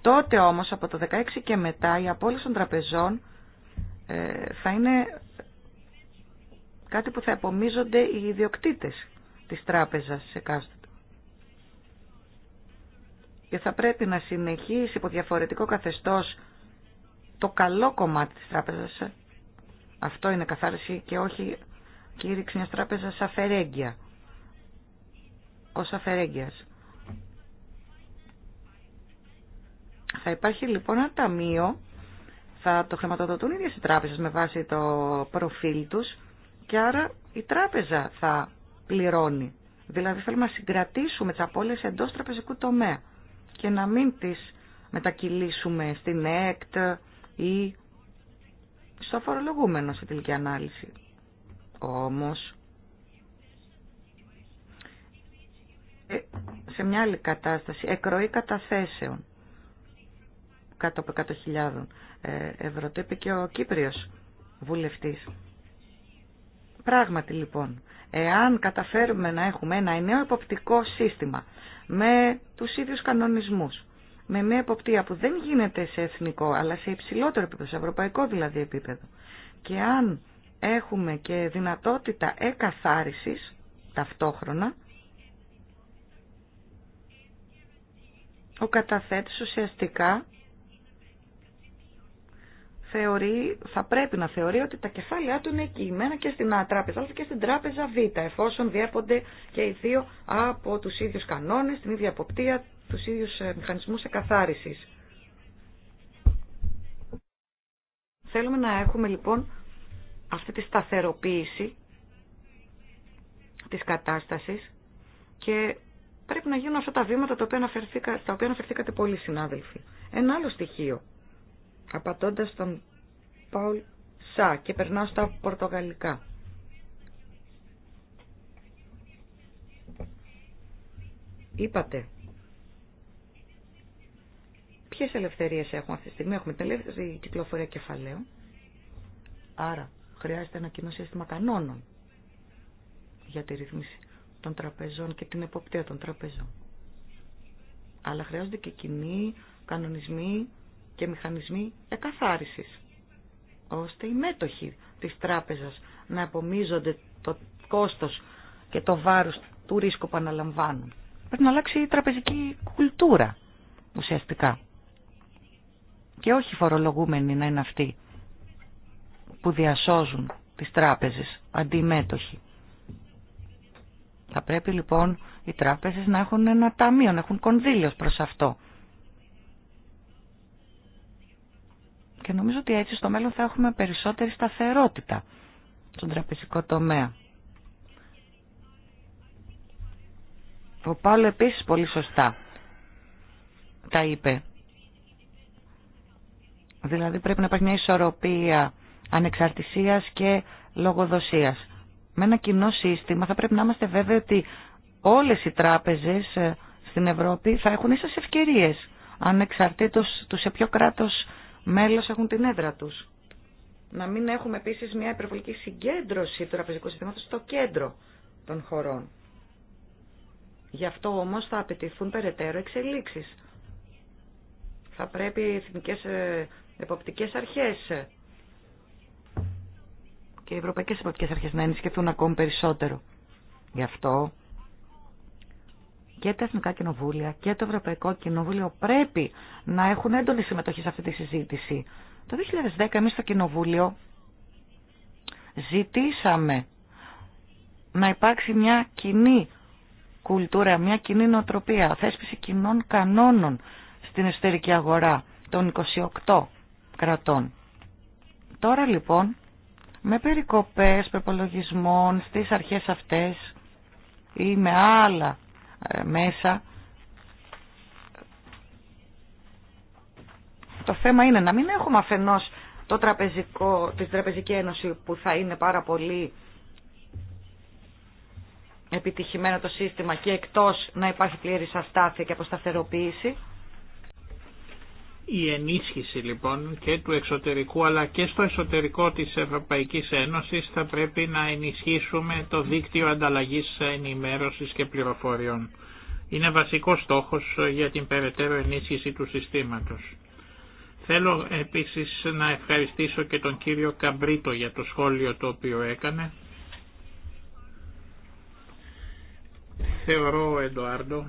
Τότε όμως από το 16 και μετά η απόλυση των τραπεζών ε, θα είναι κάτι που θα επομίζονται οι ιδιοκτήτες της τράπεζας κάθε. Και θα πρέπει να συνεχίσει υπό διαφορετικό καθεστώς το καλό κομμάτι της τράπεζας αυτό είναι καθάριση και όχι κήρυξη μια τράπεζα αφαιρέγγια. Ως αφαιρέγγιας. Θα υπάρχει λοιπόν ένα ταμείο, θα το χρηματοδοτούν οι ίδιες οι τράπεζες με βάση το προφίλ τους και άρα η τράπεζα θα πληρώνει. Δηλαδή θέλουμε να συγκρατήσουμε τις απώλειες εντός τραπεζικού τομέα και να μην τις μετακυλήσουμε στην ΕΚΤ ή στο φορολογούμενο σε τελική ανάλυση. Όμως, ε, σε μια άλλη κατάσταση, εκροή καταθέσεων κάτω από 100.000 ε, ευρώ, το είπε και ο Κύπριος βουλευτής. Πράγματι λοιπόν, εάν καταφέρουμε να έχουμε ένα νέο εποπτικό σύστημα με τους ίδιους κανονισμούς, με μια εποπτεία που δεν γίνεται σε εθνικό αλλά σε υψηλότερο επίπεδο, σε ευρωπαϊκό δηλαδή επίπεδο. Και αν έχουμε και δυνατότητα εκαθάρισης ταυτόχρονα, ο καταθέτης ουσιαστικά θεωρεί, θα πρέπει να θεωρεί ότι τα κεφάλαιά του είναι εγγυημένα και στην τράπεζα αλλά και στην τράπεζα Β, εφόσον διέπονται και οι δύο από τους ίδιους κανόνες, την ίδια εποπτεία, τους ίδιους ε, μηχανισμούς εκαθάρισης. Θέλουμε να έχουμε λοιπόν αυτή τη σταθεροποίηση της κατάστασης και πρέπει να γίνουν αυτά τα βήματα τα οποία, οποία αναφερθήκατε πολλοί συνάδελφοι. Ένα άλλο στοιχείο, απατώντας τον Παουλ Σα και περνάω στα πορτογαλικά. Είπατε Ποιες ελευθερίες έχουμε αυτή τη στιγμή. Έχουμε την ελεύθερη κυκλοφορία κεφαλαίων. Άρα χρειάζεται ένα κοινό σύστημα κανόνων για τη ρυθμίση των τραπεζών και την εποπτεία των τραπεζών. Αλλά χρειάζονται και κοινοί κανονισμοί και μηχανισμοί εκαθάρισης, ώστε οι μέτοχοι της τράπεζας να απομίζονται το κόστος και το βάρος του ρίσκου που αναλαμβάνουν. Πρέπει να αλλάξει η τραπεζική κουλτούρα ουσιαστικά και όχι φορολογούμενοι να είναι αυτοί που διασώζουν τις τράπεζες μέτοχοι. Θα πρέπει λοιπόν οι τράπεζες να έχουν ένα ταμείο, να έχουν κονδύλιο προς αυτό. Και νομίζω ότι έτσι στο μέλλον θα έχουμε περισσότερη σταθερότητα στον τραπεζικό τομέα. Ο Πάολο επίσης πολύ σωστά τα είπε Δηλαδή πρέπει να υπάρχει μια ισορροπία ανεξαρτησίας και λογοδοσίας. Με ένα κοινό σύστημα θα πρέπει να είμαστε βέβαιοι ότι όλες οι τράπεζες ε, στην Ευρώπη θα έχουν ίσες ευκαιρίες, ανεξαρτήτως του σε ποιο κράτος μέλος έχουν την έδρα τους. Να μην έχουμε επίσης μια υπερβολική συγκέντρωση του τραπεζικού συστήματος στο κέντρο των χωρών. Γι' αυτό όμως θα απαιτηθούν περαιτέρω εξελίξεις. Θα πρέπει οι ε, εποπτικές αρχές και οι ευρωπαϊκές εποπτικές αρχές να ενισχυθούν ακόμη περισσότερο. Γι' αυτό και τα Εθνικά Κοινοβούλια και το Ευρωπαϊκό Κοινοβούλιο πρέπει να έχουν έντονη συμμετοχή σε αυτή τη συζήτηση. Το 2010 εμείς στο Κοινοβούλιο ζητήσαμε να υπάρξει μια κοινή κουλτούρα, μια κοινή νοοτροπία, θέσπιση κοινών κανόνων στην εσωτερική αγορά των 28 κρατών. Τώρα λοιπόν, με περικοπές πεπολογισμών στις αρχές αυτές ή με άλλα ε, μέσα, το θέμα είναι να μην έχουμε αφενός το τραπεζικό, της Τραπεζική Ένωση που θα είναι πάρα πολύ επιτυχημένο το σύστημα και εκτός να υπάρχει πλήρης αστάθεια και αποσταθεροποίηση η ενίσχυση λοιπόν και του εξωτερικού αλλά και στο εσωτερικό της Ευρωπαϊκής Ένωσης θα πρέπει να ενισχύσουμε το δίκτυο ανταλλαγής ενημέρωσης και πληροφοριών. Είναι βασικός στόχος για την περαιτέρω ενίσχυση του συστήματος. Θέλω επίσης να ευχαριστήσω και τον κύριο Καμπρίτο για το σχόλιο το οποίο έκανε. Θεωρώ, Εντοάρντο,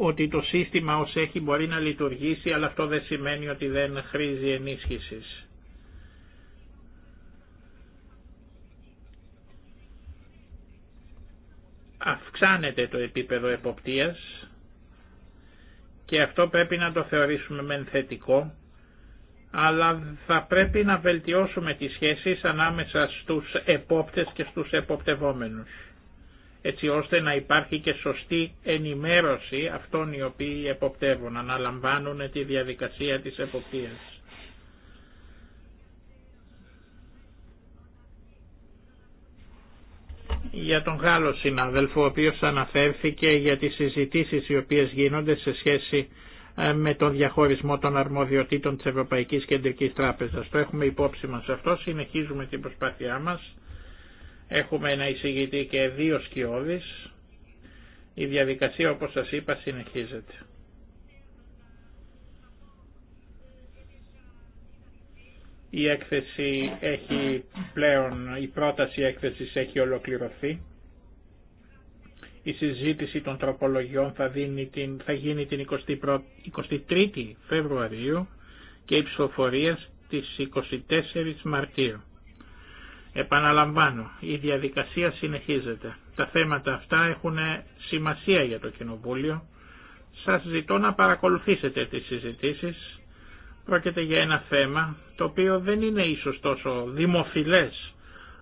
ότι το σύστημα ως έχει μπορεί να λειτουργήσει, αλλά αυτό δεν σημαίνει ότι δεν χρήζει ενίσχυσης. Αυξάνεται το επίπεδο εποπτείας και αυτό πρέπει να το θεωρήσουμε μεν θετικό, αλλά θα πρέπει να βελτιώσουμε τις σχέσεις ανάμεσα στους επόπτες και στους εποπτευόμενους έτσι ώστε να υπάρχει και σωστή ενημέρωση αυτών οι οποίοι εποπτεύουν, αναλαμβάνουν τη διαδικασία της εποπτείας. Για τον Γάλλο συνάδελφο, ο οποίος αναφέρθηκε για τις συζητήσεις οι οποίες γίνονται σε σχέση ε, με τον διαχωρισμό των αρμοδιοτήτων της Ευρωπαϊκής Κεντρικής Τράπεζας. Το έχουμε υπόψη μας αυτό, συνεχίζουμε την προσπάθειά μας Έχουμε ένα εισηγητή και δύο σκιώδεις. Η διαδικασία όπως σας είπα συνεχίζεται. Η έκθεση έχει πλέον, η πρόταση έκθεσης έχει ολοκληρωθεί. Η συζήτηση των τροπολογιών θα, δίνει την, θα γίνει την 23η Φεβρουαρίου και η ψηφοφορία στις 24 Μαρτίου. Επαναλαμβάνω, η διαδικασία συνεχίζεται. Τα θέματα αυτά έχουν σημασία για το Κοινοβούλιο. Σας ζητώ να παρακολουθήσετε τις συζητήσεις. Πρόκειται για ένα θέμα το οποίο δεν είναι ίσως τόσο δημοφιλές,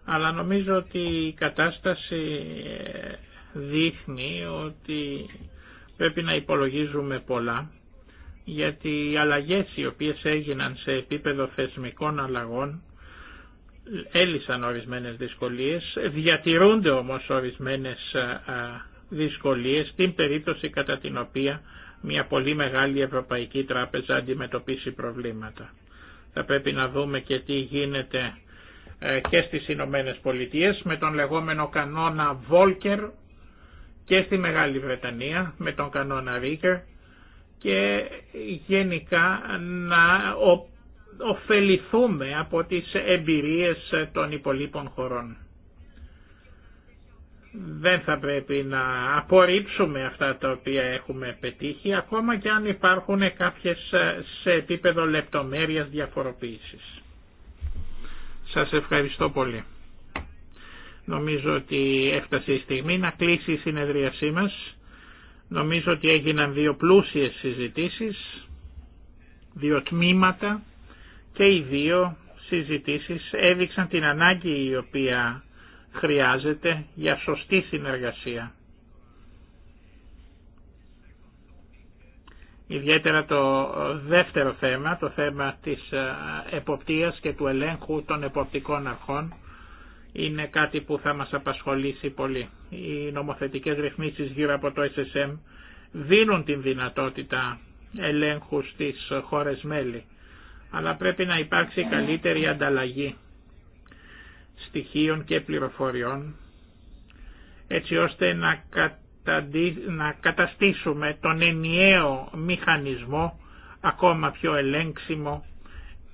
αλλά νομίζω ότι η κατάσταση ε, δείχνει ότι πρέπει να υπολογίζουμε πολλά, γιατί οι αλλαγές οι οποίες έγιναν σε επίπεδο θεσμικών αλλαγών έλυσαν ορισμένες δυσκολίες, διατηρούνται όμως ορισμένες ε, ε, δυσκολίες στην περίπτωση κατά την οποία μια πολύ μεγάλη Ευρωπαϊκή Τράπεζα αντιμετωπίσει προβλήματα. Θα πρέπει να δούμε και τι γίνεται ε, και στις Ηνωμένε Πολιτείε με τον λεγόμενο κανόνα Βόλκερ και στη Μεγάλη Βρετανία με τον κανόνα Ρίκερ και γενικά να ωφεληθούμε από τις εμπειρίες των υπολείπων χωρών. Δεν θα πρέπει να απορρίψουμε αυτά τα οποία έχουμε πετύχει, ακόμα και αν υπάρχουν κάποιες ε, σε επίπεδο λεπτομέρειας διαφοροποίησεις. Σας ευχαριστώ πολύ. Νομίζω ότι έφτασε η στιγμή να κλείσει η συνεδρίασή μας. Νομίζω ότι έγιναν δύο πλούσιες συζητήσεις, δύο τμήματα και οι δύο συζητήσεις έδειξαν την ανάγκη η οποία χρειάζεται για σωστή συνεργασία. Ιδιαίτερα το δεύτερο θέμα, το θέμα της ε, εποπτείας και του ελέγχου των εποπτικών αρχών, είναι κάτι που θα μας απασχολήσει πολύ. Οι νομοθετικές ρυθμίσεις γύρω από το SSM δίνουν την δυνατότητα ελέγχου στις χώρες μέλη αλλά πρέπει να υπάρξει καλύτερη ανταλλαγή στοιχείων και πληροφοριών έτσι ώστε να, καταστήσουμε τον ενιαίο μηχανισμό ακόμα πιο ελέγξιμο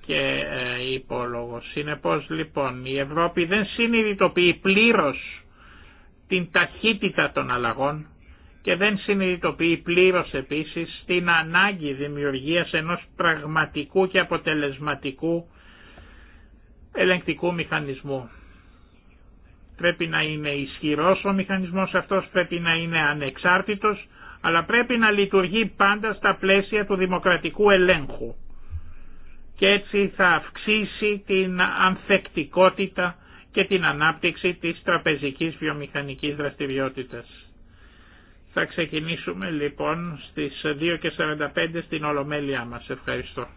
και ε, υπόλογο. Συνεπώς λοιπόν η Ευρώπη δεν συνειδητοποιεί πλήρως την ταχύτητα των αλλαγών και δεν συνειδητοποιεί πλήρως επίσης την ανάγκη δημιουργίας ενός πραγματικού και αποτελεσματικού ελεγκτικού μηχανισμού. Πρέπει να είναι ισχυρός ο μηχανισμός αυτός, πρέπει να είναι ανεξάρτητος, αλλά πρέπει να λειτουργεί πάντα στα πλαίσια του δημοκρατικού ελέγχου. Και έτσι θα αυξήσει την ανθεκτικότητα και την ανάπτυξη της τραπεζικής βιομηχανικής δραστηριότητας. Θα ξεκινήσουμε λοιπόν στις 2.45 στην Ολομέλειά μας. Ευχαριστώ.